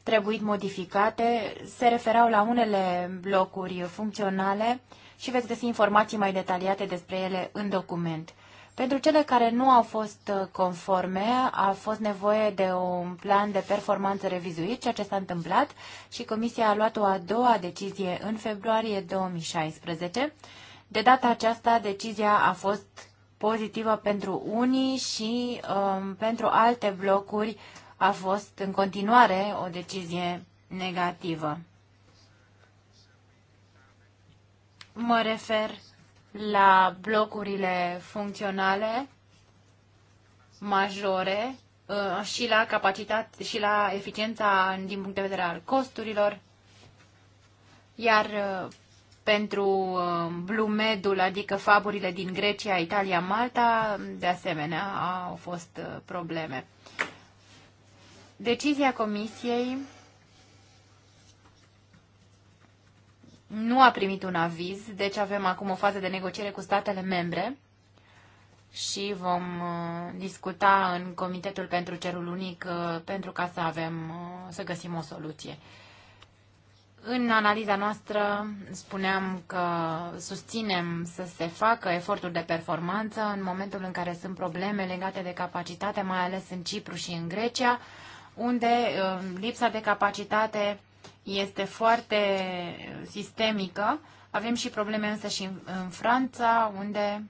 trebuit modificate, se referau la unele blocuri funcționale și veți găsi informații mai detaliate despre ele în document. Pentru cele care nu au fost uh, conforme, a fost nevoie de un plan de performanță revizuit, ceea ce s-a întâmplat și Comisia a luat o a doua decizie în februarie 2016. De data aceasta, decizia a fost pozitivă pentru unii și um, pentru alte blocuri a fost în continuare o decizie negativă. Mă refer la blocurile funcționale majore uh, și la capacitate și la eficiența din punct de vedere al costurilor. Iar uh, pentru uh, blumedul, adică faburile din Grecia, Italia, Malta, de asemenea, au fost probleme. Decizia Comisiei nu a primit un aviz, deci avem acum o fază de negociere cu statele membre și vom uh, discuta în Comitetul pentru Cerul Unic uh, pentru ca să avem, uh, să găsim o soluție. În analiza noastră spuneam că susținem să se facă eforturi de performanță în momentul în care sunt probleme legate de capacitate, mai ales în Cipru și în Grecia, unde lipsa de capacitate este foarte sistemică. Avem și probleme însă și în Franța, unde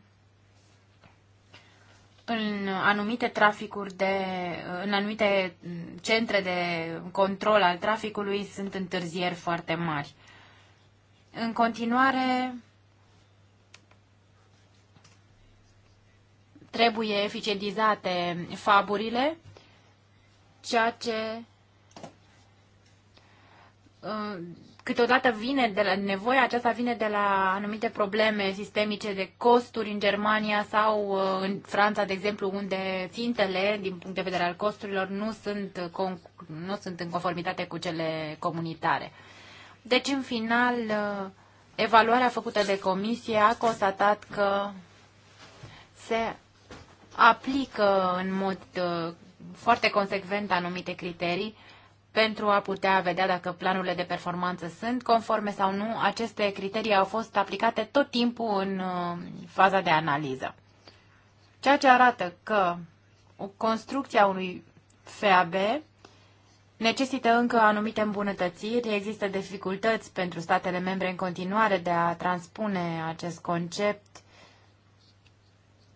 în anumite traficuri de, în anumite centre de control al traficului sunt întârzieri foarte mari. În continuare, trebuie eficientizate faburile, ceea ce Uh, câteodată vine de la nevoia aceasta vine de la anumite probleme sistemice de costuri în Germania sau uh, în Franța, de exemplu, unde țintele, din punct de vedere al costurilor, nu sunt, nu sunt în conformitate cu cele comunitare. Deci, în final, uh, evaluarea făcută de comisie a constatat că se aplică în mod foarte consecvent anumite criterii pentru a putea vedea dacă planurile de performanță sunt conforme sau nu. Aceste criterii au fost aplicate tot timpul în uh, faza de analiză. Ceea ce arată că construcția unui FAB necesită încă anumite îmbunătățiri, există dificultăți pentru statele membre în continuare de a transpune acest concept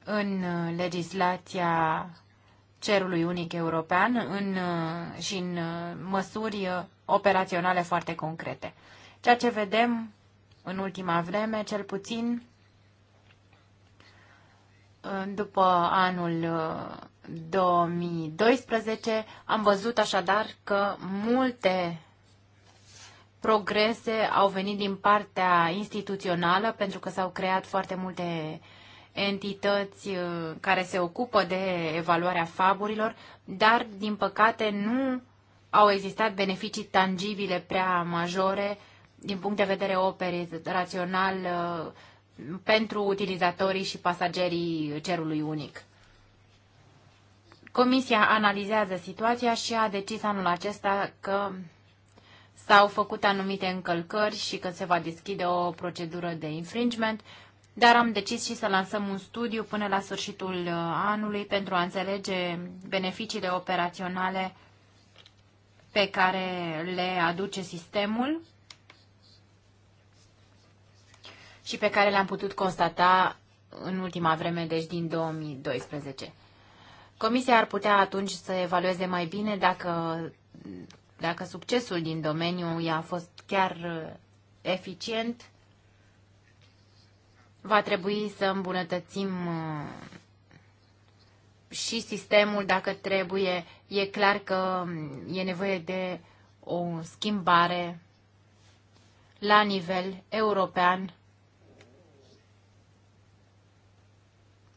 în uh, legislația cerului unic european în, uh, și în uh, măsuri uh, operaționale foarte concrete. Ceea ce vedem în ultima vreme, cel puțin după anul 2012, am văzut așadar că multe progrese au venit din partea instituțională pentru că s-au creat foarte multe entități uh, care se ocupă de evaluarea faburilor, dar, din păcate, nu au existat beneficii tangibile prea majore din punct de vedere operațional uh, pentru utilizatorii și pasagerii cerului unic. Comisia analizează situația și a decis anul acesta că s-au făcut anumite încălcări și că se va deschide o procedură de infringement dar am decis și să lansăm un studiu până la sfârșitul uh, anului pentru a înțelege beneficiile operaționale pe care le aduce sistemul și pe care le-am putut constata în ultima vreme, deci din 2012. Comisia ar putea atunci să evalueze mai bine dacă, dacă succesul din domeniu i-a fost chiar uh, eficient Va trebui să îmbunătățim uh, și sistemul dacă trebuie. E clar că um, e nevoie de o schimbare la nivel european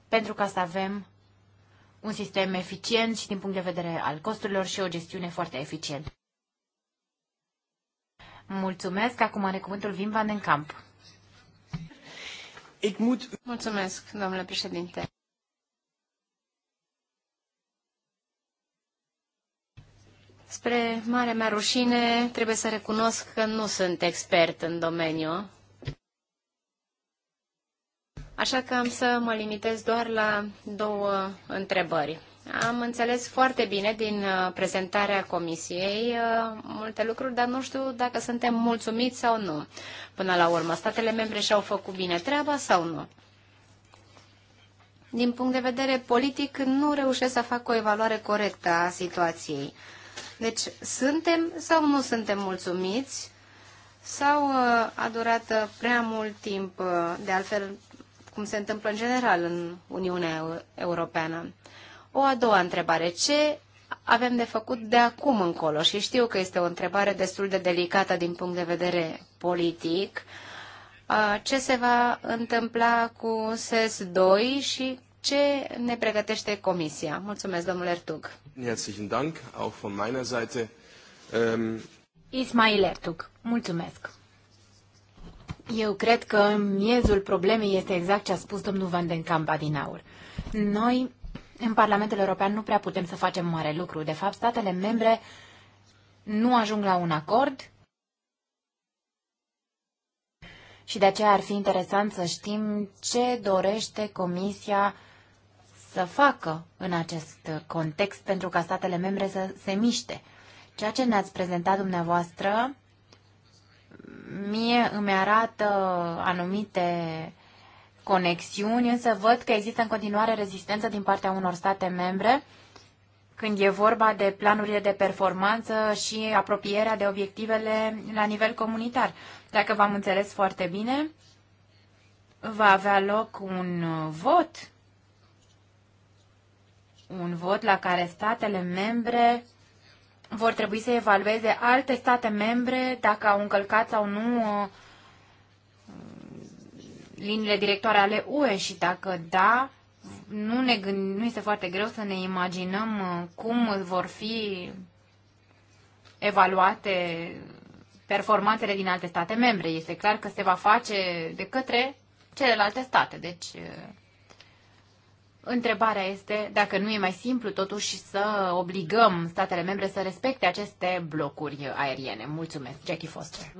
pentru ca să avem un sistem eficient și din punct de vedere al costurilor și o gestiune foarte eficientă. Mulțumesc. Acum are cuvântul Vim Van den Camp. Mulțumesc, domnule președinte. Spre mare mea rușine, trebuie să recunosc că nu sunt expert în domeniu. Așa că am să mă limitez doar la două întrebări. Am înțeles foarte bine din uh, prezentarea comisiei uh, multe lucruri, dar nu știu dacă suntem mulțumiți sau nu. Până la urmă, statele membre și-au făcut bine treaba sau nu? Din punct de vedere politic, nu reușesc să fac o evaluare corectă a situației. Deci, suntem sau nu suntem mulțumiți? Sau uh, a durat prea mult timp, de altfel, cum se întâmplă în general în Uniunea Europeană? O a doua întrebare. Ce avem de făcut de acum încolo? Și știu că este o întrebare destul de delicată din punct de vedere politic. Ce se va întâmpla cu SES-2 și ce ne pregătește Comisia? Mulțumesc, domnule Ertug. Herzlichen Dank, auch von meiner Seite. Ähm, Ismail Ertug, mulțumesc. Eu cred că miezul problemei este exact ce a spus domnul Van den Camp adinaur. Noi în Parlamentul European nu prea putem să facem mare lucru. De fapt, statele membre nu ajung la un acord și de aceea ar fi interesant să știm ce dorește Comisia să facă în acest context pentru ca statele membre să se miște. Ceea ce ne-ați prezentat dumneavoastră mie îmi arată anumite conexiuni, însă văd că există în continuare rezistență din partea unor state membre când e vorba de planurile de performanță și apropierea de obiectivele la nivel comunitar. Dacă v-am înțeles foarte bine, va avea loc un vot, un vot la care statele membre vor trebui să evalueze alte state membre dacă au încălcat sau nu uh, liniile directoare ale UE și dacă da, nu, ne gând, nu este foarte greu să ne imaginăm uh, cum vor fi evaluate performanțele din alte state membre. Este clar că se va face de către celelalte state. Deci, uh, întrebarea este dacă nu e mai simplu totuși să obligăm statele membre să respecte aceste blocuri aeriene. Mulțumesc, Jackie Foster.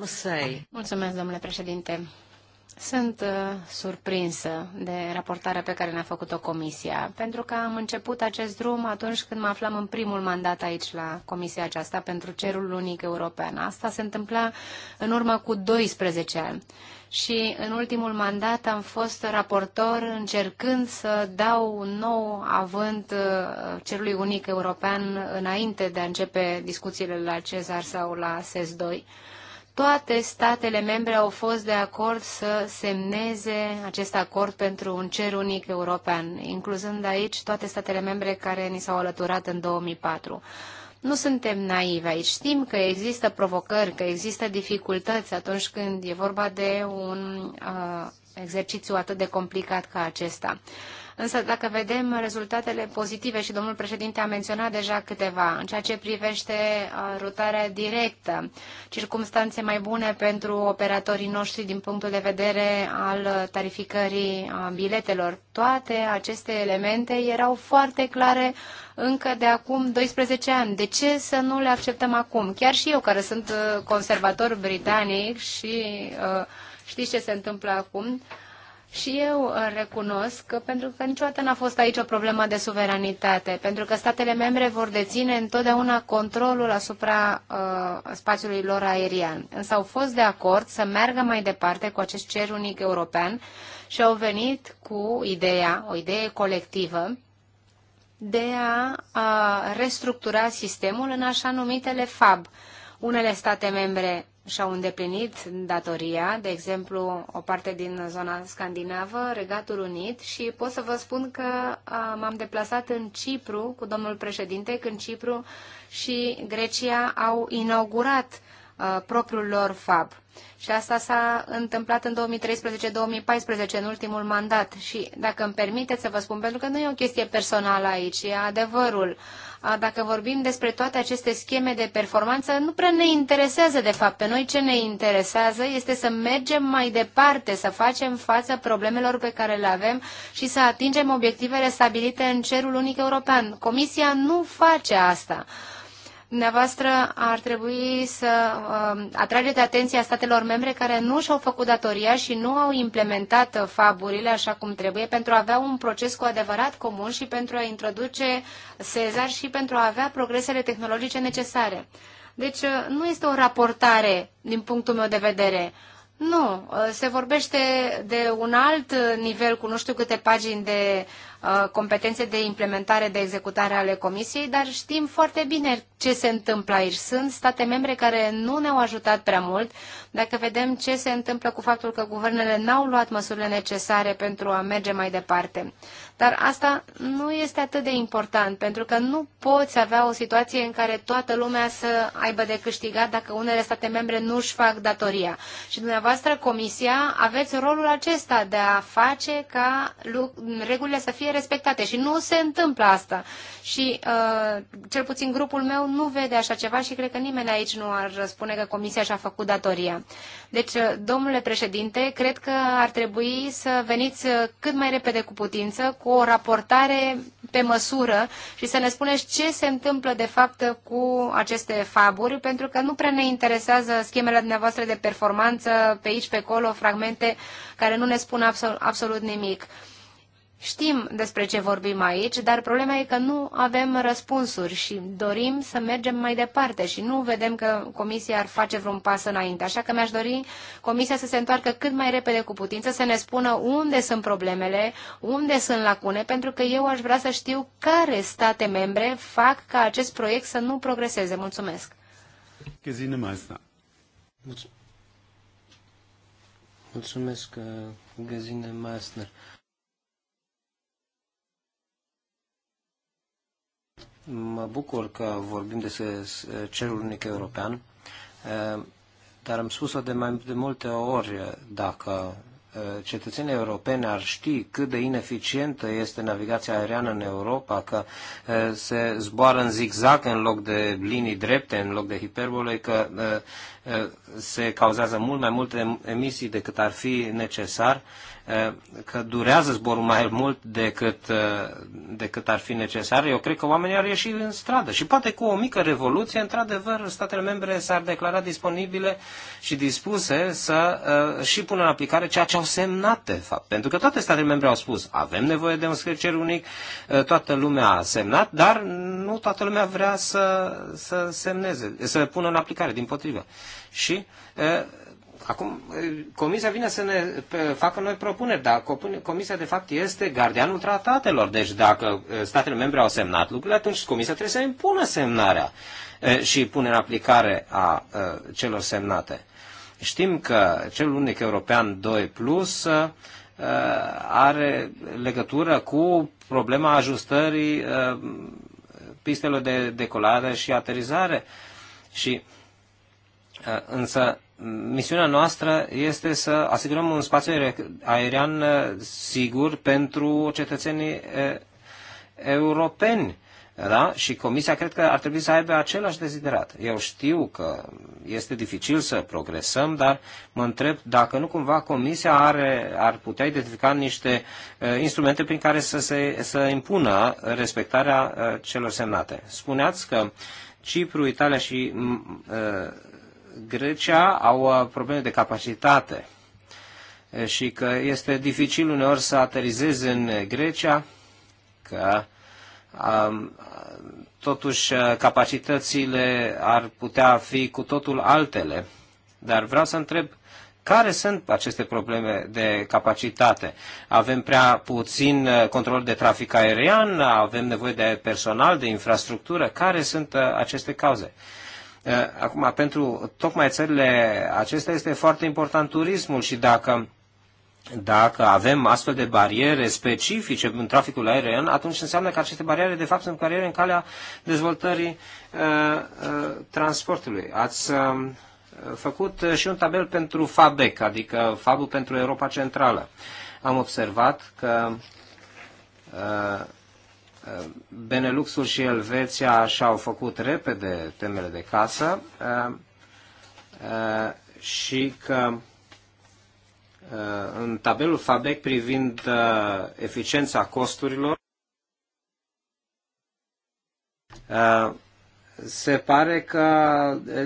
Mulțumesc, domnule președinte. Sunt uh, surprinsă de raportarea pe care ne-a făcut-o Comisia, pentru că am început acest drum atunci când mă aflam în primul mandat aici la Comisia aceasta pentru Cerul Unic European. Asta se întâmpla în urmă cu 12 ani. Și în ultimul mandat am fost raportor încercând să dau un nou avânt uh, Cerului Unic European înainte de a începe discuțiile la Cezar sau la SES 2 toate statele membre au fost de acord să semneze acest acord pentru un cer unic european, incluzând aici toate statele membre care ni s-au alăturat în 2004. Nu suntem naivi aici. Știm că există provocări, că există dificultăți atunci când e vorba de un uh, exercițiu atât de complicat ca acesta. Uh, Însă dacă vedem rezultatele pozitive și domnul președinte a menționat deja câteva, în ceea ce privește uh, rutarea directă, circumstanțe mai bune pentru operatorii noștri din punctul de vedere al tarificării uh, biletelor, toate aceste elemente erau foarte clare încă de acum 12 ani. De ce să nu le acceptăm acum? Chiar și eu, care sunt uh, conservator britanic și uh, știți ce se întâmplă acum, uh, și eu uh, recunosc că pentru că niciodată n-a fost aici o problemă de suveranitate, pentru că statele membre vor deține întotdeauna controlul asupra uh, spațiului lor aerian. Însă au fost de acord să meargă mai departe cu acest cer unic european și au venit cu ideea, o idee colectivă, de a, a restructura sistemul în așa numitele FAB. Unele state membre și-au îndeplinit datoria, de exemplu, o parte din zona scandinavă, Regatul Unit și pot să vă spun că m-am deplasat în Cipru cu domnul președinte, când Cipru și Grecia au inaugurat uh, propriul lor FAB. Și asta s-a întâmplat în 2013-2014, în ultimul mandat. Și dacă îmi permiteți să vă spun, pentru că nu e o chestie personală aici, e adevărul. Uh, dacă vorbim despre toate aceste scheme de performanță, nu prea ne interesează de fapt pe noi. Ce ne interesează este să mergem mai departe, să facem față problemelor pe care le avem și să atingem obiectivele stabilite în cerul unic european. Comisia nu face asta. Uh, Dumneavoastră ar trebui să uh, atrageți atenția statelor membre care nu și-au făcut datoria și nu au implementat faburile așa cum trebuie pentru a avea un proces cu adevărat comun și pentru a introduce Sezar și pentru a avea progresele tehnologice necesare. Deci uh, nu este o raportare din punctul meu de vedere. Nu, uh, se vorbește de un alt nivel cu nu știu câte pagini de Uh, competențe de implementare, de executare ale Comisiei, dar știm foarte bine ce se întâmplă aici. Sunt state membre care nu ne-au ajutat prea mult. Dacă vedem ce se întâmplă cu faptul că guvernele n-au luat măsurile necesare pentru a merge mai departe. Dar asta nu este atât de important, pentru că nu poți avea o situație în care toată lumea să aibă de câștigat dacă unele state membre nu își fac datoria. Și dumneavoastră, Comisia, aveți rolul acesta de a face ca regulile să fie respectate și nu se întâmplă asta. Și uh, cel puțin grupul meu nu vede așa ceva și cred că nimeni aici nu ar spune că Comisia și-a făcut datoria. Deci, uh, domnule președinte, cred că ar trebui să veniți uh, cât mai repede cu putință, cu o raportare pe măsură și să ne spuneți ce se întâmplă de fapt cu aceste faburi, pentru că nu prea ne interesează schemele dumneavoastră de performanță pe aici, pe acolo, fragmente care nu ne spun absolut, absolut nimic. Uh, Știm despre ce vorbim aici, dar problema e că nu avem răspunsuri și dorim să mergem mai departe și nu vedem că Comisia ar face vreun pas înainte. Așa că mi-aș dori Comisia să se întoarcă cât mai repede cu putință, să ne spună unde sunt problemele, unde sunt lacune, pentru că eu aș vrea să știu care state membre fac ca acest proiect să nu progreseze. Mulțumesc! Uh, Gesine Mulțumesc, Găzine Masner. Mă bucur că vorbim despre cerul unic european, dar am spus-o de mai de multe ori, dacă cetățenii europeni ar ști cât de ineficientă este navigația aeriană în Europa, că se zboară în zigzag în loc de linii drepte, în loc de hiperbole, că se cauzează mult mai multe emisii decât ar fi necesar, că durează zborul mai mult decât, uh, decât ar fi necesar, eu cred că oamenii ar ieși în stradă. Și poate cu o mică revoluție, într-adevăr, statele membre s-ar declara disponibile și dispuse să uh, și pună în aplicare ceea ce au semnat, de fapt. Pentru că toate statele membre au spus, avem nevoie de un scricer unic, uh, toată lumea a semnat, dar nu toată lumea vrea să, să semneze, să pună în aplicare, din potrivă. Și Acum, comisia vine să ne facă noi propuneri, dar comisia de fapt este gardianul tratatelor. Deci dacă statele membre au semnat lucrurile, atunci comisia trebuie să impună semnarea și punerea în aplicare a celor semnate. Știm că cel unic european 2 plus are legătură cu problema ajustării pistelor de decolare și aterizare. Și Eh, însă, misiunea noastră este să asigurăm un spațiu aerian eh, sigur pentru cetățenii eh, europeni. Da? Și Comisia cred că ar trebui să aibă același deziderat. Eu știu că este dificil să progresăm, dar mă întreb dacă nu cumva Comisia are, ar putea identifica niște uh, instrumente prin care să, se, să impună respectarea uh, celor semnate. Spuneați că Cipru, Italia și uh, Grecia au uh, probleme de capacitate și că este dificil uneori să aterizeze în Grecia, că um, totuși uh, capacitățile ar putea fi cu totul altele. Dar vreau să întreb care sunt aceste probleme de capacitate? Avem prea puțin uh, control de trafic aerian, avem nevoie de personal, de infrastructură. Care sunt aceste cauze? Eh, acum, pentru tocmai țările acestea este foarte important turismul și dacă dacă avem astfel de bariere specifice în traficul aerian, atunci înseamnă că aceste bariere, de fapt, sunt bariere în calea dezvoltării uh, uh, transportului. Ați uh, făcut și un tabel pentru FABEC, adică fab pentru Europa Centrală. Am observat că uh, Uh, Beneluxul și Elveția și-au făcut repede temele de casă uh, uh, și că în tabelul FABEC privind eficiența costurilor se pare că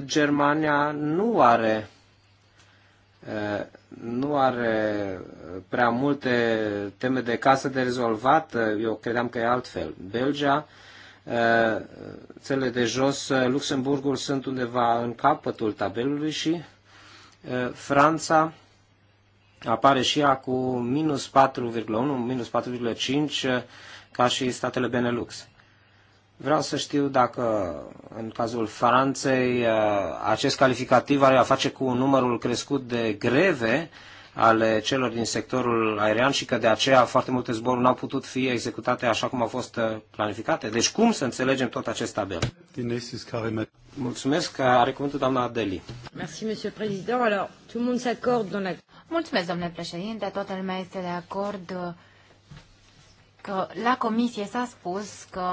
Germania nu are nu are prea multe teme de casă de rezolvat, eu credeam că e altfel. Belgia, țele de jos, Luxemburgul sunt undeva în capătul tabelului și Franța apare și ea cu minus 4,1, minus 4,5 ca și statele Benelux. Vreau să știu dacă, în cazul Franței, uh, acest calificativ are a face cu numărul crescut de greve ale celor din sectorul aerian și că de aceea foarte multe zboruri n-au putut fi executate așa cum au fost uh, planificate. Deci cum să înțelegem tot acest tabel? Mulțumesc că are cuvântul doamna Adeli. Merci, monsieur président. Alors, tout le monde s'accorde dans la... Mulțumesc, domnule președinte. Toată lumea este de acord uh, că la comisie s-a spus că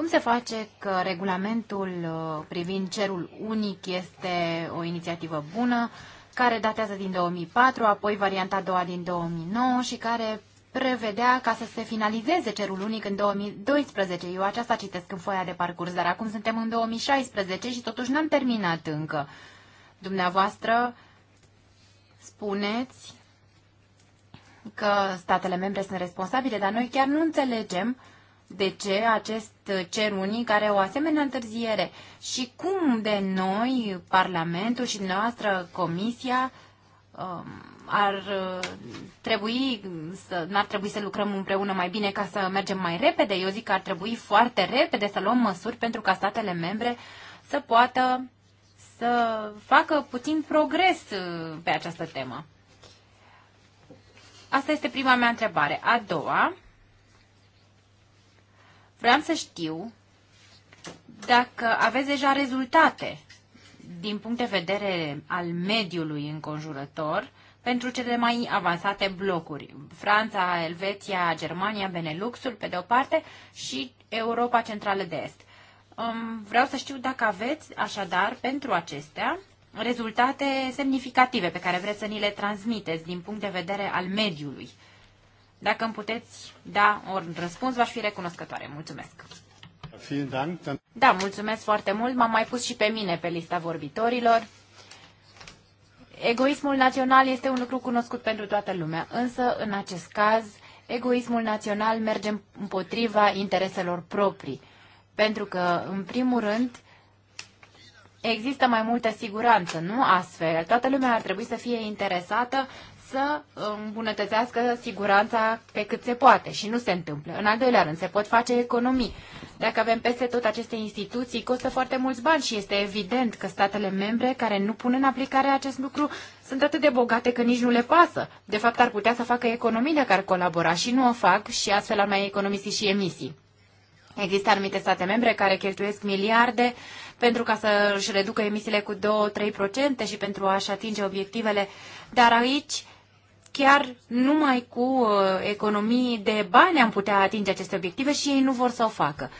cum se face că regulamentul uh, privind cerul unic este o inițiativă bună, care datează din 2004, apoi varianta a doua din 2009 și care prevedea ca să se finalizeze cerul unic în 2012. Eu aceasta citesc în foaia de parcurs, dar acum suntem în 2016 și totuși n-am terminat încă. Dumneavoastră spuneți că statele membre sunt responsabile, dar noi chiar nu înțelegem uh, de ce acest cer unic are o asemenea întârziere și cum de noi, Parlamentul și noastră Comisia, um, ar uh, trebui să, n-ar trebui să lucrăm împreună mai bine ca să mergem mai repede. Eu zic că ar trebui foarte repede să luăm măsuri pentru ca statele membre să poată să facă puțin progres uh, pe această temă. Asta este prima mea întrebare. A doua, Vreau să știu dacă aveți deja rezultate din punct de vedere al mediului înconjurător pentru cele mai avansate blocuri. Franța, Elveția, Germania, Beneluxul, pe de o parte, și Europa Centrală de Est. Um, vreau să știu dacă aveți, așadar, pentru acestea, rezultate semnificative pe care vreți să ni le transmiteți din punct de vedere al mediului dacă îmi puteți da un răspuns, v-aș fi recunoscătoare. Mulțumesc! Da, mulțumesc foarte mult. M-am mai pus și pe mine pe lista vorbitorilor. Egoismul național este un lucru cunoscut pentru toată lumea, însă, în acest caz, egoismul național merge împotriva intereselor proprii. Pentru că, în primul rând, există mai multă siguranță, nu astfel. Toată lumea ar trebui să fie interesată să îmbunătățească siguranța pe cât se poate și nu se întâmplă. În al doilea rând, se pot face economii. Dacă avem peste tot aceste instituții, costă foarte mulți bani și este evident că statele membre care nu pun în aplicare acest lucru sunt atât de bogate că nici nu le pasă. De fapt, ar putea să facă economii dacă ar colabora și nu o fac și astfel ar mai economisi și emisii. Există anumite state membre care cheltuiesc miliarde pentru ca să își reducă emisiile cu 2-3% și pentru a-și atinge obiectivele, dar aici chiar numai cu uh, economii de bani am putea atinge aceste obiective și ei nu vor să o facă.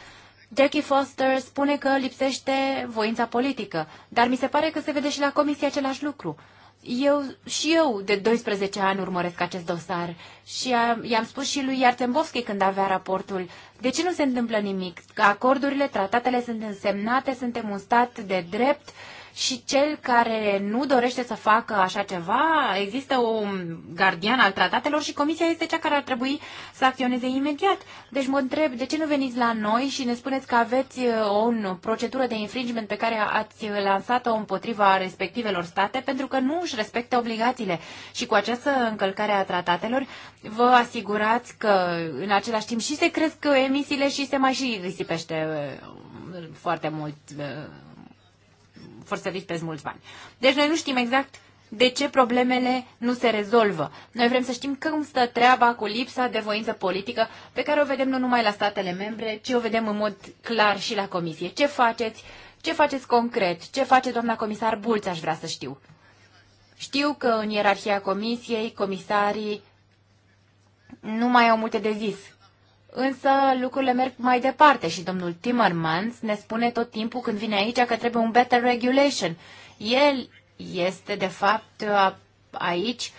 Jackie Foster spune că lipsește voința politică, dar mi se pare că se vede și la comisie același lucru. Eu și eu de 12 ani urmăresc acest dosar și i-am spus și lui Iartembovski când avea raportul. De ce nu se întâmplă nimic? Acordurile, tratatele sunt însemnate, suntem un stat de drept, uh, și cel care nu dorește să facă așa ceva, există un gardian al tratatelor și comisia este cea care ar trebui să acționeze imediat. Deci mă întreb, de ce nu veniți la noi și ne spuneți că aveți o uh, procedură de infringement pe care ați lansat-o împotriva respectivelor state pentru că nu își respectă obligațiile și cu această încălcare a tratatelor vă asigurați că în același timp și se cresc emisiile și se mai și risipește uh, foarte mult uh, forsăriți pe mulți bani. Deci noi nu știm exact de ce problemele nu se rezolvă. Noi vrem să știm cum stă treaba cu lipsa de voință politică pe care o vedem nu numai la statele membre, ci o vedem în mod clar și la comisie. Ce faceți? Ce faceți concret? Ce face doamna comisar Bulț, aș vrea să știu. Știu că în ierarhia comisiei, comisarii nu mai au multe de zis Însă lucrurile merg mai departe și domnul Timmermans ne spune tot timpul când vine aici că trebuie un better regulation. El este, de fapt, aici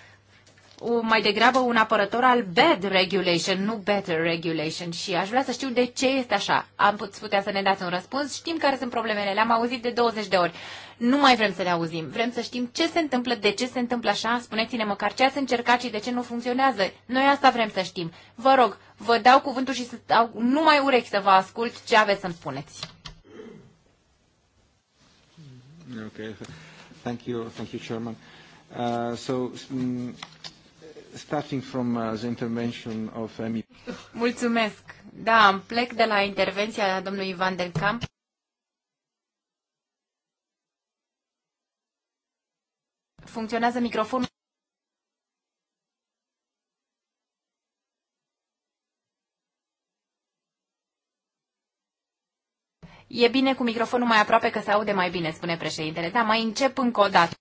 mai degrabă un apărător al bad regulation, nu better regulation și aș vrea să știu de ce este așa. Am putea să ne dați un răspuns, știm care sunt problemele, le-am auzit de 20 de ori. Nu mai vrem să le auzim, vrem să știm ce se întâmplă, de ce se întâmplă așa, spuneți-ne măcar ce ați încercat și de ce nu funcționează. Noi asta vrem să știm. Vă rog, vă dau cuvântul și să dau numai urechi să vă ascult ce aveți să-mi spuneți. Okay. Thank you, thank you, Chairman. Uh, so, um, starting from uh, the intervention of MEP. Mulțumesc. Da, am plec de la intervenția domnului Van der Kamp. Funcționează microfonul. E bine cu microfonul mai aproape că se aude mai bine, spune președintele. Da, mai încep încă o dată.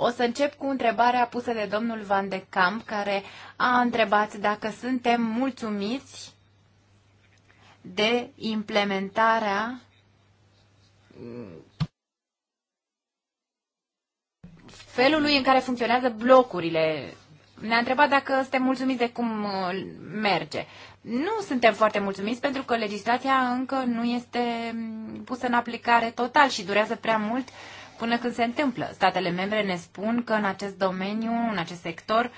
O să încep cu întrebarea pusă de domnul Van de Camp, care a întrebat dacă suntem mulțumiți de implementarea felului în care funcționează blocurile. Ne-a întrebat dacă suntem mulțumiți de cum uh, merge. Nu suntem foarte mulțumiți pentru că legislația încă nu este mm, pusă în aplicare total și durează prea mult uh, până când se întâmplă. Statele membre ne spun că în acest domeniu, în acest sector,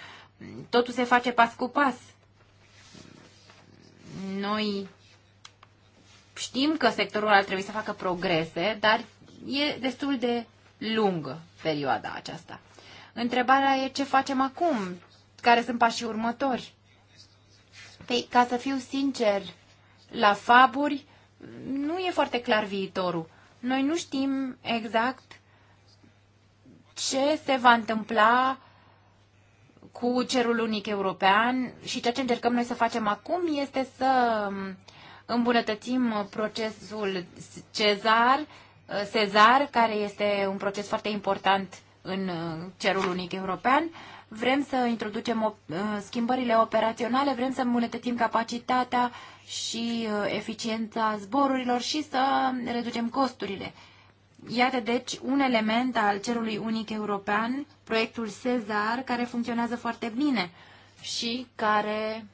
totul se face pas cu pas. Noi știm că sectorul ar trebui să facă progrese, dar e destul de lungă perioada aceasta. Întrebarea e ce facem acum? Care sunt pașii următori? Păi, ca să fiu sincer, la faburi nu e foarte clar viitorul. Noi nu știm exact ce se va întâmpla cu cerul unic european și ceea ce încercăm noi să facem acum este să îmbunătățim procesul Cezar, Cezar, care este un proces foarte important în cerul unic european. Vrem să introducem schimbările operaționale, vrem să îmbunătățim capacitatea și uh, eficiența zborurilor și să reducem costurile. Iată deci un element al cerului unic european, proiectul Cezar, care funcționează foarte bine și care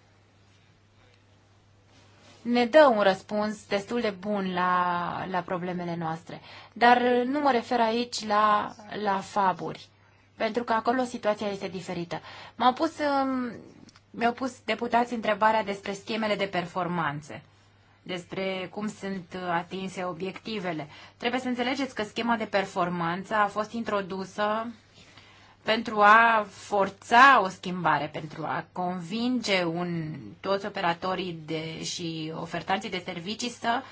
ne dă un răspuns destul de bun la, la problemele noastre. Dar nu mă refer aici la, la faburi, pentru că acolo situația este diferită. M-au pus, um, mi-au pus deputați întrebarea despre schemele de performanțe despre cum sunt atinse obiectivele. Trebuie să înțelegeți că schema de performanță a fost introdusă pentru a forța o schimbare, pentru a convinge un, toți operatorii de, și ofertanții de servicii să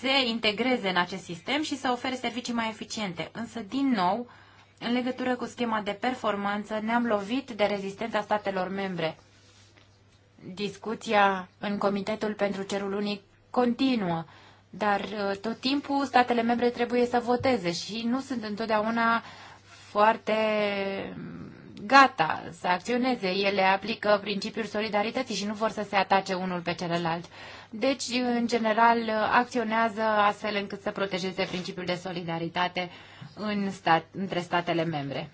se integreze în acest sistem și să ofere servicii mai eficiente. Însă, din nou, în legătură cu schema de performanță, ne-am lovit de rezistența statelor membre discuția în Comitetul pentru Cerul Unic continuă, dar uh, tot timpul statele membre trebuie să voteze și nu sunt întotdeauna foarte mm, gata să acționeze. Ele aplică principiul solidarității și nu vor să se atace unul pe celălalt. Deci, în general, acționează astfel încât să protejeze principiul de solidaritate în stat, între statele membre.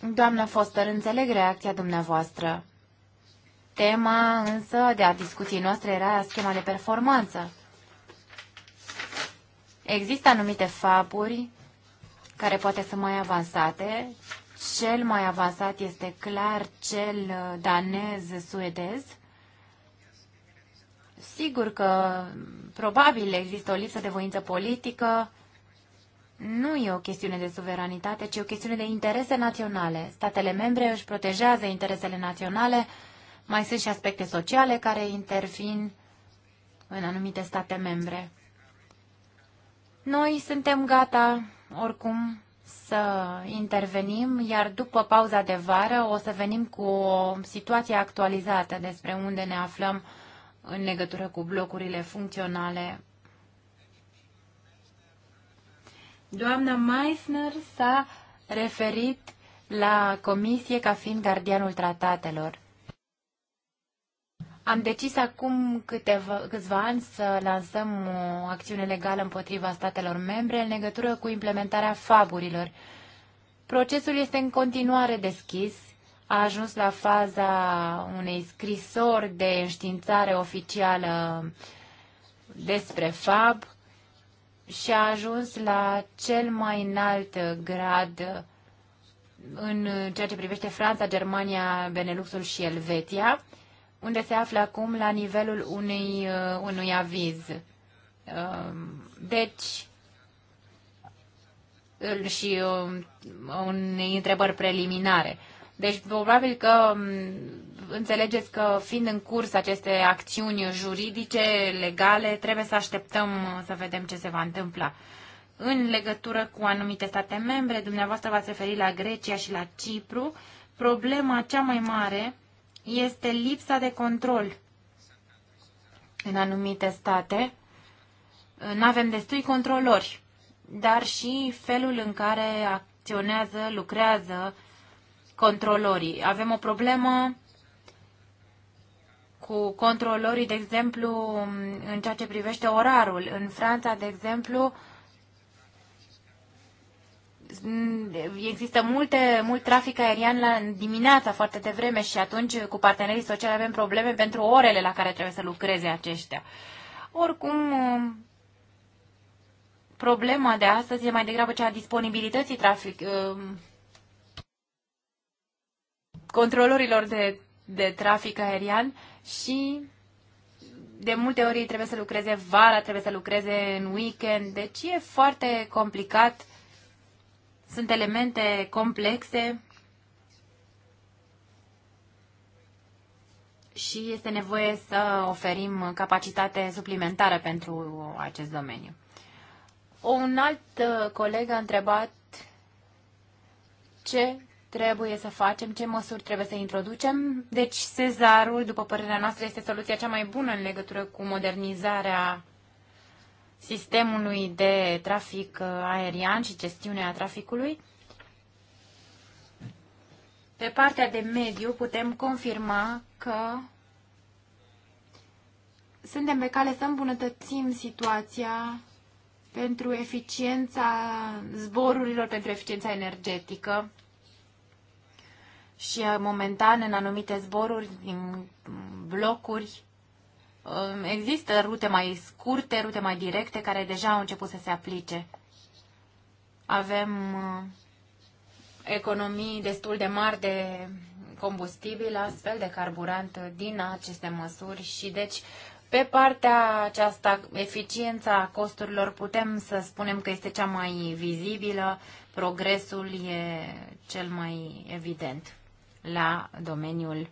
Doamna Foster, înțeleg reacția dumneavoastră. Tema însă de a discuției noastre era schema de performanță. Există anumite faburi care poate să mai avansate. Cel mai avansat este clar cel uh, danez-suedez. Sigur că probabil există o lipsă de voință politică nu e o chestiune de suveranitate, ci o chestiune de interese naționale. Statele membre își protejează interesele naționale, mai sunt și aspecte sociale care intervin în anumite state membre. Noi suntem gata, oricum, să intervenim, iar după pauza de vară o să venim cu o situație actualizată despre unde ne aflăm în legătură cu blocurile funcționale Doamna Meissner s-a referit la comisie ca fiind gardianul tratatelor. Am decis acum câteva, câțiva ani să lansăm o acțiune legală împotriva statelor membre în legătură cu implementarea faburilor. Procesul este în continuare deschis, a ajuns la faza unei scrisori de înștiințare oficială despre fab, și a ajuns la cel mai înalt grad în ceea ce privește Franța, Germania, Beneluxul și Elveția, unde se află acum la nivelul unei, uh, unui aviz. Um, deci, și um, unei întrebări preliminare. Deci, probabil că um, înțelegeți că fiind în curs aceste acțiuni juridice, legale, trebuie să așteptăm să vedem ce se va întâmpla. În legătură cu anumite state membre, dumneavoastră v-ați referit la Grecia și la Cipru, problema cea mai mare este lipsa de control în anumite state. Nu avem destui controlori, dar și felul în care acționează, lucrează controlorii. Avem o problemă cu controlorii, de exemplu, în ceea ce privește orarul. În Franța, de exemplu, există multe, mult trafic aerian la dimineața foarte devreme și atunci cu partenerii sociali avem probleme pentru orele la care trebuie să lucreze aceștia. Oricum, problema de astăzi e mai degrabă cea a disponibilității trafic, controlorilor de, de trafic aerian și de multe ori trebuie să lucreze vara, trebuie să lucreze în weekend, deci e foarte complicat. Sunt elemente complexe și este nevoie să oferim capacitate suplimentară pentru acest domeniu. Un alt uh, coleg a întrebat ce trebuie să facem, ce măsuri trebuie să introducem. Deci Sezarul, după părerea noastră, este soluția cea mai bună în legătură cu modernizarea sistemului de trafic uh, aerian și gestiunea traficului. Pe partea de mediu putem confirma că suntem pe cale să îmbunătățim situația pentru eficiența zborurilor, pentru eficiența energetică și momentan în anumite zboruri din blocuri um, există rute mai scurte, rute mai directe care deja au început să se aplice. Avem uh, economii destul de mari de combustibil, astfel de carburant din aceste măsuri și deci pe partea aceasta, eficiența costurilor, putem să spunem că este cea mai vizibilă, progresul e cel mai evident la domeniul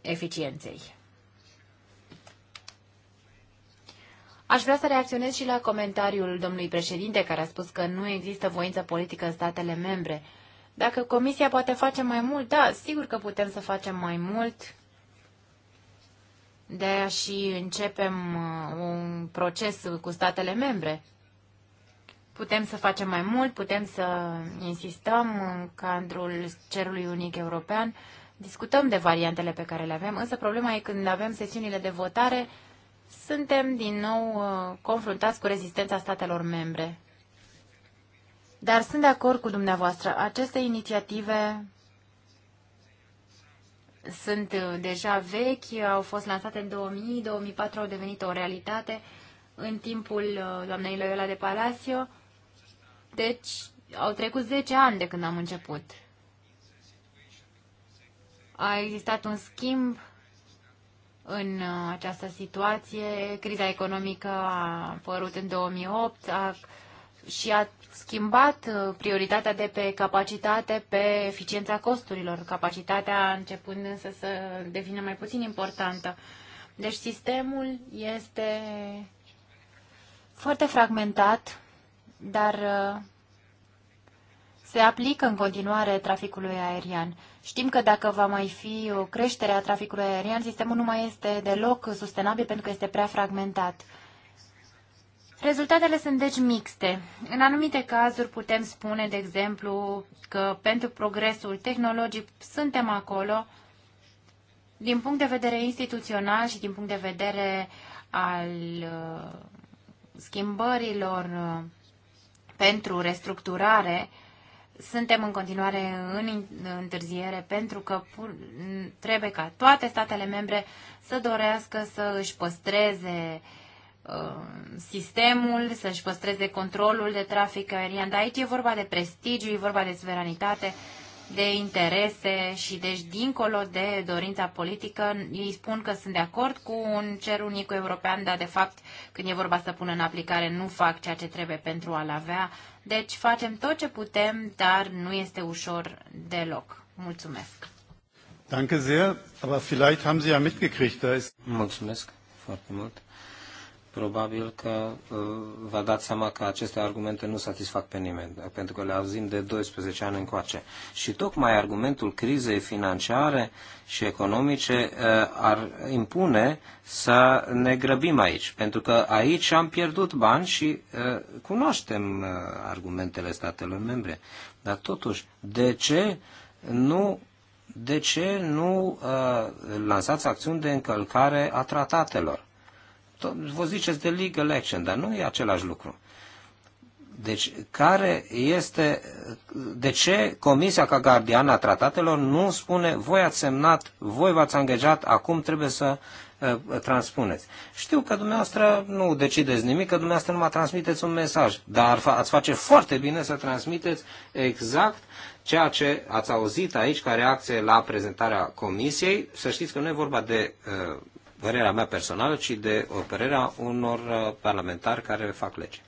eficienței. Aș vrea să reacționez și la comentariul domnului președinte care a spus că nu există voință politică în statele membre. Dacă comisia poate face mai mult, da, sigur că putem să facem mai mult. De aia și începem uh, un proces cu statele membre. Putem să facem mai mult, putem să insistăm în cadrul cerului unic european. Discutăm de variantele pe care le avem, însă problema e când avem sesiunile de votare, suntem din nou uh, confruntați cu rezistența statelor membre. Dar sunt de acord cu dumneavoastră. Aceste inițiative sunt uh, deja vechi, au fost lansate în 2000, 2004 au devenit o realitate în timpul uh, doamnei Loyola de Palacio. Deci, au trecut 10 ani de când am început. A existat un schimb în uh, această situație. Criza economică a apărut în 2008 a, și a schimbat uh, prioritatea de pe capacitate pe eficiența costurilor. Capacitatea începând însă să devină mai puțin importantă. Deci sistemul este foarte fragmentat dar uh, se aplică în continuare traficului aerian. Știm că dacă va mai fi o creștere a traficului aerian, sistemul nu mai este deloc sustenabil pentru că este prea fragmentat. Rezultatele sunt deci mixte. În anumite cazuri putem spune, de exemplu, că pentru progresul tehnologic suntem acolo din punct de vedere instituțional și din punct de vedere al uh, schimbărilor uh, pentru restructurare, suntem în continuare în întârziere pentru că trebuie ca toate statele membre să dorească să își păstreze uh, sistemul, să-și păstreze controlul de trafic aerian. Dar aici e vorba de prestigiu, e vorba de suveranitate de interese și deci dincolo de dorința politică, ei spun că sunt de acord cu un cer unic european, dar de fapt când e vorba să pună în aplicare nu fac ceea ce trebuie pentru a-l avea. Deci facem tot ce putem, dar nu este ușor deloc. Mulțumesc! Danke sehr, aber vielleicht haben Sie ja mitgekriegt, da ist... Mulțumesc foarte mult probabil că uh, vă dați seama că aceste argumente nu satisfac pe nimeni, pentru că le auzim de 12 ani încoace. Și tocmai argumentul crizei financiare și economice uh, ar impune să ne grăbim aici, pentru că aici am pierdut bani și uh, cunoaștem argumentele statelor membre. Dar totuși, de ce nu de ce nu uh, lansați acțiuni de încălcare a tratatelor? vă ziceți de of Legends, dar nu e același lucru. Deci, care este, de ce Comisia ca gardiană a tratatelor nu spune, voi ați semnat, voi v-ați angajat, acum trebuie să uh, transpuneți. Știu că dumneavoastră nu decideți nimic, că dumneavoastră nu numai transmiteți un mesaj, dar ați face foarte bine să transmiteți exact ceea ce ați auzit aici ca reacție la prezentarea Comisiei. Să știți că nu e vorba de uh, părerea mea personală, ci de părerea unor uh, parlamentari care fac lege.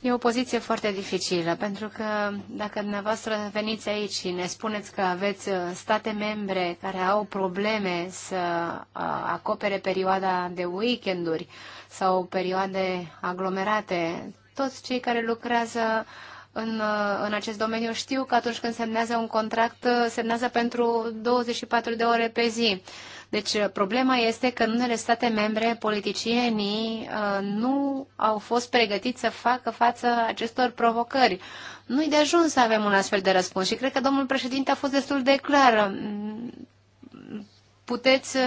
E o poziție foarte dificilă, pentru că dacă dumneavoastră veniți aici și ne spuneți că aveți uh, state membre care au probleme să uh, acopere perioada de weekenduri sau perioade aglomerate, toți cei care lucrează uh, în, uh, în acest domeniu știu că atunci când semnează un contract, uh, semnează pentru 24 de ore pe zi. Deci uh, problema este că în unele state membre politicienii nu au fost pregătiți să facă față acestor provocări. Nu-i de ajuns să avem un astfel de răspuns și cred că domnul președinte a fost destul de clar mm, puteți uh,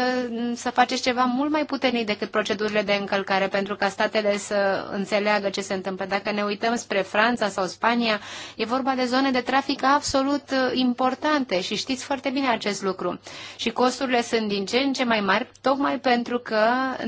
să faceți ceva mult mai puternic decât procedurile de încălcare pentru ca statele să înțeleagă ce se întâmplă. Dacă ne uităm spre Franța sau Spania, e vorba de zone de trafic absolut uh, importante și știți foarte bine acest lucru. Și costurile sunt din ce în ce mai mari, tocmai pentru că,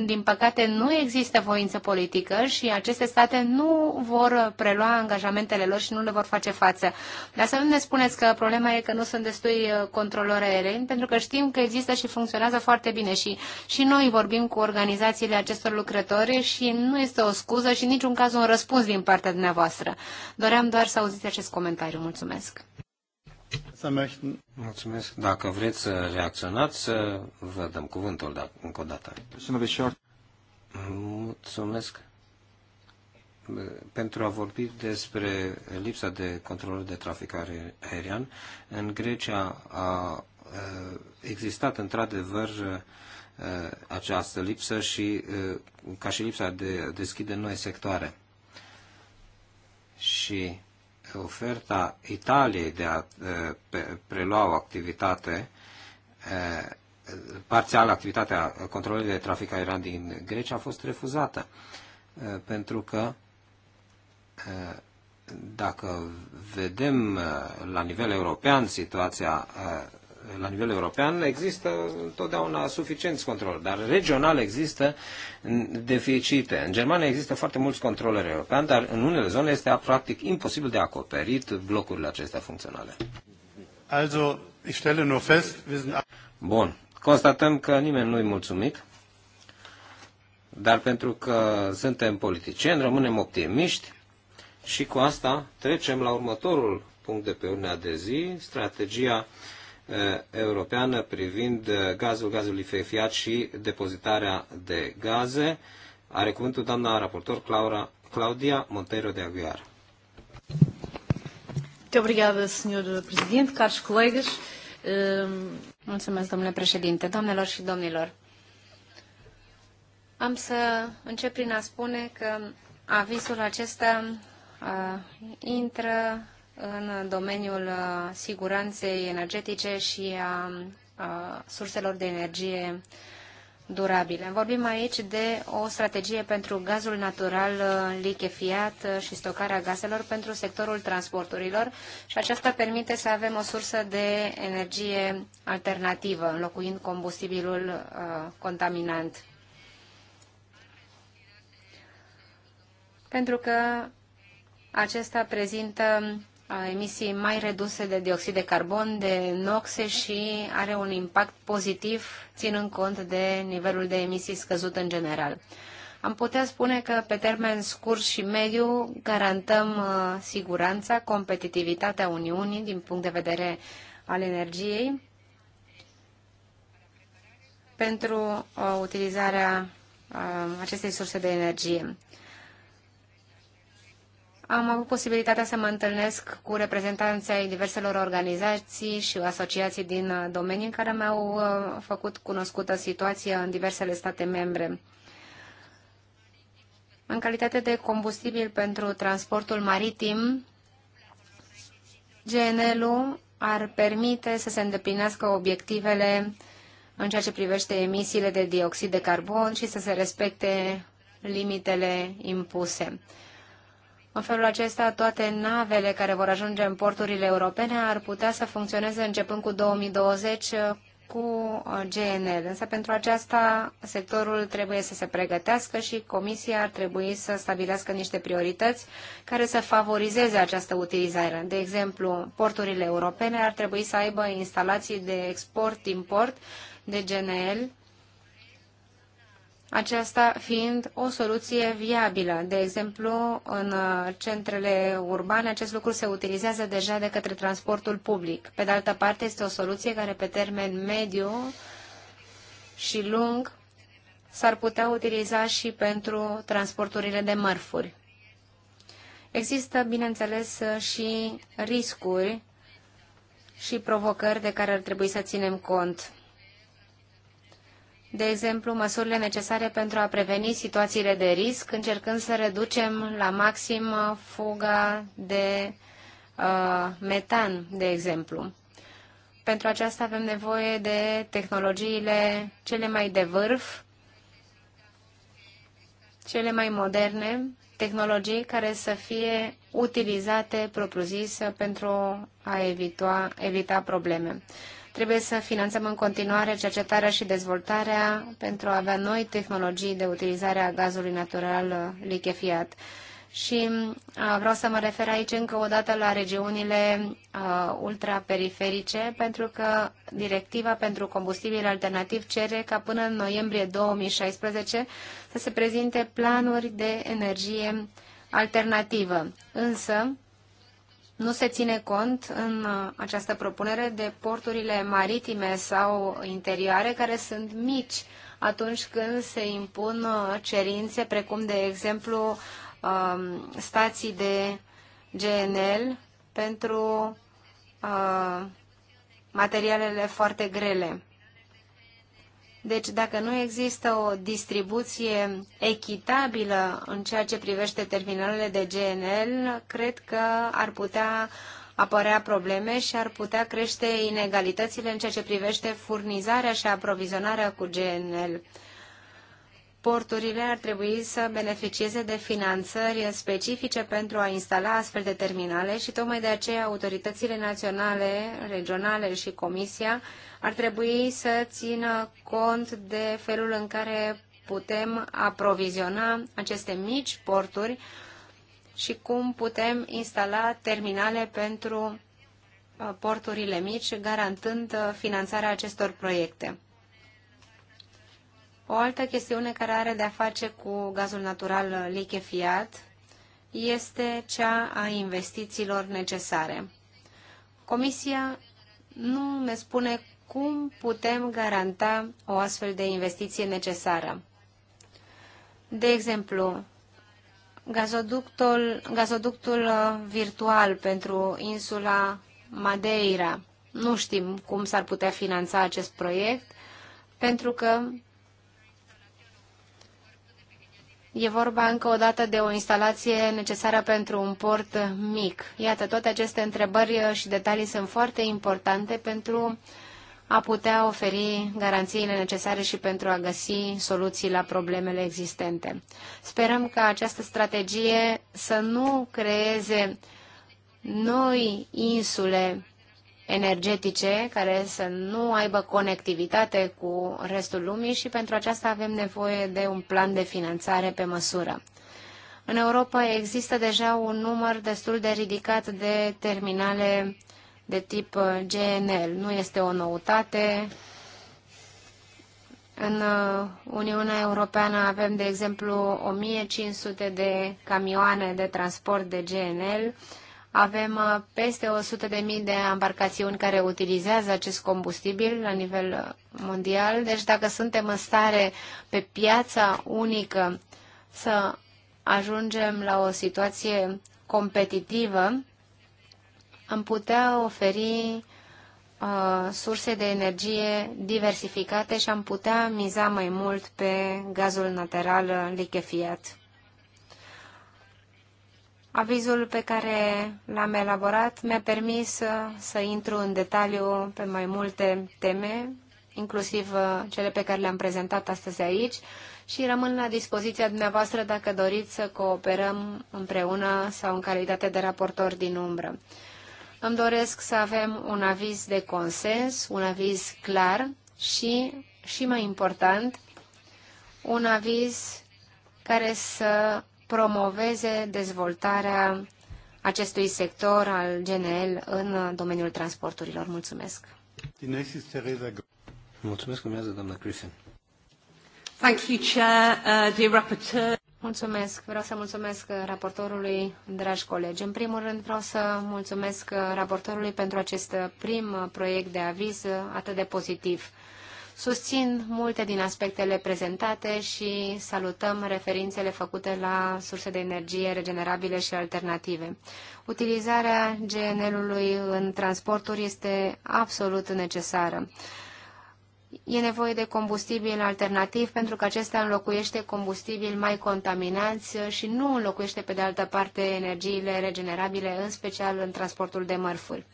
din păcate, nu există voință politică și aceste state nu vor prelua angajamentele lor și nu le vor face față. Dar să nu ne spuneți că problema e că nu sunt destui uh, controlori aerieni, pentru că știm că există și funcționează foarte bine și, și noi vorbim cu organizațiile acestor lucrători și nu este o scuză și niciun caz un răspuns din partea dumneavoastră. Doream doar să auziți acest comentariu. Mulțumesc! Mulțumesc. Dacă vreți să reacționați, vă dăm cuvântul da, încă o dată. Mulțumesc pentru a vorbi despre lipsa de control de trafic aerian. În Grecia a Uh, existat într-adevăr uh, această lipsă și uh, ca și lipsa de deschide noi sectoare. Și oferta Italiei de a prelua o activitate, parțial activitatea controlului de trafic aerian din Grecia a fost refuzată, pentru că dacă vedem la nivel european situația la nivel european există întotdeauna suficienți control, dar regional există deficite. În Germania există foarte mulți controleri europeni, dar în unele zone este practic imposibil de acoperit blocurile acestea funcționale. Also, ich stelle nur fest, wir sind... Bun. Constatăm că nimeni nu-i mulțumit, dar pentru că suntem politicieni, rămânem optimiști și cu asta trecem la următorul punct de pe urmea de zi, strategia Eh, europeană privind eh, gazul, gazul lichefiat și depozitarea de gaze. Are cuvântul doamna raportor Claura, Claudia Monteiro de Aguiar. Ehm, Mulțumesc, domnule președinte, doamnelor și domnilor. Am să încep prin a spune că avizul acesta uh, intră în domeniul uh, siguranței energetice și a, surselor de energie durabile. Vorbim aici de o strategie pentru gazul natural uh, lichefiat uh, și stocarea gazelor pentru sectorul transporturilor și aceasta permite să avem o sursă de energie alternativă, înlocuind combustibilul contaminant. Pentru că acesta prezintă emisii mai reduse de dioxid de carbon, de noxe și are un impact pozitiv, ținând cont de nivelul de emisii scăzut în general. Am putea spune că pe termen scurt și mediu garantăm uh, siguranța, competitivitatea Uniunii din punct de vedere al energiei pentru uh, utilizarea uh, acestei surse de energie am avut posibilitatea să mă întâlnesc cu reprezentanții ai diverselor organizații și asociații din uh, domeniu în care mi-au uh, făcut cunoscută situația în diversele state membre. În calitate de combustibil pentru transportul maritim, GNL-ul ar permite să se îndeplinească obiectivele în ceea ce privește emisiile de dioxid de carbon și să se respecte limitele impuse. În felul acesta, toate navele care vor ajunge în porturile europene ar putea să funcționeze începând cu 2020 uh, cu uh, GNL. Însă pentru aceasta sectorul trebuie să se pregătească și Comisia ar trebui să stabilească niște priorități care să favorizeze această utilizare. De exemplu, porturile europene ar trebui să aibă instalații de export-import de GNL aceasta fiind o soluție viabilă. De exemplu, în uh, centrele urbane acest lucru se utilizează deja de către transportul public. Pe de altă parte, este o soluție care pe termen mediu și lung s-ar putea utiliza și pentru transporturile de mărfuri. Există, bineînțeles, și riscuri și provocări de care ar trebui să ținem cont de exemplu, măsurile necesare pentru a preveni situațiile de risc, încercând să reducem la maxim uh, fuga de uh, metan, de exemplu. Pentru aceasta avem nevoie de tehnologiile cele mai de vârf, cele mai moderne, tehnologii care să fie utilizate propriu-zis pentru a evita, evita probleme. Trebuie să finanțăm în continuare cercetarea și dezvoltarea pentru a avea noi tehnologii de utilizare a gazului natural uh, lichefiat. Și uh, vreau să mă refer aici încă o dată la regiunile uh, ultraperiferice, pentru că directiva pentru combustibil alternativ cere ca până în noiembrie 2016 să se prezinte planuri de energie alternativă. Însă, nu se ține cont în uh, această propunere de porturile maritime sau interioare care sunt mici atunci când se impun uh, cerințe precum, de exemplu, um, stații de GNL pentru uh, materialele foarte grele. Deci dacă nu există o distribuție echitabilă în ceea ce privește terminalele de GNL, cred că ar putea apărea probleme și ar putea crește inegalitățile în ceea ce privește furnizarea și aprovizionarea cu GNL porturile ar trebui să beneficieze de finanțări specifice pentru a instala astfel de terminale și tocmai de aceea autoritățile naționale, regionale și Comisia ar trebui să țină cont de felul în care putem aproviziona aceste mici porturi și cum putem instala terminale pentru uh, porturile mici, garantând uh, finanțarea acestor proiecte. O altă chestiune care are de-a face cu gazul natural lichefiat este cea a investițiilor necesare. Comisia nu ne spune cum putem garanta o astfel de investiție necesară. De exemplu, gazoductul, gazoductul uh, virtual pentru insula Madeira. Nu știm cum s-ar putea finanța acest proiect, pentru că E vorba încă o dată de o instalație necesară pentru un port mic. Iată, toate aceste întrebări și detalii sunt foarte importante pentru a putea oferi garanțiile necesare și pentru a găsi soluții la problemele existente. Sperăm că această strategie să nu creeze noi insule energetice care să nu aibă conectivitate cu restul lumii și pentru aceasta avem nevoie de un plan de finanțare pe măsură. În Europa există deja un număr destul de ridicat de terminale de tip GNL. Nu este o noutate. În uh, Uniunea Europeană avem, de exemplu, 1500 de camioane de transport de GNL avem uh, peste 100.000 de embarcațiuni care utilizează acest combustibil la nivel uh, mondial, deci dacă suntem în stare pe piața unică să ajungem la o situație competitivă, am putea oferi uh, surse de energie diversificate și am putea miza mai mult pe gazul natural lichefiat. Avizul pe care l-am elaborat mi-a permis uh, să intru în detaliu pe mai multe teme, inclusiv uh, cele pe care le-am prezentat astăzi aici și rămân la dispoziția dumneavoastră dacă doriți să cooperăm împreună sau în calitate de raportor din umbră. Îmi doresc să avem un aviz de consens, un aviz clar și, și mai important, un aviz care să promoveze dezvoltarea acestui sector al GNL în domeniul transporturilor. Mulțumesc! Mulțumesc, urmează doamna Griffin. Thank you, Chair, uh, dear Rapporteur. Mulțumesc. Vreau să mulțumesc raportorului, dragi colegi. În primul rând vreau să mulțumesc raportorului pentru acest prim proiect de aviz atât de pozitiv. Susțin multe din aspectele prezentate și salutăm referințele făcute la surse de energie regenerabile și alternative. Utilizarea GNL-ului în transporturi este absolut necesară. E nevoie de combustibil alternativ pentru că acesta înlocuiește combustibil mai contaminați și nu înlocuiește pe de altă parte energiile regenerabile, în special în transportul de mărfuri.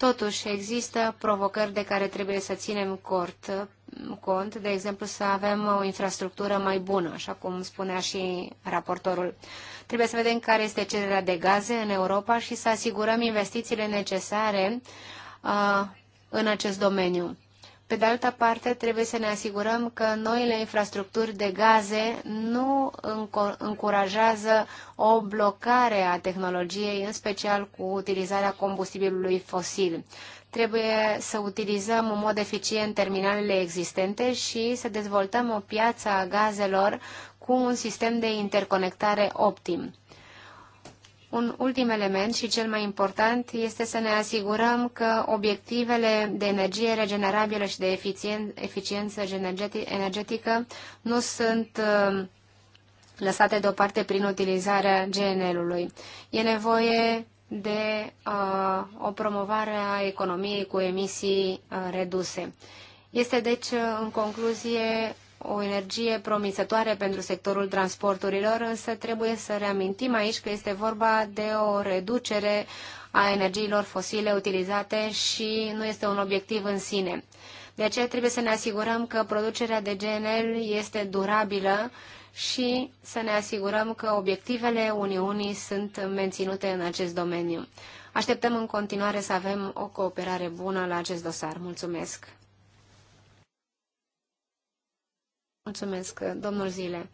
Totuși, există provocări de care trebuie să ținem cort, cont, de exemplu să avem o infrastructură mai bună, așa cum spunea și raportorul. Trebuie să vedem care este cererea de gaze în Europa și să asigurăm investițiile necesare uh, în acest domeniu. Pe de altă parte, trebuie să ne asigurăm că noile infrastructuri de gaze nu încurajează o blocare a tehnologiei, în special cu utilizarea combustibilului fosil. Trebuie să utilizăm în mod eficient terminalele existente și să dezvoltăm o piață a gazelor cu un sistem de interconectare optim. Un ultim element și cel mai important este să ne asigurăm că obiectivele de energie regenerabilă și de eficien, eficiență energetică nu sunt uh, lăsate deoparte prin utilizarea GNL-ului. E nevoie de uh, o promovare a economiei cu emisii uh, reduse. Este deci, uh, în concluzie, o energie promițătoare pentru sectorul transporturilor, însă trebuie să reamintim aici că este vorba de o reducere a energiilor fosile utilizate și nu este un obiectiv în sine. De aceea trebuie să ne asigurăm că producerea de GNL este durabilă și să ne asigurăm că obiectivele Uniunii sunt menținute în acest domeniu. Așteptăm în continuare să avem o cooperare bună la acest dosar. Mulțumesc! Mulțumesc, domnul Zile.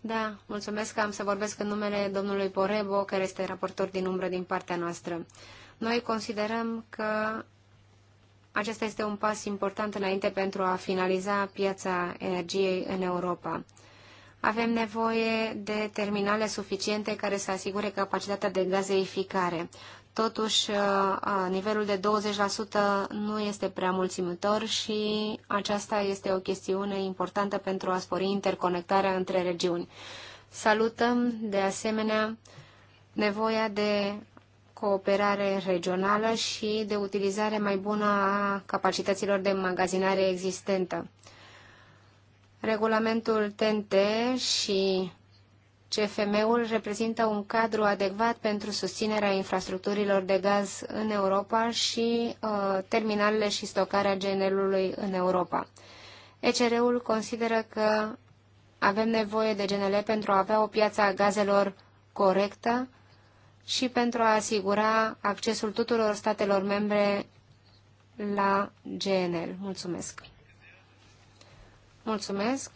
Da, mulțumesc că am să vorbesc în numele domnului Porebo, care este raportor din umbră din partea noastră. Noi considerăm că acesta este un pas important înainte pentru a finaliza piața energiei în Europa. Avem nevoie de terminale suficiente care să asigure capacitatea de gazeificare. Totuși, uh, nivelul de 20% nu este prea mulțumitor și aceasta este o chestiune importantă pentru a spori interconectarea între regiuni. Salutăm, de asemenea, nevoia de cooperare regională și de utilizare mai bună a capacităților de magazinare existentă. Regulamentul TNT și CFM-ul reprezintă un cadru adecvat pentru susținerea infrastructurilor de gaz în Europa și uh, terminalele și stocarea GNL-ului în Europa. ECR-ul consideră că avem nevoie de GNL pentru a avea o piață a gazelor corectă și pentru a asigura accesul tuturor statelor membre la GNL. Mulțumesc! Mulțumesc!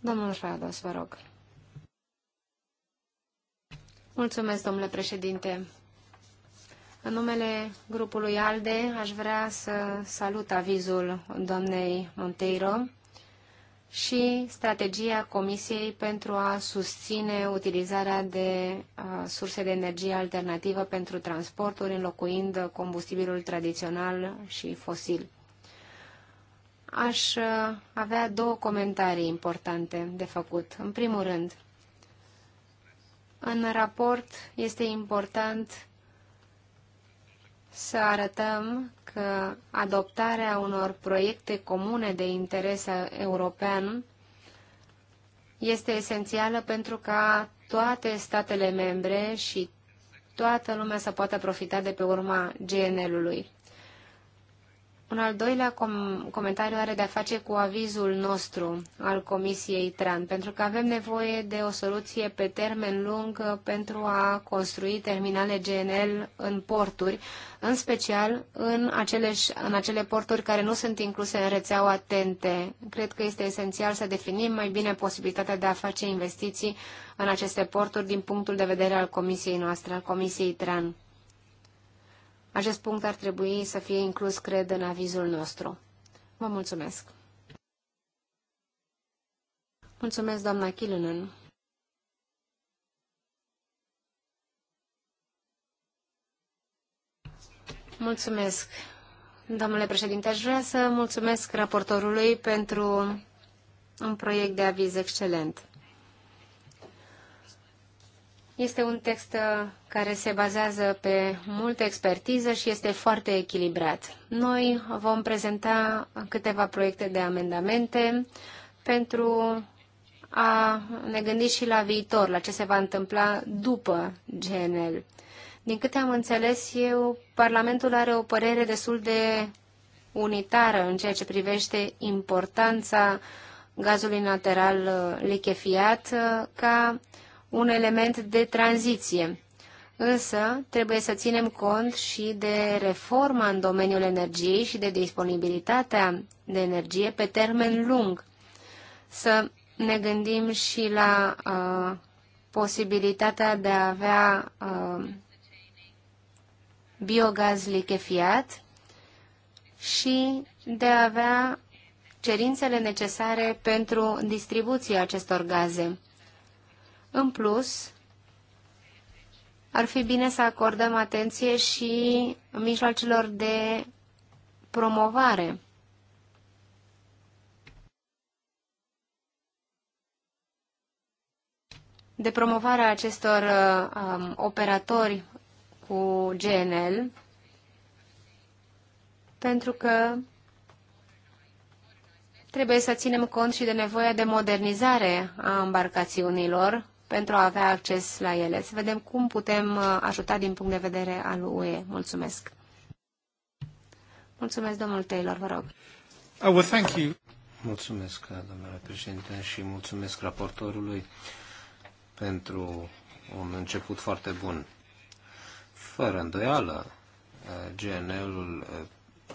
Domnul Rados, vă rog. Mulțumesc, domnule președinte. În numele grupului ALDE aș vrea să salut avizul doamnei Monteiro și strategia Comisiei pentru a susține utilizarea de surse de energie alternativă pentru transporturi, înlocuind combustibilul tradițional și fosil. Aș avea două comentarii importante de făcut. În primul rând, în raport este important să arătăm că adoptarea unor proiecte comune de interes european este esențială pentru ca toate statele membre și toată lumea să poată profita de pe urma GNL-ului. Un al doilea com- comentariu are de-a face cu avizul nostru al Comisiei TRAN, pentru că avem nevoie de o soluție pe termen lung uh, pentru a construi terminale GNL în porturi, în special în acele, în acele porturi care nu sunt incluse în rețeaua TNT. Cred că este esențial să definim mai bine posibilitatea de a face investiții în aceste porturi din punctul de vedere al Comisiei noastre, al Comisiei TRAN. Acest punct ar trebui să fie inclus, cred, în avizul nostru. Vă mulțumesc! Mulțumesc, doamna Chilunen! Mulțumesc, domnule președinte. Aș vrea să mulțumesc raportorului pentru un proiect de aviz excelent. Este un text uh, care se bazează pe multă expertiză și este foarte echilibrat. Noi vom prezenta câteva proiecte de amendamente pentru a ne gândi și la viitor, la ce se va întâmpla după GNL. Din câte am înțeles eu, Parlamentul are o părere destul de unitară în ceea ce privește importanța gazului natural uh, lichefiat uh, ca un element de tranziție. Însă, trebuie să ținem cont și de reforma în domeniul energiei și de disponibilitatea de energie pe termen lung. Să ne gândim și la uh, posibilitatea de a avea uh, biogaz lichefiat și de a avea cerințele necesare pentru distribuția acestor gaze. În plus, ar fi bine să acordăm atenție și mijloacelor de promovare. De promovarea acestor um, operatori cu GNL, pentru că trebuie să ținem cont și de nevoia de modernizare a embarcațiunilor pentru a avea acces la ele. Să vedem cum putem uh, ajuta din punct de vedere al UE. Mulțumesc. Mulțumesc, domnul Taylor, vă rog. Oh, well, thank you. Mulțumesc, domnule președinte, și mulțumesc raportorului pentru un început foarte bun. Fără îndoială, GNL-ul uh,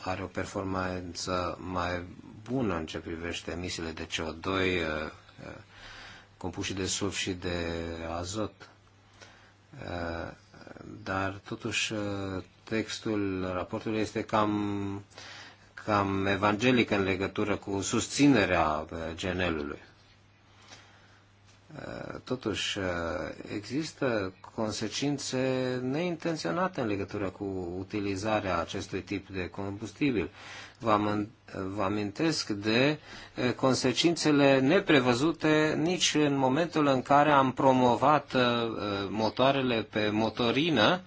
are o performanță mai bună în ce privește emisiile de CO2 compuși de sulf și de azot. Dar totuși textul raportului este cam, cam evanghelic în legătură cu susținerea genelului. Totuși, există consecințe neintenționate în legătură cu utilizarea acestui tip de combustibil. Vă amintesc de eh, consecințele neprevăzute nici în momentul în care am promovat eh, motoarele pe motorină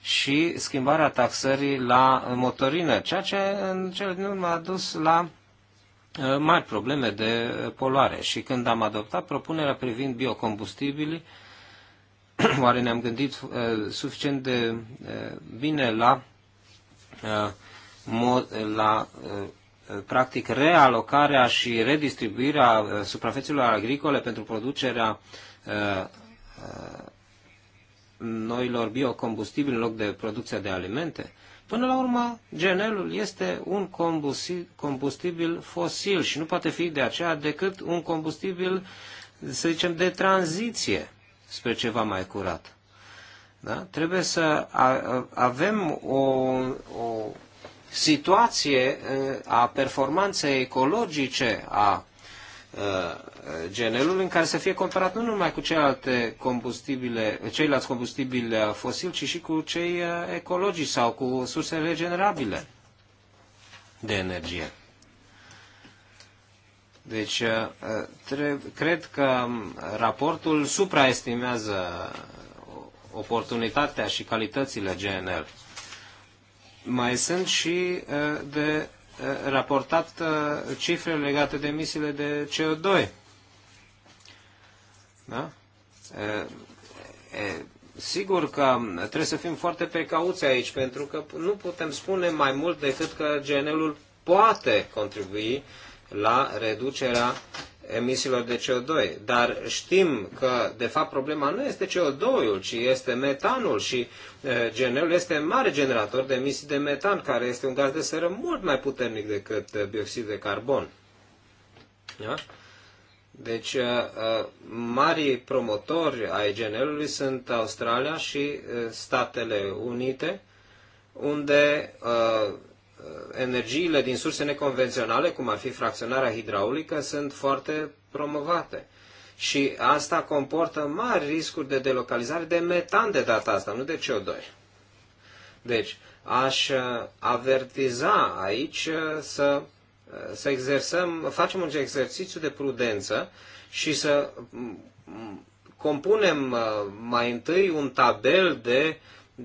și schimbarea taxării la motorină, ceea ce în cel din urmă a dus la Uh, mari probleme de uh, poluare. Și când am adoptat propunerea privind biocombustibili, [clears throat] oare ne-am gândit uh, suficient de bine la, la practic realocarea și redistribuirea suprafețelor agricole pentru producerea noilor biocombustibili în loc de producția de alimente? Până la urmă, genelul este un combustibil fosil și nu poate fi de aceea decât un combustibil, să zicem, de tranziție spre ceva mai curat. Da? Trebuie să avem o, o situație a performanței ecologice a Uh, gnl în care să fie comparat nu numai cu celelalte combustibile, ceilalți combustibili uh, fosili, ci și cu cei uh, ecologici sau cu surse regenerabile de energie. Deci, cred că um, raportul supraestimează oportunitatea și calitățile GNL. Mai sunt și de raportat uh, cifre legate de emisiile de CO2. Da? E, sigur că trebuie să fim foarte precauți aici, pentru că nu putem spune mai mult decât că GNL-ul poate contribui la reducerea emisiilor de CO2. Dar știm că, de fapt, problema nu este CO2-ul, ci este metanul și GNL este mare generator de emisii de metan, care este un gaz de seră mult mai puternic decât bioxid de carbon. Da? Deci, mari promotori ai GNL-ului sunt Australia și Statele Unite, unde Uh, energiile din surse neconvenționale, cum ar fi fracționarea hidraulică, sunt foarte promovate. Și asta comportă mari riscuri de delocalizare de metan de data asta, nu de CO2. Deci, aș uh, avertiza aici uh, să, să exersăm, facem un exercițiu de prudență și să compunem mai întâi un tabel de uh,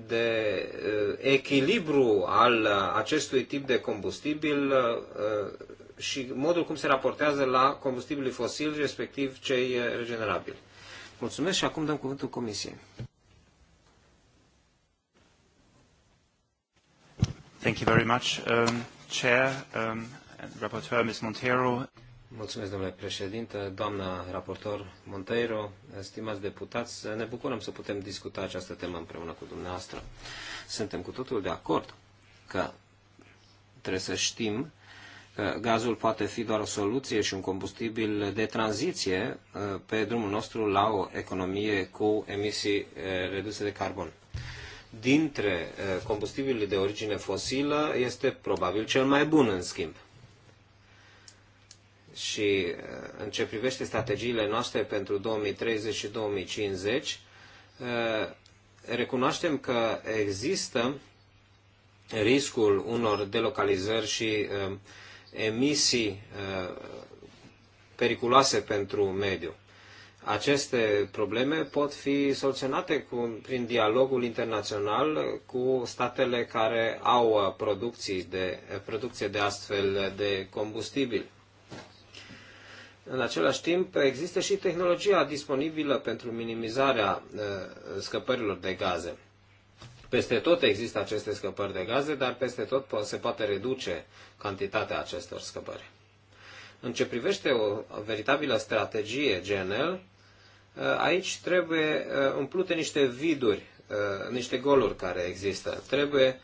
de uh, echilibru al uh, acestui tip de combustibil uh, și modul cum se raportează la combustibilii fosili, respectiv cei regenerabili. Mulțumesc și acum dăm cuvântul Comisiei. Thank you very much, um, Chair, um, Rapporteur Ms. Montero. Mulțumesc, domnule președinte, doamna raportor Monteiro, stimați deputați, ne bucurăm să putem discuta această temă împreună cu dumneavoastră. Suntem cu totul de acord că trebuie să știm că gazul poate fi doar o soluție și un combustibil de tranziție uh, pe drumul nostru la o economie cu emisii uh, reduse de carbon dintre uh, combustibilii de origine fosilă este probabil cel mai bun, în schimb și uh, în ce privește strategiile noastre pentru 2030 și 2050, uh, recunoaștem că există riscul unor delocalizări și uh, emisii periculoase pentru mediu. Aceste probleme pot fi soluționate cu, prin dialogul internațional cu statele care au producții de, producție de astfel de combustibili în același timp, există și tehnologia disponibilă pentru minimizarea uh, scăpărilor de gaze. Peste tot există aceste scăpări de gaze, dar peste tot se poate reduce cantitatea acestor scăpări. În ce privește o veritabilă strategie GNL, uh, aici trebuie uh, umplute niște viduri, niște goluri care există. Trebuie,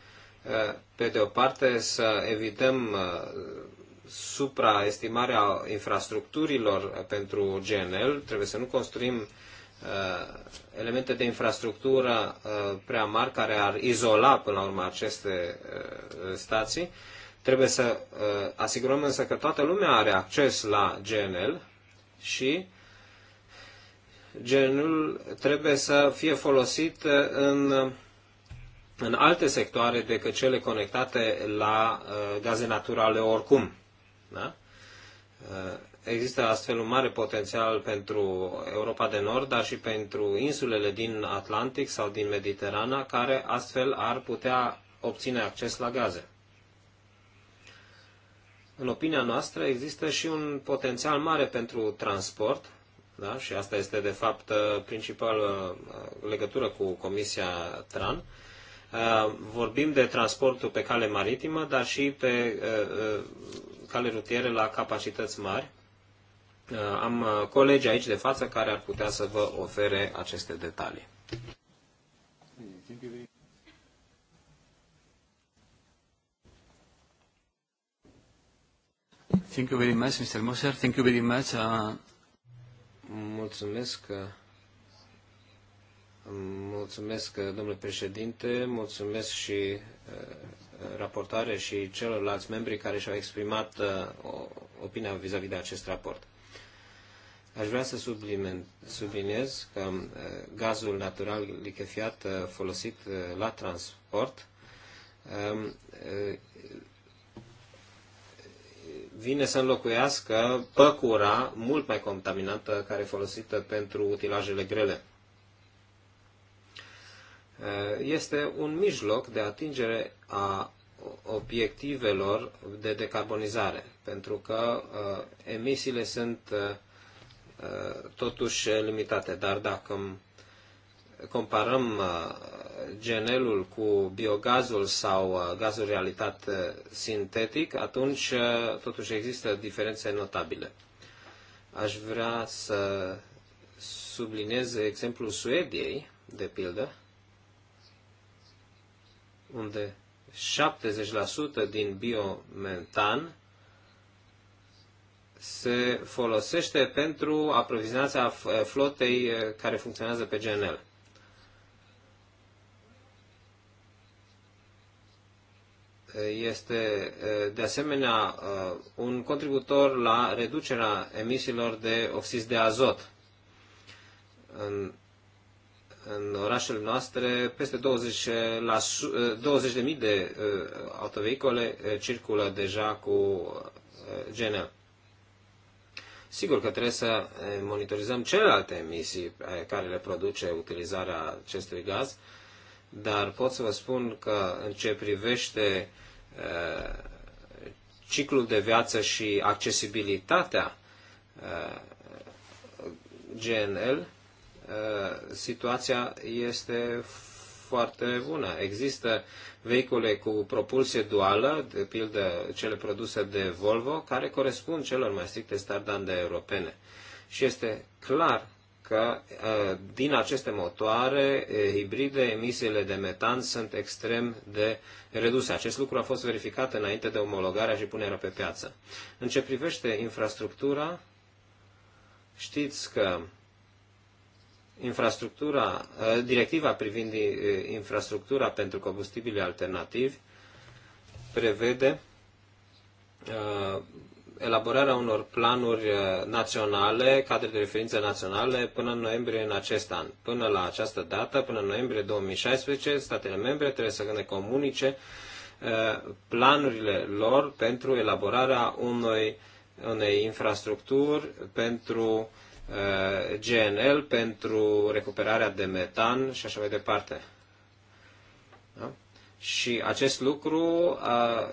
pe de o parte, să evităm supraestimarea infrastructurilor pentru GNL. Trebuie să nu construim uh, elemente de infrastructură uh, prea mari care ar izola până la urmă aceste uh, stații. Trebuie să uh, asigurăm însă că toată lumea are acces la GNL și genul trebuie să fie folosit uh, în, în alte sectoare decât cele conectate la uh, gaze naturale oricum. Da? Eh, există astfel un mare potențial pentru Europa de Nord, dar și pentru insulele din Atlantic sau din Mediterana, care astfel ar putea obține acces la gaze. În opinia noastră există și un potențial mare pentru transport, da? și asta este de fapt eh, principală eh, legătură cu Comisia TRAN. Vorbim de transportul pe cale maritimă, dar și pe cale rutiere la capacități mari. Uh, am uh, colegi aici de față care ar putea să vă ofere aceste detalii. Thank you very much, Mr. Moser. Thank you very much. Uh... Mulțumesc, uh, mulțumesc, domnule președinte, mulțumesc și uh, raportare și celorlalți membri care și-au exprimat uh, opinia vis-a-vis -vis de acest raport. Aș vrea să subliniez că uh, gazul natural lichefiat uh, folosit la transport um, vine să înlocuiască păcura mult mai contaminantă care e folosită pentru utilajele grele. Eh, este un mijloc de atingere a obiectivelor de decarbonizare, pentru că eh, emisiile sunt eh, totuși limitate. Dar dacă comparăm genelul cu biogazul sau gazul realitat sintetic, atunci totuși există diferențe notabile. Aș vrea să subliniez exemplul Suediei, de pildă, unde 70% din biometan se folosește pentru aprovizionarea flotei eh, care funcționează pe GNL. Este eh, de asemenea eh, un contributor la reducerea emisiilor de oxid de azot în orașele noastre peste 20, la, 20.000 de uh, autovehicole uh, circulă deja cu uh, GNL. Sigur că trebuie să monitorizăm celelalte emisii care le produce utilizarea acestui gaz, dar pot să vă spun că în ce privește ciclul de viață și accesibilitatea GNL, Uh, situația este foarte bună. Există vehicule cu propulsie duală, de pildă cele produse de Volvo, care corespund celor mai stricte standarde europene. Și este clar că uh, din aceste motoare uh, hibride emisiile de metan sunt extrem de reduse. Acest lucru a fost verificat înainte de omologarea și punerea pe piață. În ce privește infrastructura, știți că infrastructura, eh, directiva privind eh, infrastructura pentru combustibili alternativi prevede eh, elaborarea unor planuri naționale, cadre de referință naționale, până în noiembrie în acest an. Până la această dată, până în noiembrie 2016, statele membre trebuie să ne comunice planurile lor pentru elaborarea unei, unei infrastructuri pentru uh, Uh, GNL pentru recuperarea de metan și așa mai departe. Da? Și acest lucru a, uh, a,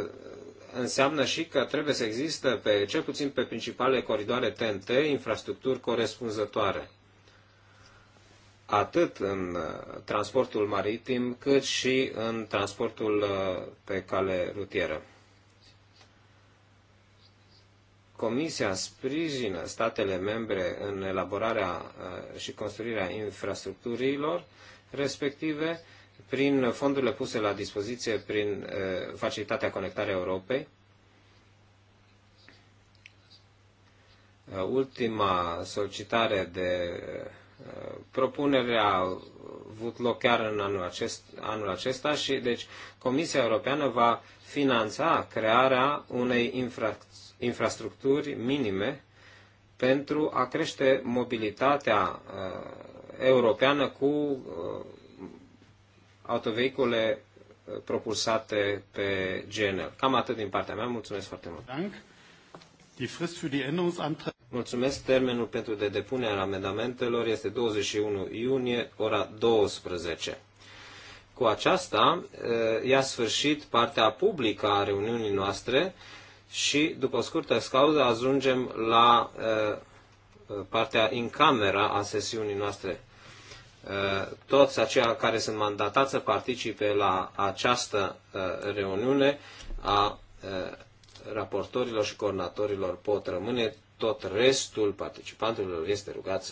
uh, înseamnă și că trebuie să există, pe, cel puțin pe principalele coridoare TNT, infrastructuri corespunzătoare. Atât în transportul maritim, cât și în transportul pe cale rutieră. Comisia sprijină statele membre în elaborarea uh, și construirea infrastructurilor respective prin fondurile puse la dispoziție prin uh, Facilitatea Conectarea Europei. Uh, ultima solicitare de propunere a avut loc chiar în anul, acest, anul acesta și deci Comisia Europeană va finanța crearea unei infrastructuri infrastructuri minime pentru a crește mobilitatea uh, europeană cu uh, autovehicule uh, propulsate pe GNL. Cam atât din partea mea. Mulțumesc foarte mult. Mulțumesc. Termenul pentru de depunere a amendamentelor este 21 iunie, ora 12. Cu aceasta, ia sfârșit partea publică a reuniunii noastre și după o scurtă scauză ajungem la partea în camera a sesiunii noastre. Toți aceia care sunt mandatați să participe la această reuniune a raportorilor și coordonatorilor pot rămâne, tot restul participantelor este rugat să